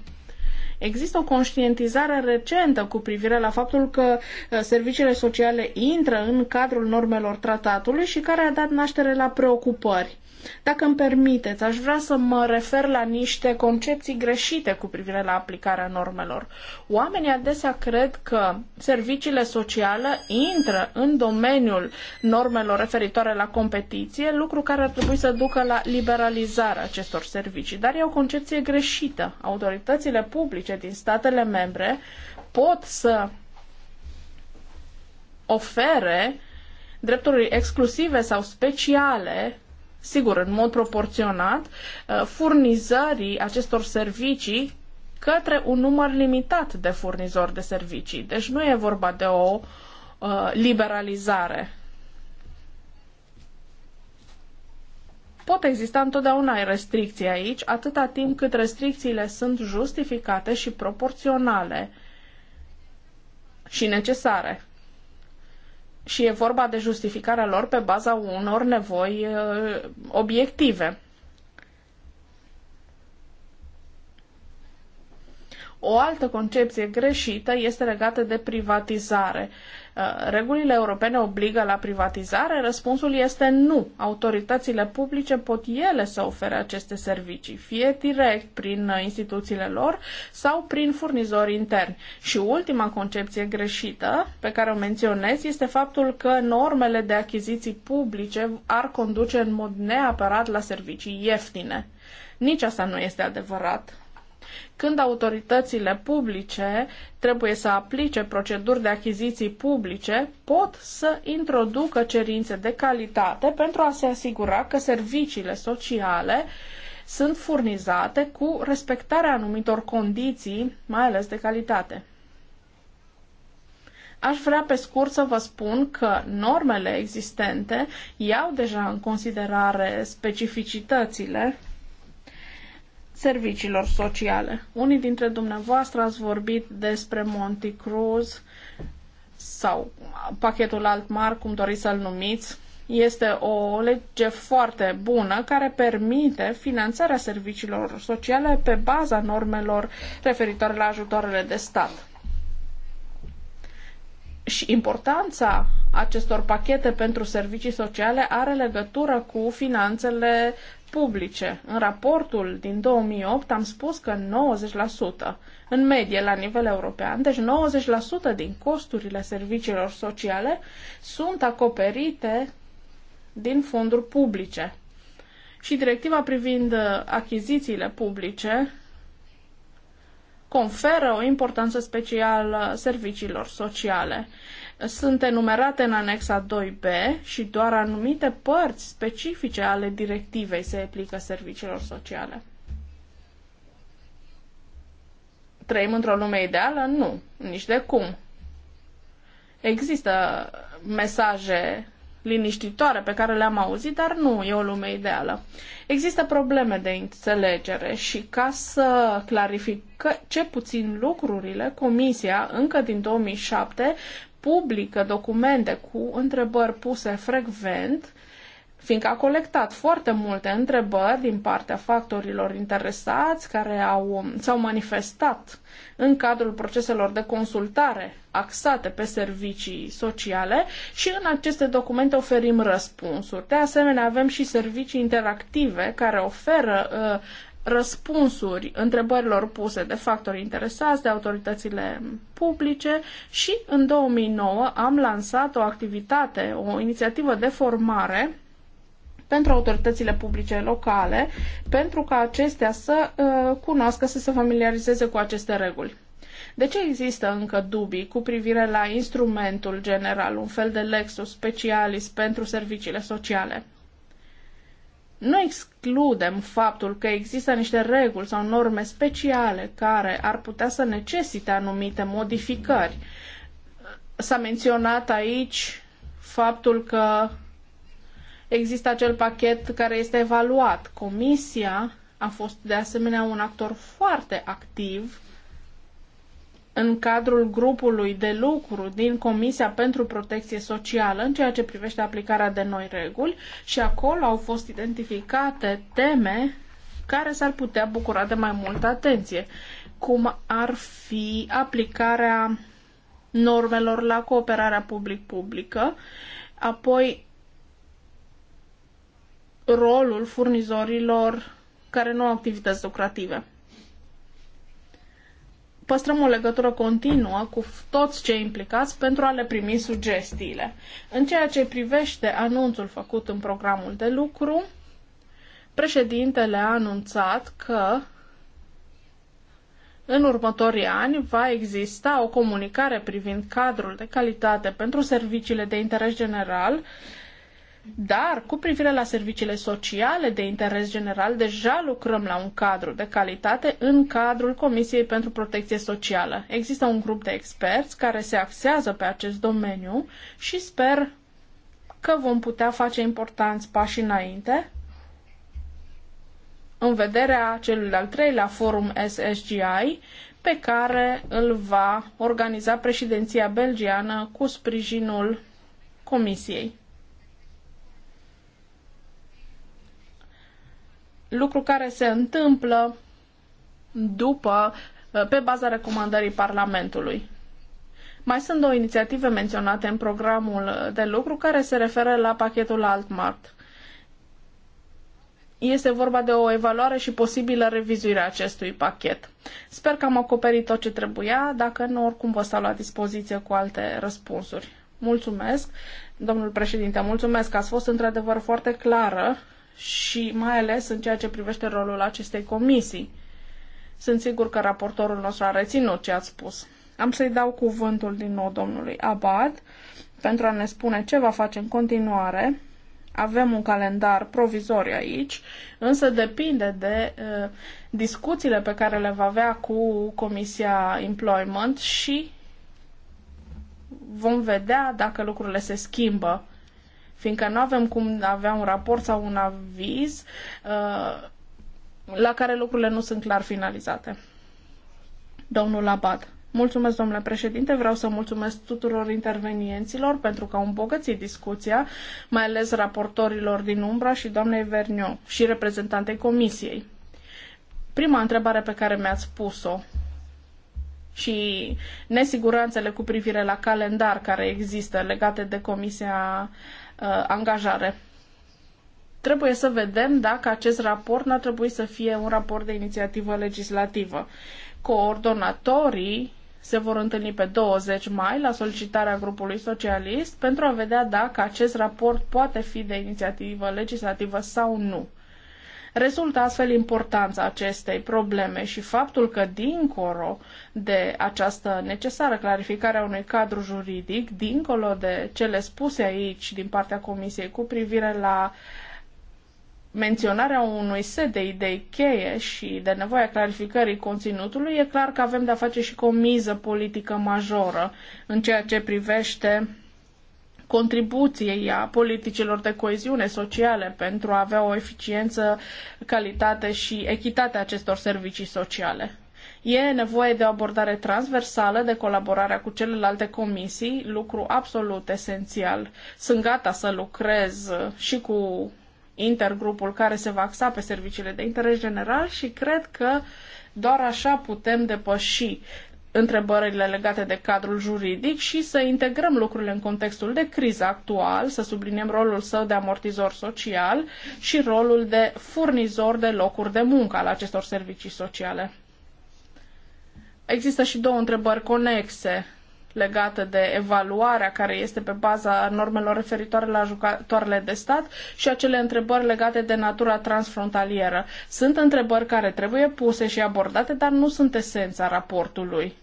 Există o conștientizare recentă cu privire la faptul că uh, serviciile sociale intră în cadrul normelor tratatului și care a dat naștere la preocupări. Dacă îmi permiteți, aș vrea să mă refer la niște concepții greșite cu privire la aplicarea normelor. Oamenii adesea cred că serviciile sociale intră în domeniul normelor referitoare la competiție, lucru care ar trebui să ducă la liberalizarea acestor servicii. Dar e o concepție greșită. Autoritățile publice din statele membre pot să ofere drepturi exclusive sau speciale sigur, în mod proporționat, uh, furnizării acestor servicii către un număr limitat de furnizori de servicii. Deci nu e vorba de o uh, liberalizare. Pot exista întotdeauna restricții aici, atâta timp cât restricțiile sunt justificate și proporționale și necesare și e vorba de justificarea lor pe baza unor nevoi uh, obiective. O altă concepție greșită este legată de privatizare. Uh, regulile europene obligă la privatizare? Răspunsul este nu. Autoritățile publice pot ele să ofere aceste servicii, fie direct prin uh, instituțiile lor sau prin furnizori interni. Și ultima concepție greșită pe care o menționez este faptul că normele de achiziții publice ar conduce în mod neapărat la servicii ieftine. Nici asta nu este adevărat. Când autoritățile publice trebuie să aplice proceduri de achiziții publice, pot să introducă cerințe de calitate pentru a se asigura că serviciile sociale sunt furnizate cu respectarea anumitor condiții, mai ales de calitate. Aș vrea pe scurt să vă spun că normele existente iau deja în considerare specificitățile serviciilor sociale. Unii dintre dumneavoastră ați vorbit despre Monty Cruz sau pachetul Altmar, cum doriți să-l numiți. Este o lege foarte bună care permite finanțarea serviciilor sociale pe baza normelor referitoare la ajutoarele de stat. Și importanța acestor pachete pentru servicii sociale are legătură cu finanțele publice. În raportul din 2008 am spus că 90% în medie la nivel european, deci 90% din costurile serviciilor sociale sunt acoperite din fonduri publice. Și directiva privind uh, achizițiile publice conferă o importanță specială serviciilor sociale sunt enumerate în anexa 2b și doar anumite părți specifice ale directivei se aplică serviciilor sociale. Trăim într-o lume ideală? Nu, nici de cum. Există mesaje liniștitoare pe care le-am auzit, dar nu e o lume ideală. Există probleme de înțelegere și ca să clarifică ce puțin lucrurile, Comisia încă din 2007 publică documente cu întrebări puse frecvent, fiindcă a colectat foarte multe întrebări din partea factorilor interesați care au, s-au manifestat în cadrul proceselor de consultare axate pe servicii sociale și în aceste documente oferim răspunsuri. De asemenea, avem și servicii interactive care oferă uh, răspunsuri întrebărilor puse de factori interesați, de autoritățile publice și în 2009 am lansat o activitate, o inițiativă de formare pentru autoritățile publice locale, pentru ca acestea să uh, cunoască, să se familiarizeze cu aceste reguli. De ce există încă dubii cu privire la instrumentul general, un fel de lexus specialis pentru serviciile sociale? nu excludem faptul că există niște reguli sau norme speciale care ar putea să necesite anumite modificări. S-a menționat aici faptul că există acel pachet care este evaluat. Comisia a fost de asemenea un actor foarte activ în cadrul grupului de lucru din Comisia pentru Protecție Socială în ceea ce privește aplicarea de noi reguli și acolo au fost identificate teme care s-ar putea bucura de mai multă atenție, cum ar fi aplicarea normelor la cooperarea public-publică, apoi rolul furnizorilor care nu au activități lucrative păstrăm o legătură continuă cu toți cei implicați pentru a le primi sugestiile. În ceea ce privește anunțul făcut în programul de lucru, președintele a anunțat că în următorii ani va exista o comunicare privind cadrul de calitate pentru serviciile de interes general dar, cu privire la serviciile sociale de interes general, deja lucrăm la un cadru de calitate în cadrul Comisiei pentru Protecție Socială. Există un grup de experți care se axează pe acest domeniu și sper că vom putea face importanți pași înainte în vederea celui al treilea forum SSGI pe care îl va organiza președinția belgiană cu sprijinul Comisiei. lucru care se întâmplă după, uh, pe baza recomandării Parlamentului. Mai sunt două inițiative menționate în programul uh, de lucru care se referă la pachetul Altmart. Este vorba de o evaluare și posibilă revizuire a acestui pachet. Sper că am acoperit tot ce trebuia, dacă nu, oricum vă stau la dispoziție cu alte răspunsuri. Mulțumesc, domnul președinte, mulțumesc, ați fost într-adevăr foarte clară și mai ales în ceea ce privește rolul acestei comisii. Sunt sigur că raportorul nostru a reținut ce a spus. Am să-i dau cuvântul din nou domnului Abad pentru a ne spune ce va face în continuare. Avem un calendar provizoriu aici, însă depinde de uh, discuțiile pe care le va avea cu Comisia Employment și vom vedea dacă lucrurile se schimbă fiindcă nu avem cum avea un raport sau un aviz uh, la care lucrurile nu sunt clar finalizate. Domnul Abad. Mulțumesc, domnule președinte. Vreau să mulțumesc tuturor intervenienților pentru că au îmbogățit discuția, mai ales raportorilor din Umbra și doamnei Verniu și reprezentantei comisiei. Prima întrebare pe care mi-ați pus-o și nesiguranțele cu privire la calendar care există legate de Comisia uh, angajare. Trebuie să vedem dacă acest raport n-ar trebui să fie un raport de inițiativă legislativă. Coordonatorii se vor întâlni pe 20 mai la solicitarea grupului socialist pentru a vedea dacă acest raport poate fi de inițiativă legislativă sau nu. Rezultă astfel importanța acestei probleme și faptul că, dincolo de această necesară clarificare a unui cadru juridic, dincolo de cele spuse aici din partea Comisiei cu privire la menționarea unui set de idei cheie și de nevoia clarificării conținutului, e clar că avem de-a face și cu o miză politică majoră în ceea ce privește contribuției a politicilor de coeziune sociale pentru a avea o eficiență, calitate și echitate a acestor servicii sociale. E nevoie de o abordare transversală, de colaborarea cu celelalte comisii, lucru absolut esențial. Sunt gata să lucrez și cu intergrupul care se va axa pe serviciile de interes general și cred că doar așa putem depăși întrebările legate de cadrul juridic și să integrăm lucrurile în contextul de criză actual, să subliniem rolul său de amortizor social și rolul de furnizor de locuri de muncă al acestor servicii sociale. Există și două întrebări conexe legată de evaluarea care este pe baza normelor referitoare la jucătoarele de stat și acele întrebări legate de natura transfrontalieră. Sunt întrebări care trebuie puse și abordate, dar nu sunt esența raportului.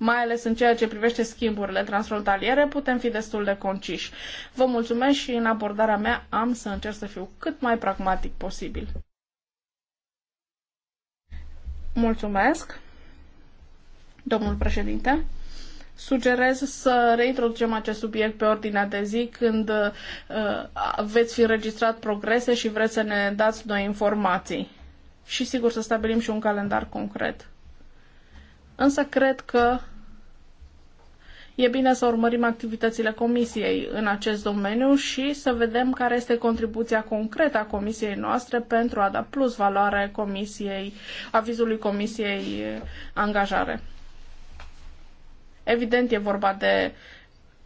mai ales în ceea ce privește schimburile transfrontaliere, putem fi destul de conciși. Vă mulțumesc și în abordarea mea am să încerc să fiu cât mai pragmatic posibil. Mulțumesc! Domnul președinte, sugerez să reintroducem acest subiect pe ordinea de zi când uh, veți fi înregistrat progrese și vreți să ne dați noi informații. Și sigur să stabilim și un calendar concret. Însă cred că e bine să urmărim activitățile Comisiei în acest domeniu și să vedem care este contribuția concretă a Comisiei noastre pentru a da plus valoare Comisiei, avizului Comisiei uh, Angajare. Evident, e vorba de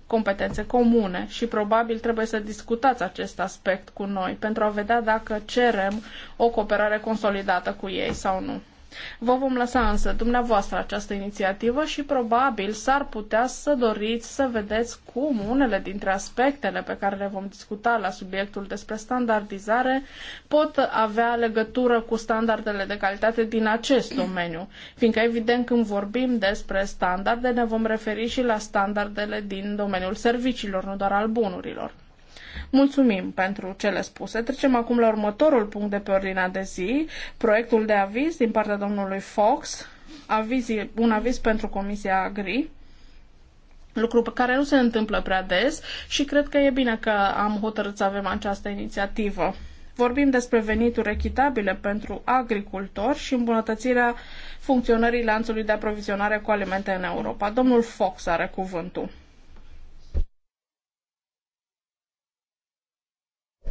competențe comune și probabil trebuie să discutați acest aspect cu noi pentru a vedea dacă cerem o cooperare consolidată cu ei sau nu. Vă vom lăsa însă dumneavoastră această inițiativă și probabil s-ar putea să doriți să vedeți cum unele dintre aspectele pe care le vom discuta la subiectul despre standardizare pot avea legătură cu standardele de calitate din acest domeniu, fiindcă evident când vorbim despre standarde ne vom referi și la standardele din domeniul serviciilor, nu doar al bunurilor. Mulțumim pentru cele spuse. Trecem acum la următorul punct de pe ordinea de zi, proiectul de aviz din partea domnului Fox, avizi, un aviz pentru Comisia Agri lucru pe care nu se întâmplă prea des și cred că e bine că am hotărât să avem această inițiativă. Vorbim despre venituri echitabile pentru agricultori și îmbunătățirea funcționării lanțului de aprovizionare cu alimente în Europa. Domnul Fox are cuvântul.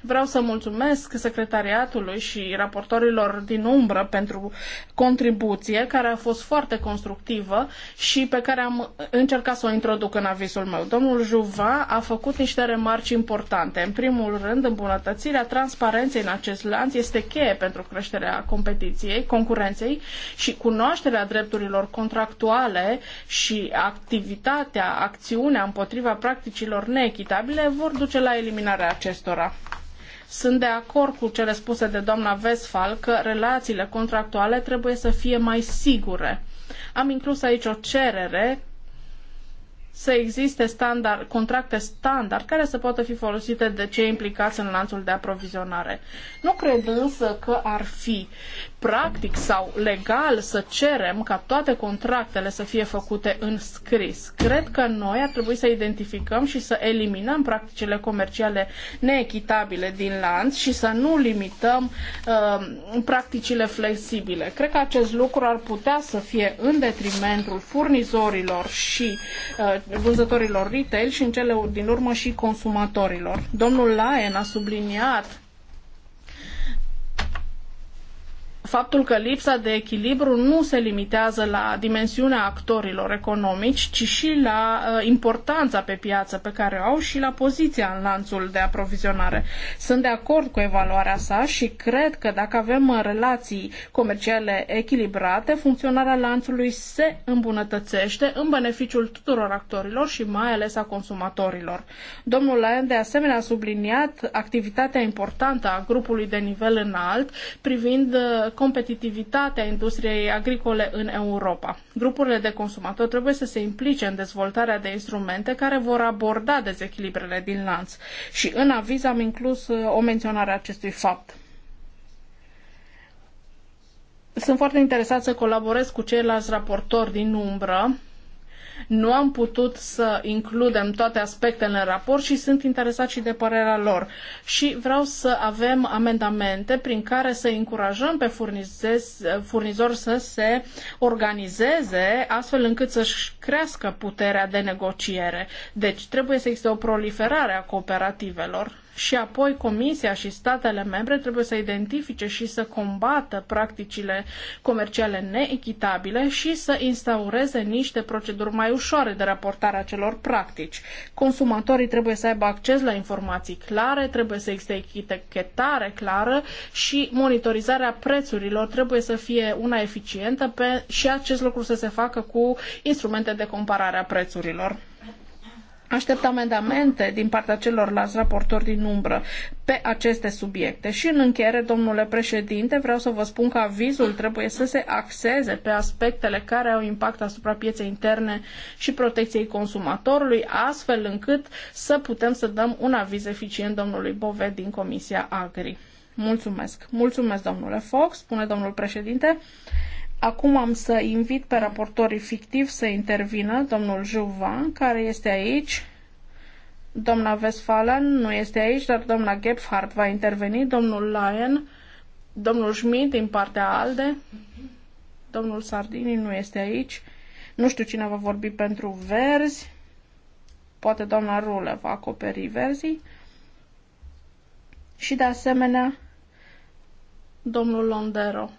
Vreau să mulțumesc secretariatului și raportorilor din umbră pentru contribuție care a fost foarte constructivă și pe care am încercat să o introduc în avizul meu. Domnul Juva a făcut niște remarci importante. În primul rând, îmbunătățirea transparenței în acest lanț este cheie pentru creșterea competiției, concurenței și cunoașterea drepturilor contractuale și activitatea, acțiunea împotriva practicilor neechitabile vor duce la eliminarea acestora. Sunt de acord cu cele spuse de doamna Westphal că relațiile contractuale trebuie să fie mai sigure. Am inclus aici o cerere să existe standard, contracte standard care să poată fi folosite de cei implicați în lanțul de aprovizionare. Nu cred însă că ar fi practic sau legal să cerem ca toate contractele să fie făcute în scris. Cred că noi ar trebui să identificăm și să eliminăm practicile comerciale neechitabile din lanț și să nu limităm uh, practicile flexibile. Cred că acest lucru ar putea să fie în detrimentul furnizorilor și uh, vânzătorilor retail și în cele din urmă și consumatorilor. Domnul Laen a subliniat faptul că lipsa de echilibru nu se limitează la dimensiunea actorilor economici, ci și la uh, importanța pe piață pe care o au și la poziția în lanțul de aprovizionare. Sunt de acord cu evaluarea sa și cred că dacă avem uh, relații comerciale echilibrate, funcționarea lanțului se îmbunătățește în beneficiul tuturor actorilor și mai ales a consumatorilor. Domnul Lyon de asemenea a subliniat activitatea importantă a grupului de nivel înalt privind uh, competitivitatea industriei agricole în Europa. Grupurile de consumatori trebuie să se implice în dezvoltarea de instrumente care vor aborda dezechilibrele din lanț și în aviz am inclus uh, o menționare a acestui fapt. Sunt foarte interesat să colaborez cu ceilalți raportori din umbră nu am putut să includem toate aspectele în raport și sunt interesat și de părerea lor. Și vreau să avem amendamente prin care să încurajăm pe furnizori să se organizeze astfel încât să-și crească puterea de negociere. Deci trebuie să existe o proliferare a cooperativelor și apoi Comisia și statele membre trebuie să identifice și să combată practicile comerciale neechitabile și să instaureze niște proceduri mai ușoare de raportare a celor practici. Consumatorii trebuie să aibă acces la informații clare, trebuie să existe etichetare clară și monitorizarea prețurilor trebuie să fie una eficientă pe, și acest lucru să se facă cu instrumente de comparare a prețurilor. Aștept amendamente din partea celorlalți raportori din umbră pe aceste subiecte. Și în încheiere, domnule președinte, vreau să vă spun că avizul trebuie să se axeze pe aspectele care au impact asupra pieței interne și protecției consumatorului, astfel încât să putem să dăm un aviz eficient domnului Bove din Comisia Agri. Mulțumesc. Mulțumesc, domnule Fox, spune domnul președinte. Acum am să invit pe raportorii fictivi să intervină, domnul Juva, care este aici, doamna Westphalen nu este aici, dar doamna Gebhardt va interveni, domnul Lyon, domnul Schmidt din partea ALDE, domnul Sardini nu este aici, nu știu cine va vorbi pentru verzi, poate doamna Rule va acoperi verzii și de asemenea domnul Londero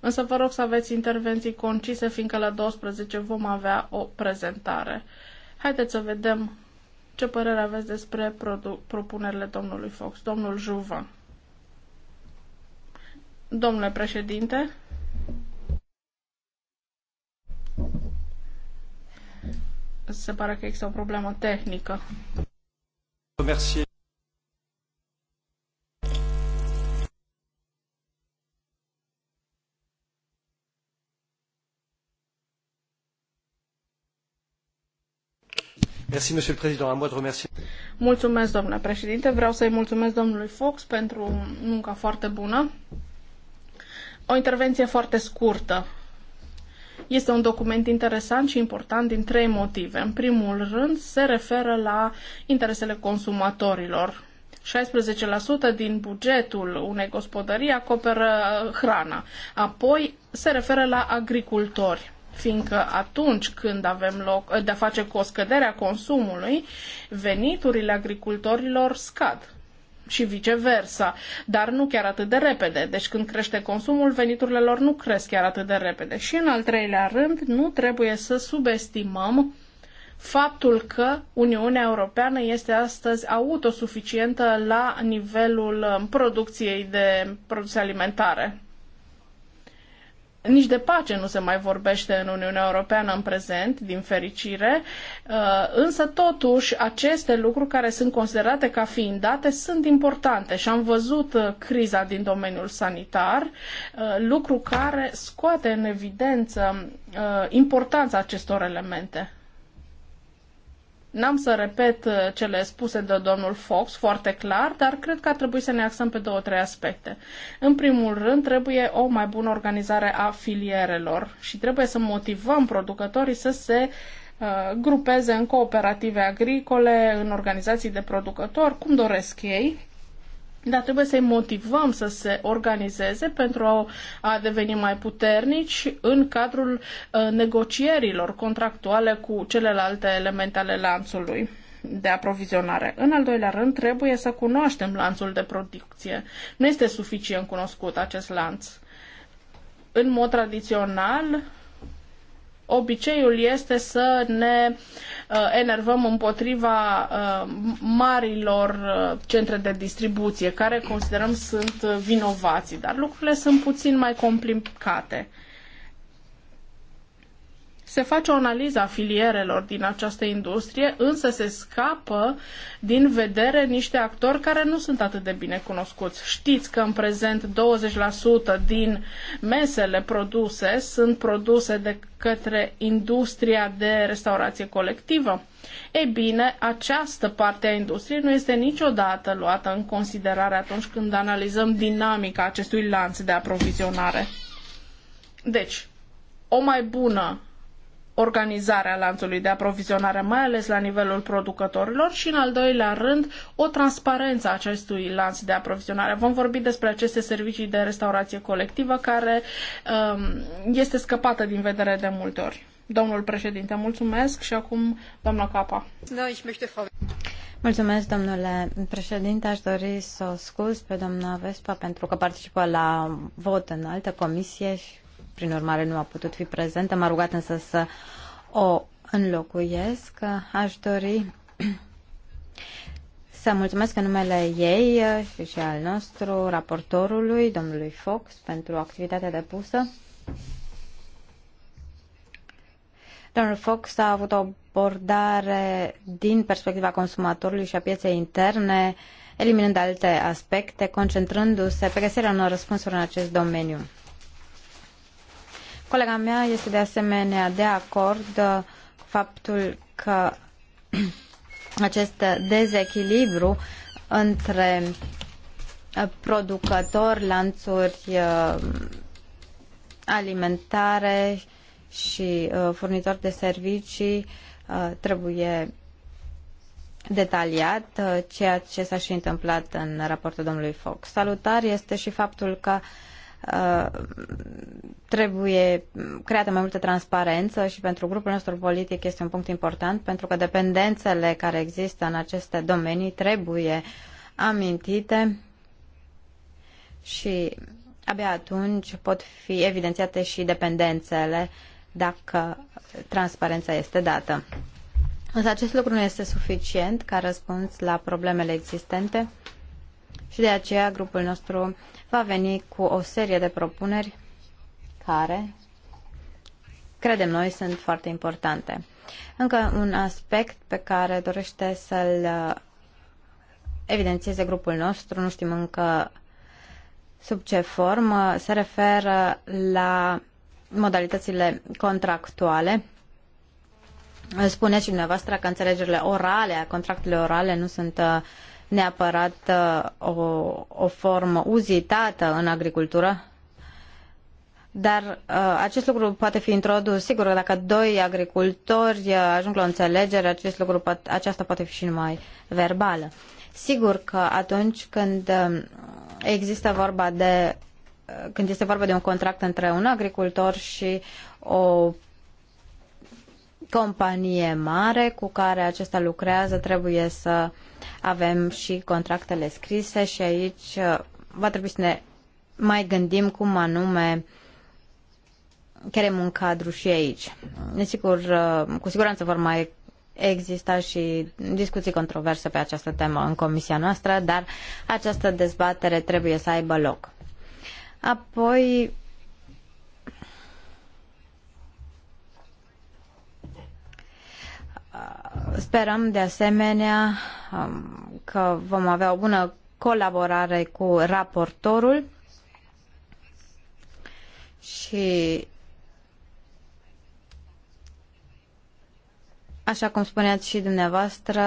Însă vă rog să aveți intervenții concise, fiindcă la 12 vom avea o prezentare. Haideți să vedem ce părere aveți despre propunerile domnului Fox, domnul Juva, Domnule președinte, se pare că există o problemă tehnică. Mersi. Mulțumesc, domnule președinte. Vreau să-i mulțumesc domnului Fox pentru munca foarte bună. O intervenție foarte scurtă. Este un document interesant și important din trei motive. În primul rând, se referă la interesele consumatorilor. 16% din bugetul unei gospodării acoperă hrana. Apoi se referă la agricultori fiindcă atunci când avem loc eh, de a face cu o scădere a consumului, veniturile agricultorilor scad și viceversa, dar nu chiar atât de repede. Deci când crește consumul, veniturile lor nu cresc chiar atât de repede. Și în al treilea rând, nu trebuie să subestimăm faptul că Uniunea Europeană este astăzi autosuficientă la nivelul eh, producției de produse alimentare nici de pace nu se mai vorbește în Uniunea Europeană în prezent, din fericire, uh, însă totuși aceste lucruri care sunt considerate ca fiind date sunt importante și am văzut uh, criza din domeniul sanitar, uh, lucru care scoate în evidență importanța acestor elemente. N-am să repet uh, cele spuse de domnul Fox foarte clar, dar cred că ar trebui să ne axăm pe două, trei aspecte. În primul rând, trebuie o mai bună organizare a filierelor și trebuie să motivăm producătorii să se uh, grupeze în cooperative agricole, în organizații de producători, cum doresc ei, dar trebuie să-i motivăm să se organizeze pentru a deveni mai puternici în cadrul uh, negocierilor contractuale cu celelalte elemente ale lanțului de aprovizionare. În al doilea rând, trebuie să cunoaștem lanțul de producție. Nu este suficient cunoscut acest lanț. În mod tradițional, obiceiul este să ne uh, enervăm împotriva uh, marilor uh, centre de distribuție, care considerăm sunt vinovații, dar lucrurile sunt puțin mai complicate. Se face o analiză a filierelor din această industrie, însă se scapă din vedere niște actori care nu sunt atât de bine cunoscuți. Știți că în prezent 20% din mesele produse sunt produse de către industria de restaurație colectivă? Ei bine, această parte a industriei nu este niciodată luată în considerare atunci când analizăm dinamica acestui lanț de aprovizionare. Deci, o mai bună organizarea lanțului de aprovizionare, mai ales la nivelul producătorilor și, în al doilea rând, o transparență a acestui lanț de aprovizionare. Vom vorbi despre aceste servicii de restaurație colectivă care um, este scăpată din vedere de multe ori. Domnul președinte, mulțumesc și acum doamna Capa. Da, mulțumesc, domnule președinte. Aș dori să o scuz pe doamna Vespa pentru că participă la vot în altă comisie și prin urmare nu a putut fi prezentă. M-a rugat însă să o înlocuiesc. Aș dori să mulțumesc în numele ei și al nostru, raportorului, domnului Fox, pentru activitatea depusă. Domnul Fox a avut o abordare din perspectiva consumatorului și a pieței interne, eliminând alte aspecte, concentrându-se pe găsirea unor răspunsuri în acest domeniu. Colega mea este de asemenea de acord uh, cu faptul că acest dezechilibru între uh, producători, lanțuri uh, alimentare și furnizori de servicii trebuie detaliat, ceea ce s-a și întâmplat în raportul domnului Fox. Salutar este și faptul că uh, Uh, trebuie creată mai multă transparență și pentru grupul nostru politic este un punct important pentru că dependențele care există în aceste domenii trebuie amintite și abia atunci pot fi evidențiate și dependențele dacă transparența este dată. Însă acest lucru nu este suficient ca răspuns la problemele existente și de aceea grupul nostru va veni cu o serie de propuneri care, credem noi, sunt foarte importante. Încă un aspect pe care dorește să-l uh, evidențieze grupul nostru, nu știm încă sub ce formă, se referă la modalitățile contractuale. Spuneți și dumneavoastră că înțelegerile orale, contractele orale nu sunt uh, neapărat uh, o, o formă uzitată în agricultură, dar uh, acest lucru poate fi introdus. Sigur, dacă doi agricultori uh, ajung la o înțelegere, acest lucru poate, aceasta poate fi și numai verbală. Sigur că atunci când um, există vorba de când este vorba de un contract între un agricultor și o companie mare cu care acesta lucrează trebuie să avem și contractele scrise și aici uh, va trebui să ne mai gândim cum anume cerem un cadru și aici. Desigur, deci, uh, cu siguranță vor mai exista și discuții controverse pe această temă în comisia noastră, dar această dezbatere trebuie să aibă loc. Apoi, Sperăm de asemenea um, că vom avea o bună colaborare cu raportorul și așa cum spuneați și dumneavoastră,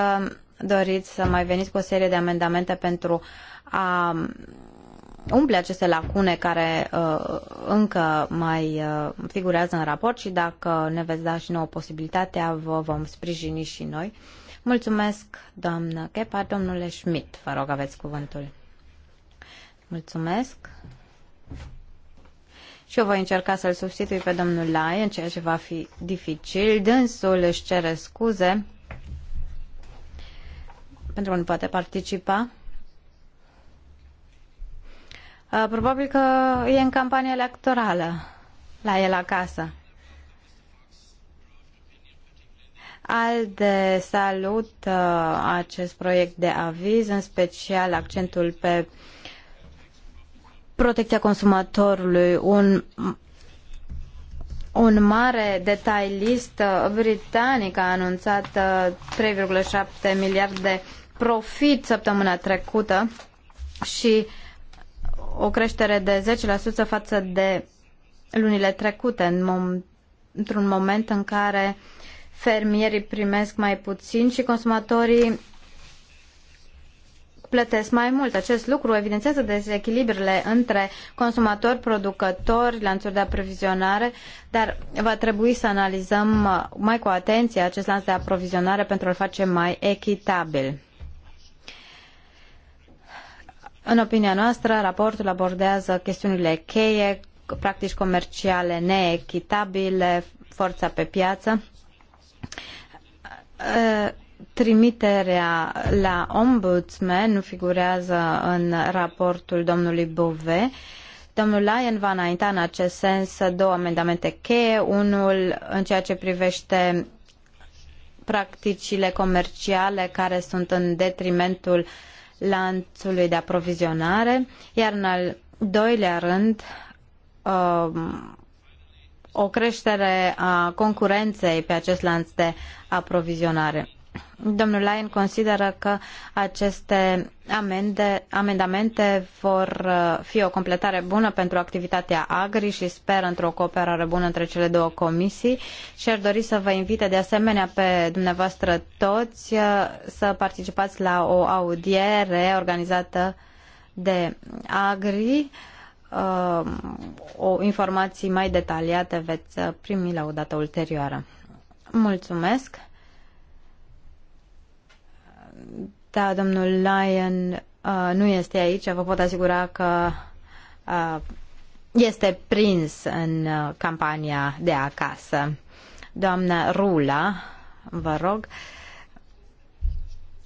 doriți să mai veniți cu o serie de amendamente pentru a umple aceste lacune care uh, încă mai uh, figurează în raport și dacă ne veți da și nouă posibilitatea, vă vom sprijini și noi. Mulțumesc, doamnă Chepa. Domnule Schmidt, vă rog, aveți cuvântul. Mulțumesc. Și eu voi încerca să-l substitui pe domnul Lai, în ceea ce va fi dificil. Dânsul își cere scuze pentru că nu poate participa. Uh, probabil că e în campanie electorală la el acasă. ALDE salut uh, acest proiect de aviz, în special accentul pe protecția consumatorului, un, un mare detalist uh, britanic a anunțat 3,7 miliarde de profit săptămâna trecută și uh, o creștere de 10% față de lunile trecute, în mom- într-un moment în care fermierii primesc mai puțin și consumatorii plătesc mai mult. Acest lucru evidențiază dezechilibrele între consumatori, producători, lanțuri de aprovizionare, dar va trebui să analizăm mai cu atenție acest lanț de aprovizionare pentru a-l face mai echitabil. În opinia noastră, raportul abordează chestiunile cheie, practici comerciale neechitabile, forța pe piață, trimiterea la ombudsman nu figurează în raportul domnului Bove. Domnul Lyon va înainta în acest sens două amendamente cheie, unul în ceea ce privește practicile comerciale care sunt în detrimentul uh, lanțului de aprovizionare, iar în al doilea rând um, o creștere a concurenței pe acest lanț de aprovizionare. Domnul Lyon consideră că aceste amende, amendamente vor uh, fi o completare bună pentru activitatea AGRI și sper într-o cooperare bună între cele două comisii și ar dori să vă invite de asemenea pe dumneavoastră toți uh, să participați la o audiere organizată de AGRI. Uh, o informații mai detaliate veți primi la o dată ulterioară. Mulțumesc! Da, domnul Lyon uh, nu este aici, vă pot asigura că uh, este prins în uh, campania de acasă. Doamna Rula, vă rog.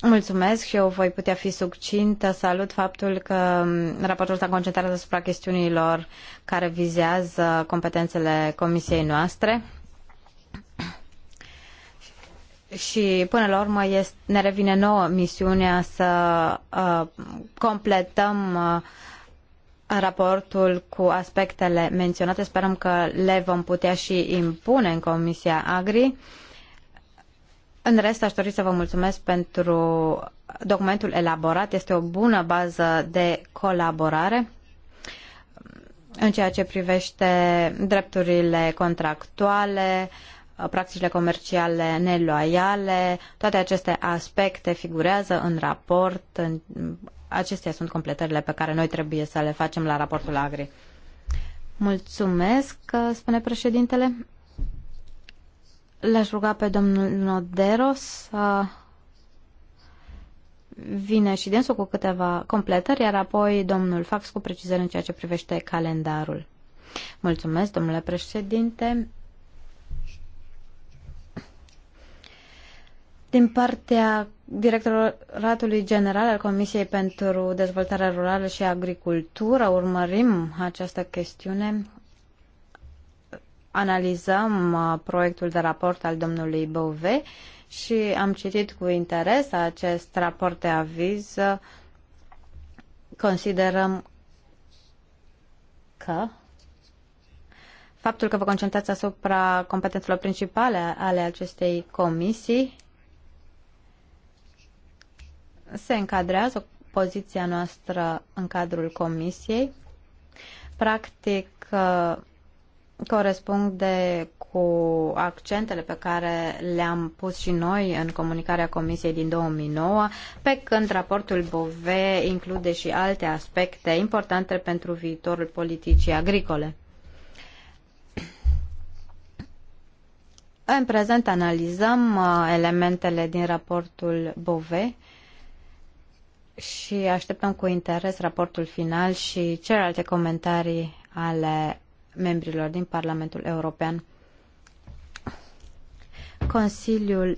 Mulțumesc și eu voi putea fi succintă. Salut faptul că um, raportul s-a concentrat asupra chestiunilor care vizează competențele comisiei noastre și până la urmă este, ne revine nouă misiunea să uh, completăm uh, raportul cu aspectele menționate. Sperăm că le vom putea și impune în Comisia Agri. În rest, aș dori să vă mulțumesc pentru documentul elaborat. Este o bună bază de colaborare în ceea ce privește drepturile contractuale, uh, practicile comerciale neloiale, toate aceste aspecte figurează în raport. Acestea sunt completările pe care noi trebuie să le facem la raportul Agri. Mulțumesc, spune președintele. L-aș ruga pe domnul Noderos să vine și dânsul cu câteva completări, iar apoi domnul Fax cu precizări în ceea ce privește calendarul. Mulțumesc, domnule președinte. din partea Directoratului General al Comisiei pentru dezvoltarea Rurală și Agricultură urmărim această chestiune. Analizăm uh, proiectul de raport al domnului Bove și am citit cu interes acest raport de aviz. Considerăm că faptul că vă concentrați asupra competențelor principale ale acestei comisii se încadrează poziția noastră în cadrul comisiei. Practic, corespunde cu accentele pe care le-am pus și noi în comunicarea Comisiei din 2009, pe când raportul Bove include și alte aspecte importante pentru viitorul politicii agricole. În prezent analizăm uh, elementele din raportul Bove și așteptăm cu interes raportul final și celelalte comentarii ale membrilor din Parlamentul European. Consiliul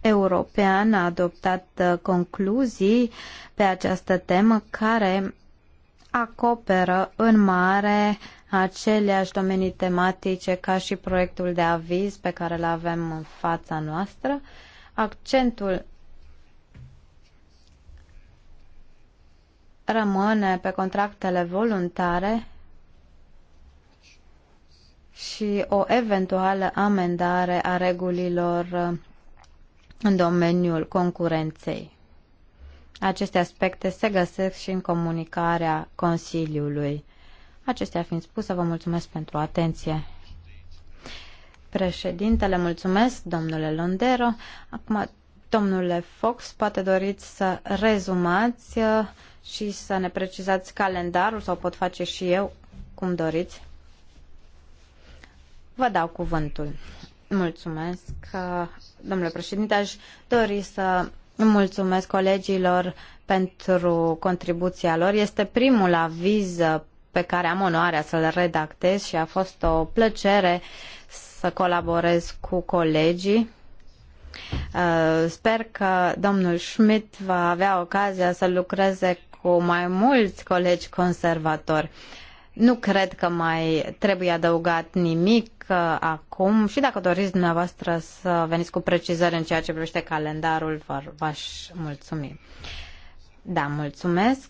European a adoptat uh, concluzii pe această temă care acoperă în mare aceleași domenii tematice ca și proiectul de aviz pe care îl avem în fața noastră. Accentul rămâne pe contractele voluntare și o eventuală amendare a regulilor în domeniul concurenței. Aceste aspecte se găsesc și în comunicarea Consiliului. Acestea fiind spuse, vă mulțumesc pentru atenție. Președintele, mulțumesc, domnule Londero. Acum, domnule Fox, poate doriți să rezumați uh, și să ne precizați calendarul sau pot face și eu cum doriți. Vă dau cuvântul. Mulțumesc, domnule președinte. Aș dori să mulțumesc colegilor pentru contribuția lor. Este primul aviz pe care am onoarea să-l redactez și a fost o plăcere să colaborez cu colegii. Sper că domnul Schmidt va avea ocazia să lucreze cu mai mulți colegi conservatori. Nu cred că mai trebuie adăugat nimic uh, acum și dacă doriți dumneavoastră să veniți cu precizări în ceea ce privește calendarul, v-aș mulțumi. Da, mulțumesc.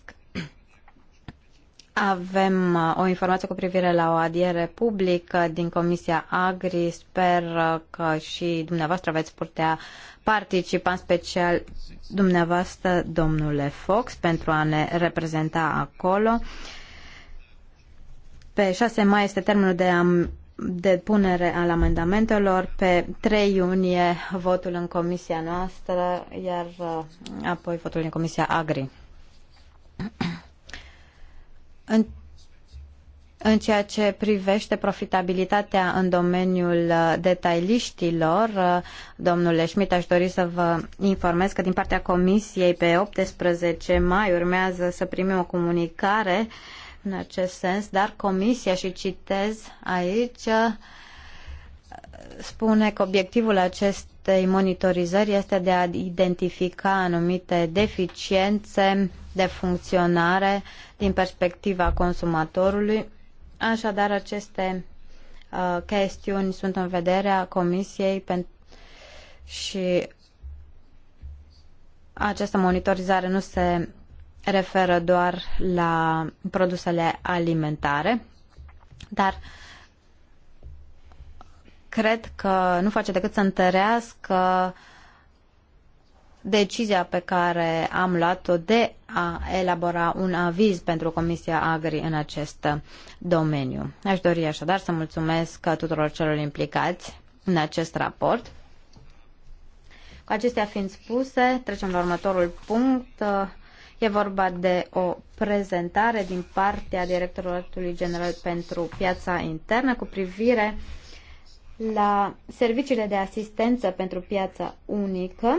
Avem uh, o informație cu privire la o adiere publică din Comisia Agri. Sper uh, că și dumneavoastră veți putea participa, în special dumneavoastră, domnule Fox, pentru a ne reprezenta acolo. Pe 6 mai este termenul de am depunere al amendamentelor, pe 3 iunie votul în comisia noastră, iar uh, apoi votul în comisia Agri. În, în ceea ce privește profitabilitatea în domeniul uh, detailiștilor, uh, domnule Schmidt, aș dori să vă informez că din partea Comisiei pe 18 mai urmează să primim o comunicare în acest sens, dar Comisia, și citez aici, spune că obiectivul acestei monitorizări este de a identifica anumite deficiențe de funcționare din perspectiva consumatorului. Așadar, aceste uh, chestiuni sunt în vederea Comisiei și această monitorizare nu se referă doar la produsele alimentare, dar uh, cred că nu face decât să întărească decizia pe care am luat-o de a elabora un aviz pentru Comisia Agri în acest domeniu. Aș dori așadar să mulțumesc tuturor celor implicați în acest raport. Cu acestea fiind spuse, trecem la următorul punct. E vorba de o prezentare din partea directorului General pentru Piața Internă cu privire la serviciile de asistență pentru piața unică.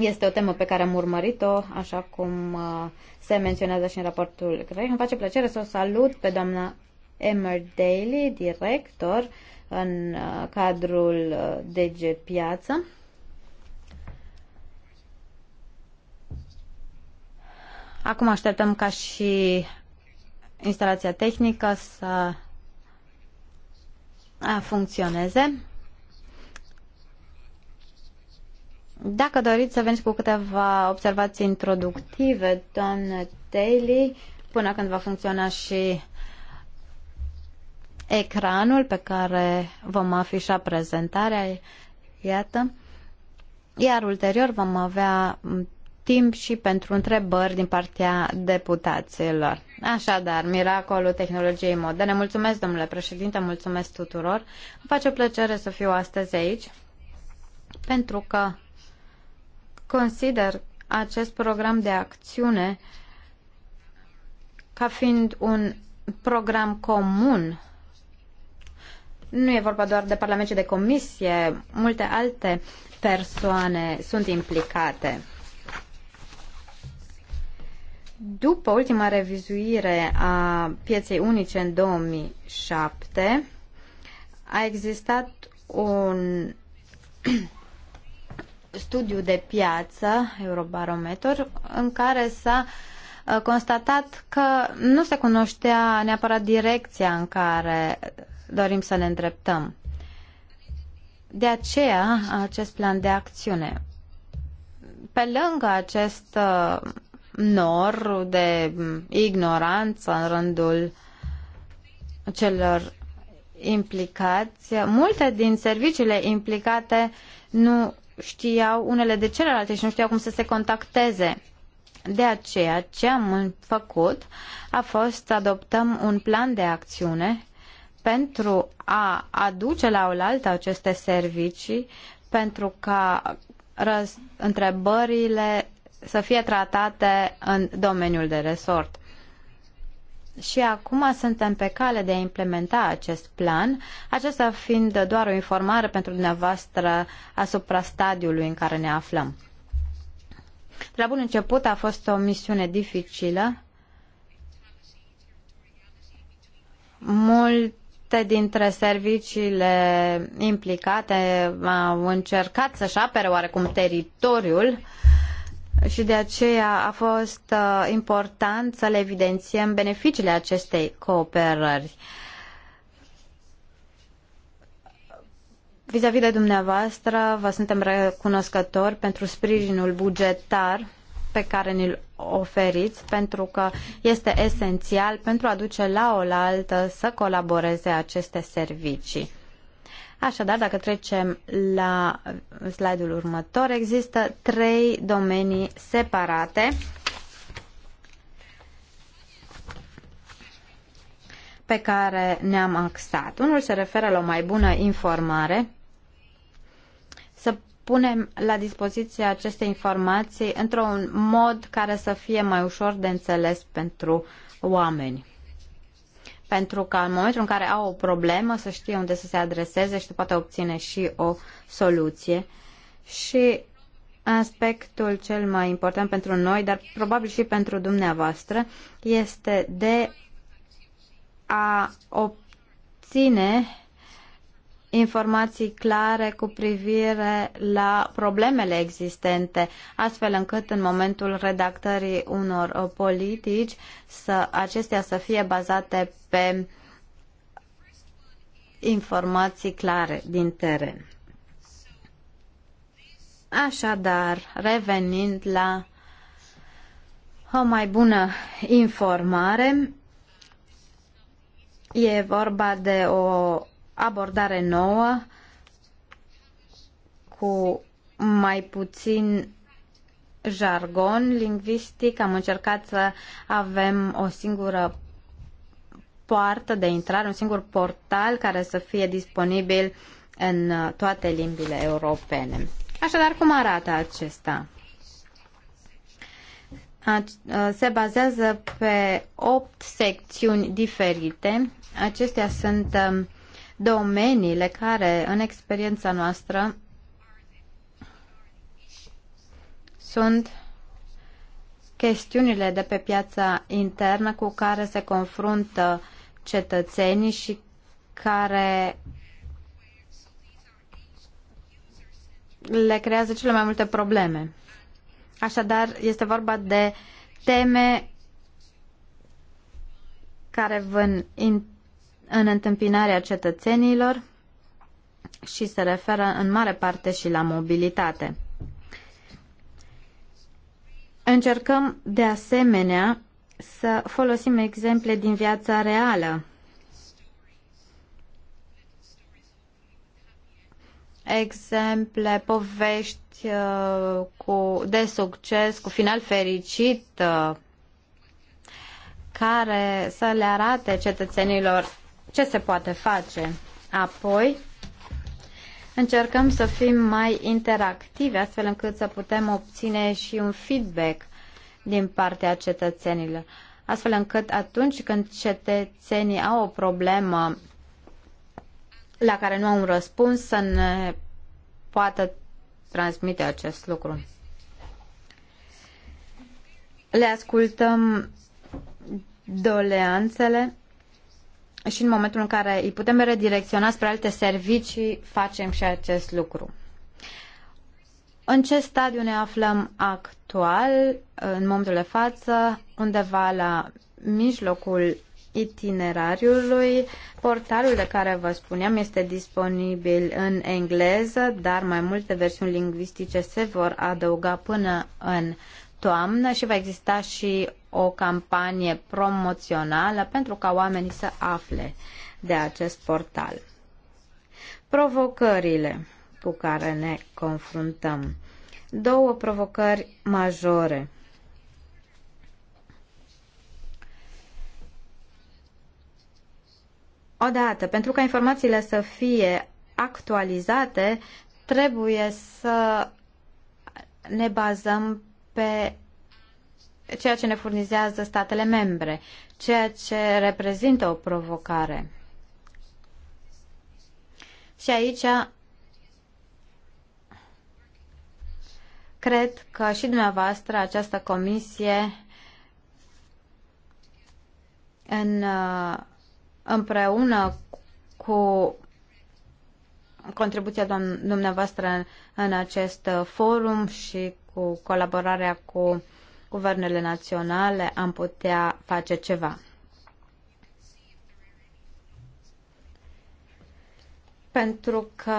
Este o temă pe care am urmărit-o, așa cum uh, se menționează și în raportul grec. Îmi face plăcere să o salut pe doamna Emmer Daly, director în uh, cadrul uh, DG Piață. Acum așteptăm ca și instalația tehnică să a funcționeze. Dacă doriți să veniți cu câteva observații introductive, doamnă Daily, până când va funcționa și ecranul pe care vom afișa prezentarea, iată, iar ulterior vom avea timp și pentru întrebări din partea deputaților. Așadar, miracolul tehnologiei moderne. Mulțumesc, domnule președinte, mulțumesc tuturor. Îmi face plăcere să fiu astăzi aici pentru că consider acest program de acțiune ca fiind un program comun. Nu e vorba doar de Parlament, ci de Comisie. Multe alte persoane sunt implicate. După ultima revizuire a pieței unice în 2007, a existat un studiu de piață, Eurobarometer, în care s-a uh, constatat că nu se cunoștea neapărat direcția în care dorim să ne îndreptăm. De aceea, acest plan de acțiune. Pe lângă acest uh, nor, de ignoranță în rândul celor implicați. Multe din serviciile implicate nu știau unele de celelalte și nu știau cum să se contacteze. De aceea, ce am făcut a fost să adoptăm un plan de acțiune pentru a aduce la oaltă aceste servicii, pentru ca întrebările să fie tratate în domeniul de resort. Și acum suntem pe cale de a implementa acest plan, acesta fiind doar o informare pentru dumneavoastră asupra stadiului în care ne aflăm. De la bun început a fost o misiune dificilă. Multe dintre serviciile implicate au încercat să-și apere oarecum teritoriul și de aceea a fost uh, important să le evidențiem beneficiile acestei cooperări. vis a -vis de dumneavoastră, vă suntem recunoscători pentru sprijinul bugetar pe care ni-l oferiți, pentru că este esențial pentru a duce la oaltă să colaboreze aceste servicii. Așadar, dacă trecem la slide-ul următor, există trei domenii separate pe care ne-am axat. Unul se referă la o mai bună informare, să punem la dispoziție aceste informații într-un mod care să fie mai ușor de înțeles pentru oameni pentru ca în momentul în care au o problemă să știe unde să se adreseze și poate obține și o soluție. Și aspectul cel mai important pentru noi, dar probabil și pentru dumneavoastră, este de a obține informații clare cu privire la problemele existente, astfel încât în momentul redactării unor uh, politici să acestea să fie bazate pe informații clare din teren. Așadar, revenind la o mai bună informare, e vorba de o abordare nouă cu mai puțin jargon lingvistic. Am încercat să avem o singură poartă de intrare, un singur portal care să fie disponibil în toate limbile europene. Așadar, cum arată acesta? Se bazează pe opt secțiuni diferite. Acestea sunt um, domeniile care, în experiența noastră, sunt chestiunile de pe piața internă cu care se confruntă cetățenii și care le creează cele mai multe probleme. Așadar, este vorba de teme care vă în întâmpinarea cetățenilor și se referă în mare parte și la mobilitate. Încercăm de asemenea să folosim exemple din viața reală. Exemple, povești uh, cu, de succes, cu final fericit, uh, care să le arate cetățenilor ce se poate face. Apoi, încercăm să fim mai interactivi, astfel încât să putem obține și un feedback din partea cetățenilor. Astfel încât atunci când cetățenii au o problemă la care nu au un răspuns, să ne poată transmite acest lucru. Le ascultăm doleanțele și în momentul în care îi putem redirecționa spre alte servicii, facem și acest lucru. În ce stadiu ne aflăm actual, în momentul de față, undeva la mijlocul itinerariului. Portalul de care vă spuneam este disponibil în engleză, dar mai multe versiuni lingvistice se vor adăuga până în toamnă și va exista și o campanie promoțională pentru ca oamenii să afle de acest portal. Provocările cu care ne confruntăm. Două provocări majore. Odată, pentru ca informațiile să fie actualizate, trebuie să ne bazăm pe ceea ce ne furnizează statele membre, ceea ce reprezintă o provocare. Și aici cred că și dumneavoastră această comisie în, împreună cu contribuția dumneavoastră în, în acest forum și cu colaborarea cu guvernele naționale am putea face ceva. Pentru că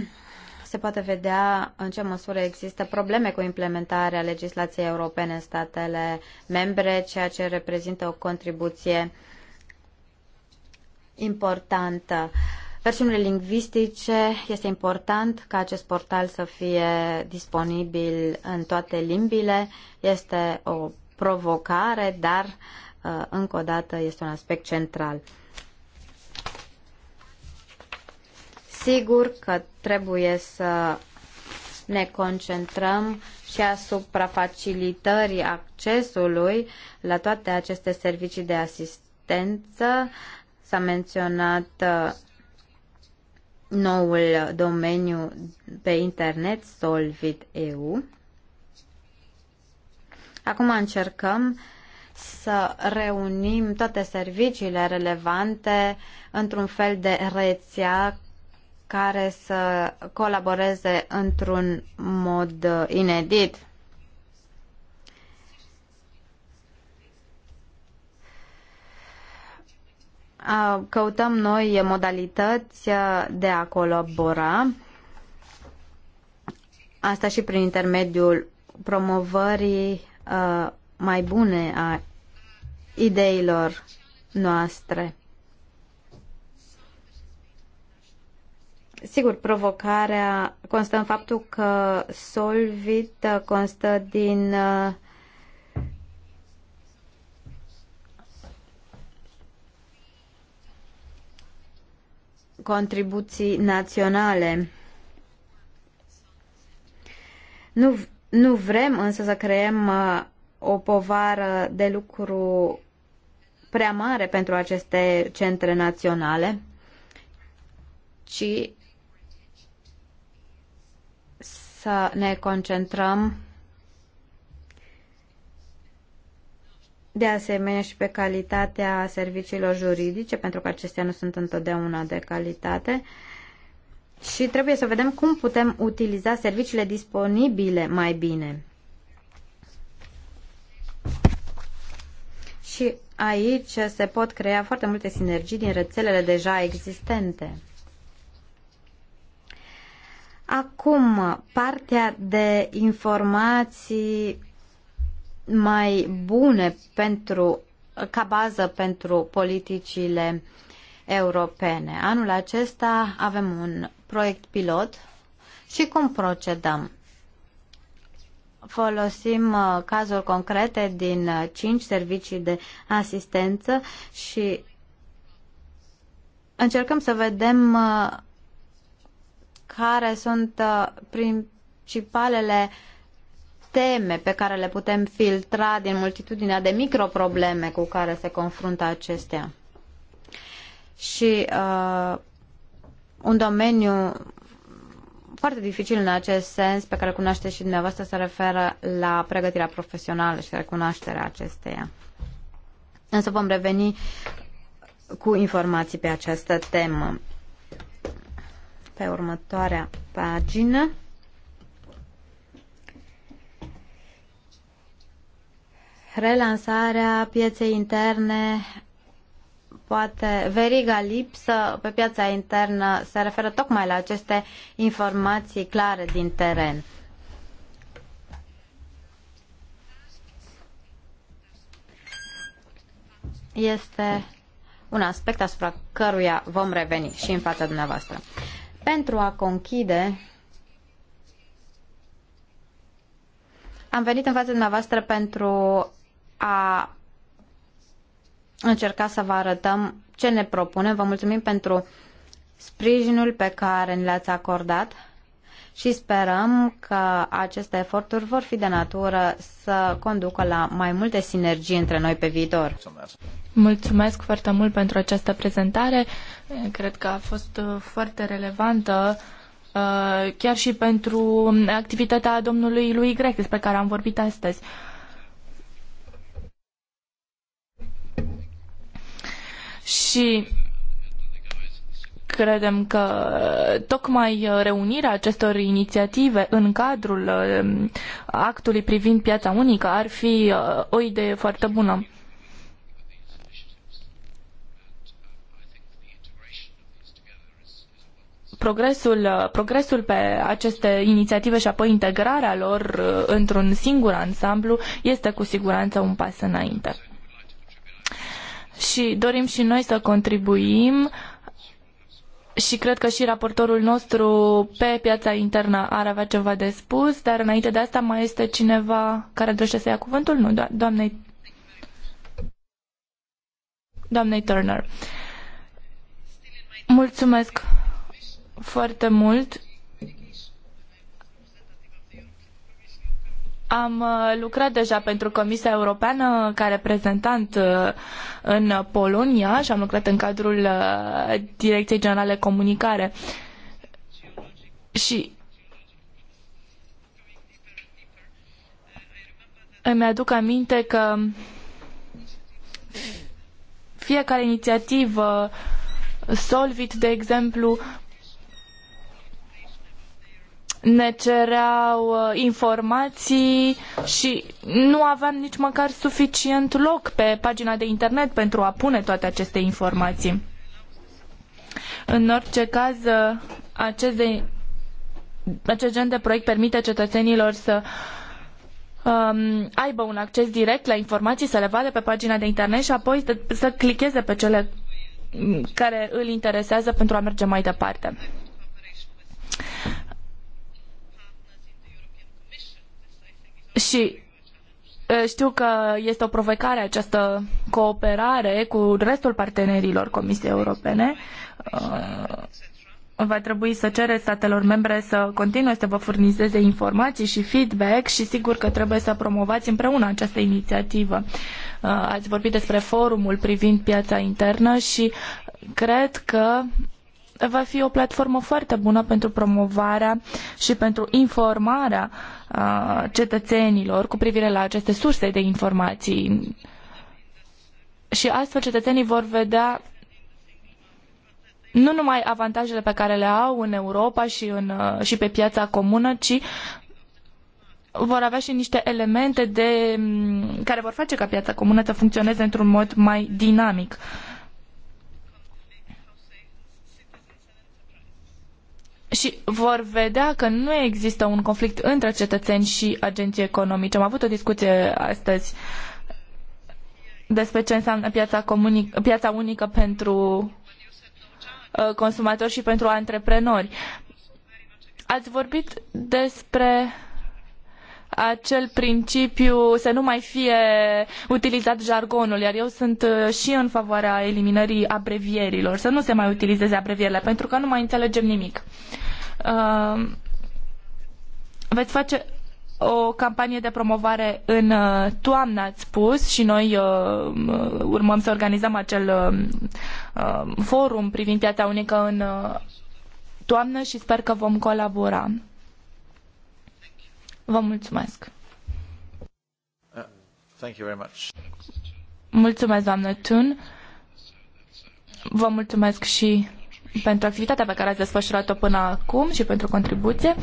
se poate vedea în ce măsură există probleme cu implementarea legislației europene în statele membre, ceea ce reprezintă o contribuție importantă. Uh, versiunile lingvistice, este important ca acest portal să fie disponibil în toate limbile. Este o provocare, dar uh, încă o dată este un aspect central. Sigur că trebuie să ne concentrăm și asupra facilitării accesului la toate aceste servicii de asistență. S-a menționat uh, noul domeniu pe internet Solvit.eu. Acum încercăm să reunim toate serviciile relevante într-un fel de rețea care să colaboreze într-un mod inedit. căutăm noi modalități de a colabora, asta și prin intermediul promovării mai bune a ideilor noastre. Sigur, provocarea constă în faptul că Solvit constă din contribuții naționale. Nu, nu vrem însă să creăm uh, o povară de lucru prea mare pentru aceste centre naționale, ci să ne concentrăm de asemenea și pe calitatea serviciilor juridice, pentru că acestea nu sunt întotdeauna de calitate. Și trebuie să vedem cum putem utiliza serviciile disponibile mai bine. Și aici se pot crea foarte multe sinergii din rețelele deja existente. Acum, partea de informații mai bune pentru, ca bază pentru politicile europene. Anul acesta avem un proiect pilot și cum procedăm? Folosim uh, cazuri concrete din uh, cinci servicii de asistență și încercăm să vedem uh, care sunt principalele uh, teme pe care le putem filtra din multitudinea de microprobleme cu care se confruntă acestea. Și uh, un domeniu foarte dificil în acest sens, pe care îl cunoașteți și dumneavoastră, se referă la pregătirea profesională și recunoașterea acesteia. Însă vom reveni cu informații pe această temă. Pe următoarea pagină. relansarea pieței interne poate veriga lipsă pe piața internă se referă tocmai la aceste informații clare din teren. Este un aspect asupra căruia vom reveni și în fața dumneavoastră. Pentru a conchide, am venit în fața dumneavoastră pentru a încerca să vă arătăm ce ne propunem. Vă mulțumim pentru sprijinul pe care ne l-ați acordat și sperăm că aceste eforturi vor fi de natură să conducă la mai multe sinergii între noi pe viitor. Mulțumesc, foarte mult pentru această prezentare. Cred că a fost uh, foarte relevantă uh, chiar și pentru um, activitatea domnului lui Y despre care am vorbit astăzi. și credem că tocmai reunirea acestor inițiative în cadrul um, actului privind piața unică ar fi uh, o idee foarte bună. Progresul, uh, progresul pe aceste inițiative și apoi integrarea lor uh, într-un singur ansamblu este cu siguranță un pas înainte și dorim și noi să contribuim și cred că și raportorul nostru pe piața internă ar avea ceva de spus, dar înainte de asta mai este cineva care dorește să ia cuvântul? Nu, do- doamnei, doamnei Turner. Mulțumesc foarte mult. Am uh, lucrat deja pentru Comisia Europeană ca reprezentant uh, în Polonia și am lucrat în cadrul uh, Direcției Generale Comunicare. Și îmi aduc aminte că fiecare inițiativă Solvit, de exemplu, ne cereau uh, informații și nu aveam nici măcar suficient loc pe pagina de internet pentru a pune toate aceste informații. În orice caz, uh, acest, de, acest gen de proiect permite cetățenilor să um, aibă un acces direct la informații, să le vadă pe pagina de internet și apoi să, să clicheze pe cele care îl interesează pentru a merge mai departe. Și știu că este o provocare această cooperare cu restul partenerilor Comisiei Europene. Va trebui să cere statelor membre să continue să vă furnizeze informații și feedback și sigur că trebuie să promovați împreună această inițiativă. Ați vorbit despre forumul privind piața internă și cred că va fi o platformă foarte bună pentru promovarea și pentru informarea uh, cetățenilor cu privire la aceste surse de informații. Și astfel cetățenii vor vedea nu numai avantajele pe care le au în Europa și, în, și pe piața comună, ci vor avea și niște elemente de, care vor face ca piața comună să funcționeze într-un mod mai dinamic. Uh, și vor vedea că nu există un conflict între cetățeni și agenții economici. Am avut o discuție astăzi despre ce înseamnă piața, comunic- piața unică pentru uh, consumatori și pentru antreprenori. Ați vorbit despre acel principiu să nu mai fie utilizat jargonul, iar eu sunt uh, și în favoarea eliminării abrevierilor, să nu se mai utilizeze abrevierile, pentru că nu mai înțelegem nimic. Uh, uh, veți face o campanie de promovare în uh, toamnă, ați spus, și noi uh, uh urmăm să organizăm acel uh, forum privind piața unică în uh, toamnă și sper că vom colabora. Vă mulțumesc. Uh, thank you very much. Mulțumesc, doamnă Tun. Vă mulțumesc și pentru activitatea pe care ați desfășurat-o până acum și pentru contribuție.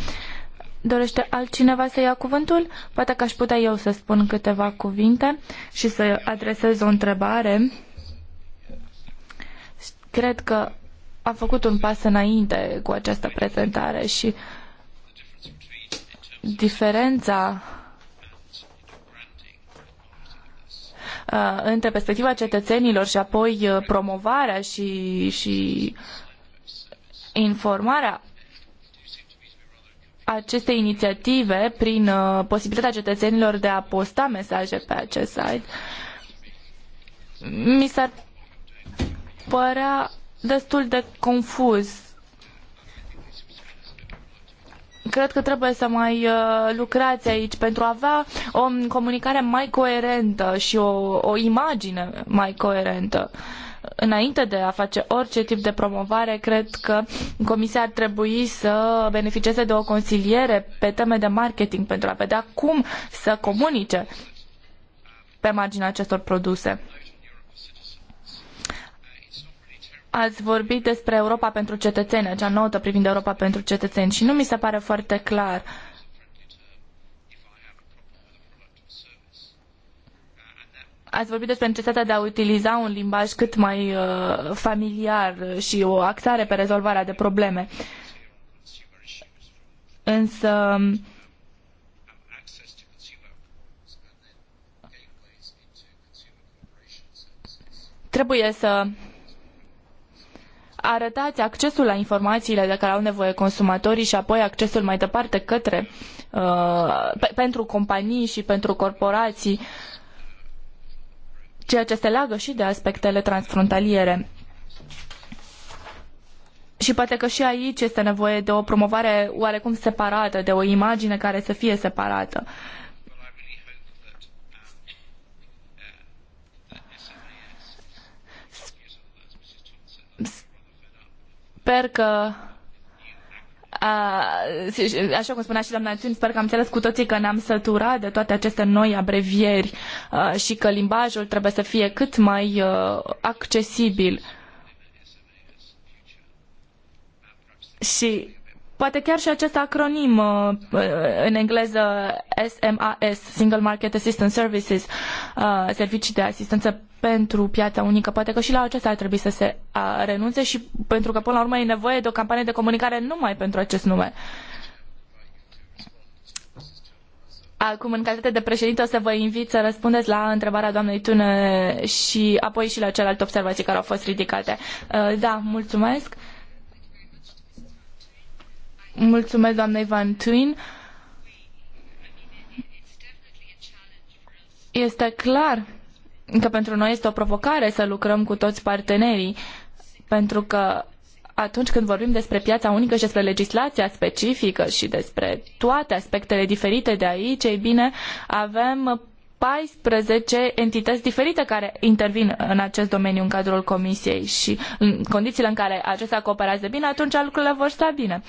Dorește altcineva să ia cuvântul? Poate că aș putea eu să spun câteva cuvinte și să adresez o întrebare. Cred că a făcut un pas înainte cu această prezentare și diferența uh, între perspectiva cetățenilor și apoi uh, promovarea și, și informarea acestei inițiative prin uh, posibilitatea cetățenilor de a posta mesaje pe acest site, mi s-ar părea destul de confuz. Cred că trebuie să mai uh, lucrați aici pentru a avea o comunicare mai coerentă și o, o imagine mai coerentă. Uh, înainte de a face orice tip de promovare, cred că Comisia ar trebui să beneficieze de o consiliere pe teme de marketing pentru a vedea cum să comunice pe marginea acestor produse. Ați vorbit despre Europa pentru cetățeni, acea notă privind Europa pentru cetățeni și nu mi se pare foarte clar uh, ați vorbit despre necesitatea de a utiliza un limbaj cât mai uh, familiar și o axare pe rezolvarea de probleme. Însă trebuie să arătați accesul la informațiile de care au nevoie consumatorii și apoi accesul mai departe către uh, pe, pentru companii și pentru corporații uh, ceea ce se leagă și de aspectele transfrontaliere. Și poate că și aici este nevoie de o promovare oarecum separată, de o imagine care să fie separată. Sper că așa cum spunea și doamna Țiun, sper că am înțeles cu toții că ne-am săturat de toate aceste noi abrevieri și că limbajul trebuie să fie cât mai accesibil. Și Poate chiar și acest acronim uh, uh, în engleză SMAS, Single Market Assistance Services, uh, servicii de asistență pentru piața unică. Poate că și la acesta ar trebui să se renunțe și pentru că până la urmă e nevoie de o campanie de comunicare numai pentru acest nume. Acum, în calitate de președinte, o să vă invit să răspundeți la întrebarea doamnei Tune și apoi și la celelalte observații care au fost ridicate. Da, mulțumesc. Mulțumesc doamnei Van Tuin. Este clar că pentru noi este o provocare să lucrăm cu toți partenerii, pentru că atunci când vorbim despre piața unică și despre legislația specifică și despre toate aspectele diferite de aici, ei bine, avem 14 entități diferite care intervin în acest domeniu în cadrul Comisiei și în condițiile în care acestea cooperează bine, atunci lucrurile vor sta bine.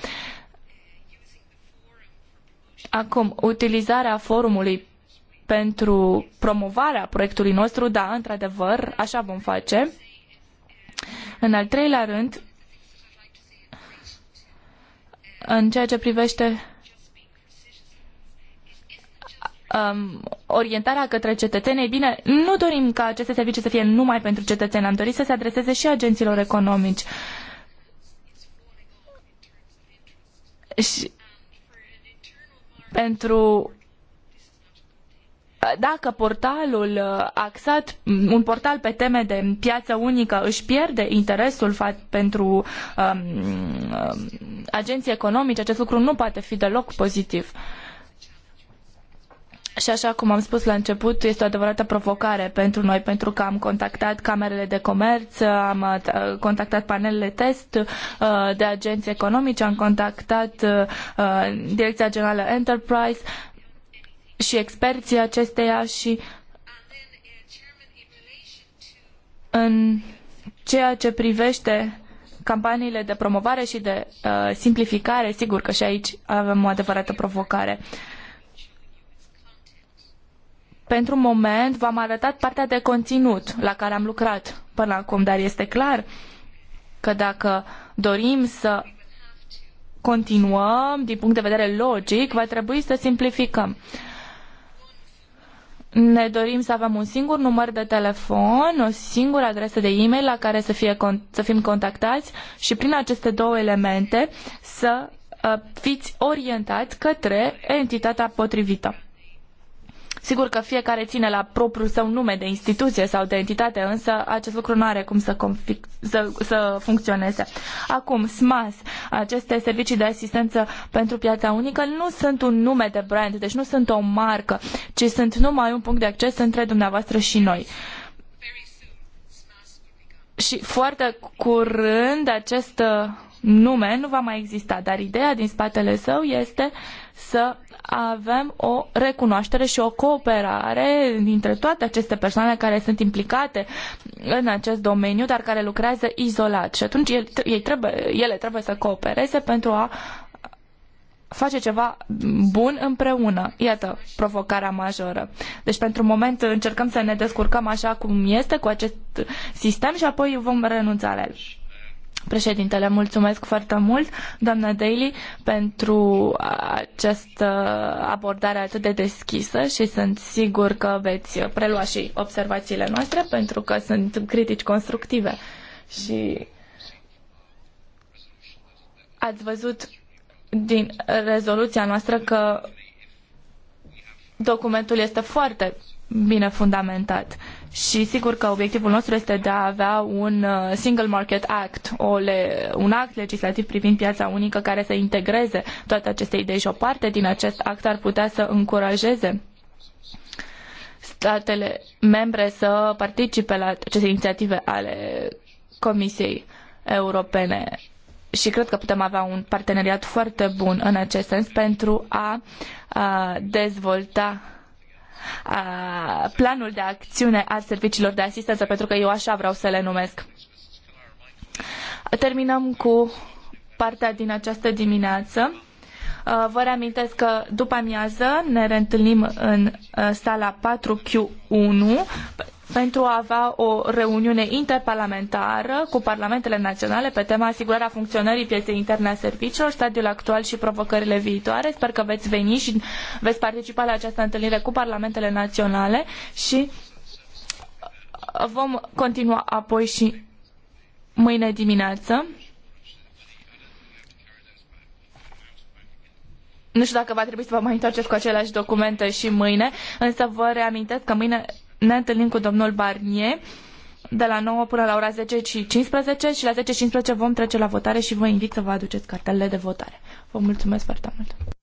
Acum, utilizarea forumului pentru promovarea proiectului nostru, da, într-adevăr, așa vom face. În al treilea rând, în ceea ce privește um, orientarea către cetățeni, ei bine, nu dorim ca aceste servicii să fie numai pentru cetățeni, am dorit să se adreseze și agenților economici. Și pentru dacă portalul uh, axat, un portal pe teme de piață unică își pierde interesul pentru um, um, agenții economici, acest lucru nu poate fi deloc pozitiv. Uh, și așa cum am spus la început, este o adevărată provocare pentru noi, pentru că am contactat camerele de comerț, am uh, contactat panelele test uh, de agenții economici, am contactat uh, Direcția Generală Enterprise și experții acesteia și în ceea ce privește campaniile de promovare și de simplificare, sigur că și aici avem o adevărată provocare. Uh, pentru moment v-am arătat partea de conținut la care am lucrat până acum, dar este clar că dacă dorim să continuăm din punct de vedere logic, va trebui să simplificăm. Ne dorim să avem un singur număr de telefon, o singură adresă de e-mail la care să, fie, să fim contactați și prin aceste două elemente să uh, fiți orientați către entitatea potrivită. Sigur că fiecare ține la propriul său nume de instituție sau de entitate, însă acest lucru nu are cum să, confic, să, să funcționeze. Acum, SMAS, aceste servicii de asistență pentru piața unică, nu sunt un nume de brand, deci nu sunt o marcă, ci sunt numai un punct de acces între dumneavoastră și noi. Și foarte curând acest nume nu va mai exista, dar ideea din spatele său este să avem o recunoaștere și o cooperare dintre toate aceste persoane care sunt implicate în acest domeniu, dar care lucrează izolat. Și atunci ei trebuie, ele trebuie să coopereze pentru a face ceva bun împreună. Iată provocarea majoră. Deci pentru moment încercăm să ne descurcăm așa cum este cu acest sistem și apoi vom renunța la el. Președintele, mulțumesc foarte mult, doamna Daly, pentru această abordare atât de deschisă și sunt sigur că veți prelua și observațiile noastre pentru că sunt critici constructive și ați văzut din rezoluția noastră că documentul este foarte bine fundamentat și sigur că obiectivul nostru este de a avea un uh, Single Market Act, o le, un act legislativ privind piața unică care să integreze toate aceste idei și o parte din acest act ar putea să încurajeze statele membre să participe la aceste inițiative ale Comisiei Europene. Și cred că putem avea un parteneriat foarte bun în acest sens pentru a, a dezvolta planul de acțiune al serviciilor de asistență, pentru că eu așa vreau să le numesc. Terminăm cu partea din această dimineață. Vă reamintesc că după amiază ne reîntâlnim în sala 4Q1 pentru a avea o reuniune interparlamentară cu parlamentele naționale pe tema asigurarea funcționării pieței interne a serviciilor, stadiul actual și provocările viitoare. Sper că veți veni și veți participa la această întâlnire cu parlamentele naționale și uh, vom continua apoi și mâine dimineață. Nu știu dacă va trebui să vă mai întoarceți cu aceleași documente și mâine, însă vă reamintesc că mâine ne întâlnim cu domnul Barnier de la 9 până la ora 10 și 15 și la 10 și 15 vom trece la votare și vă invit să vă aduceți cartelele de votare. Vă mulțumesc foarte mult!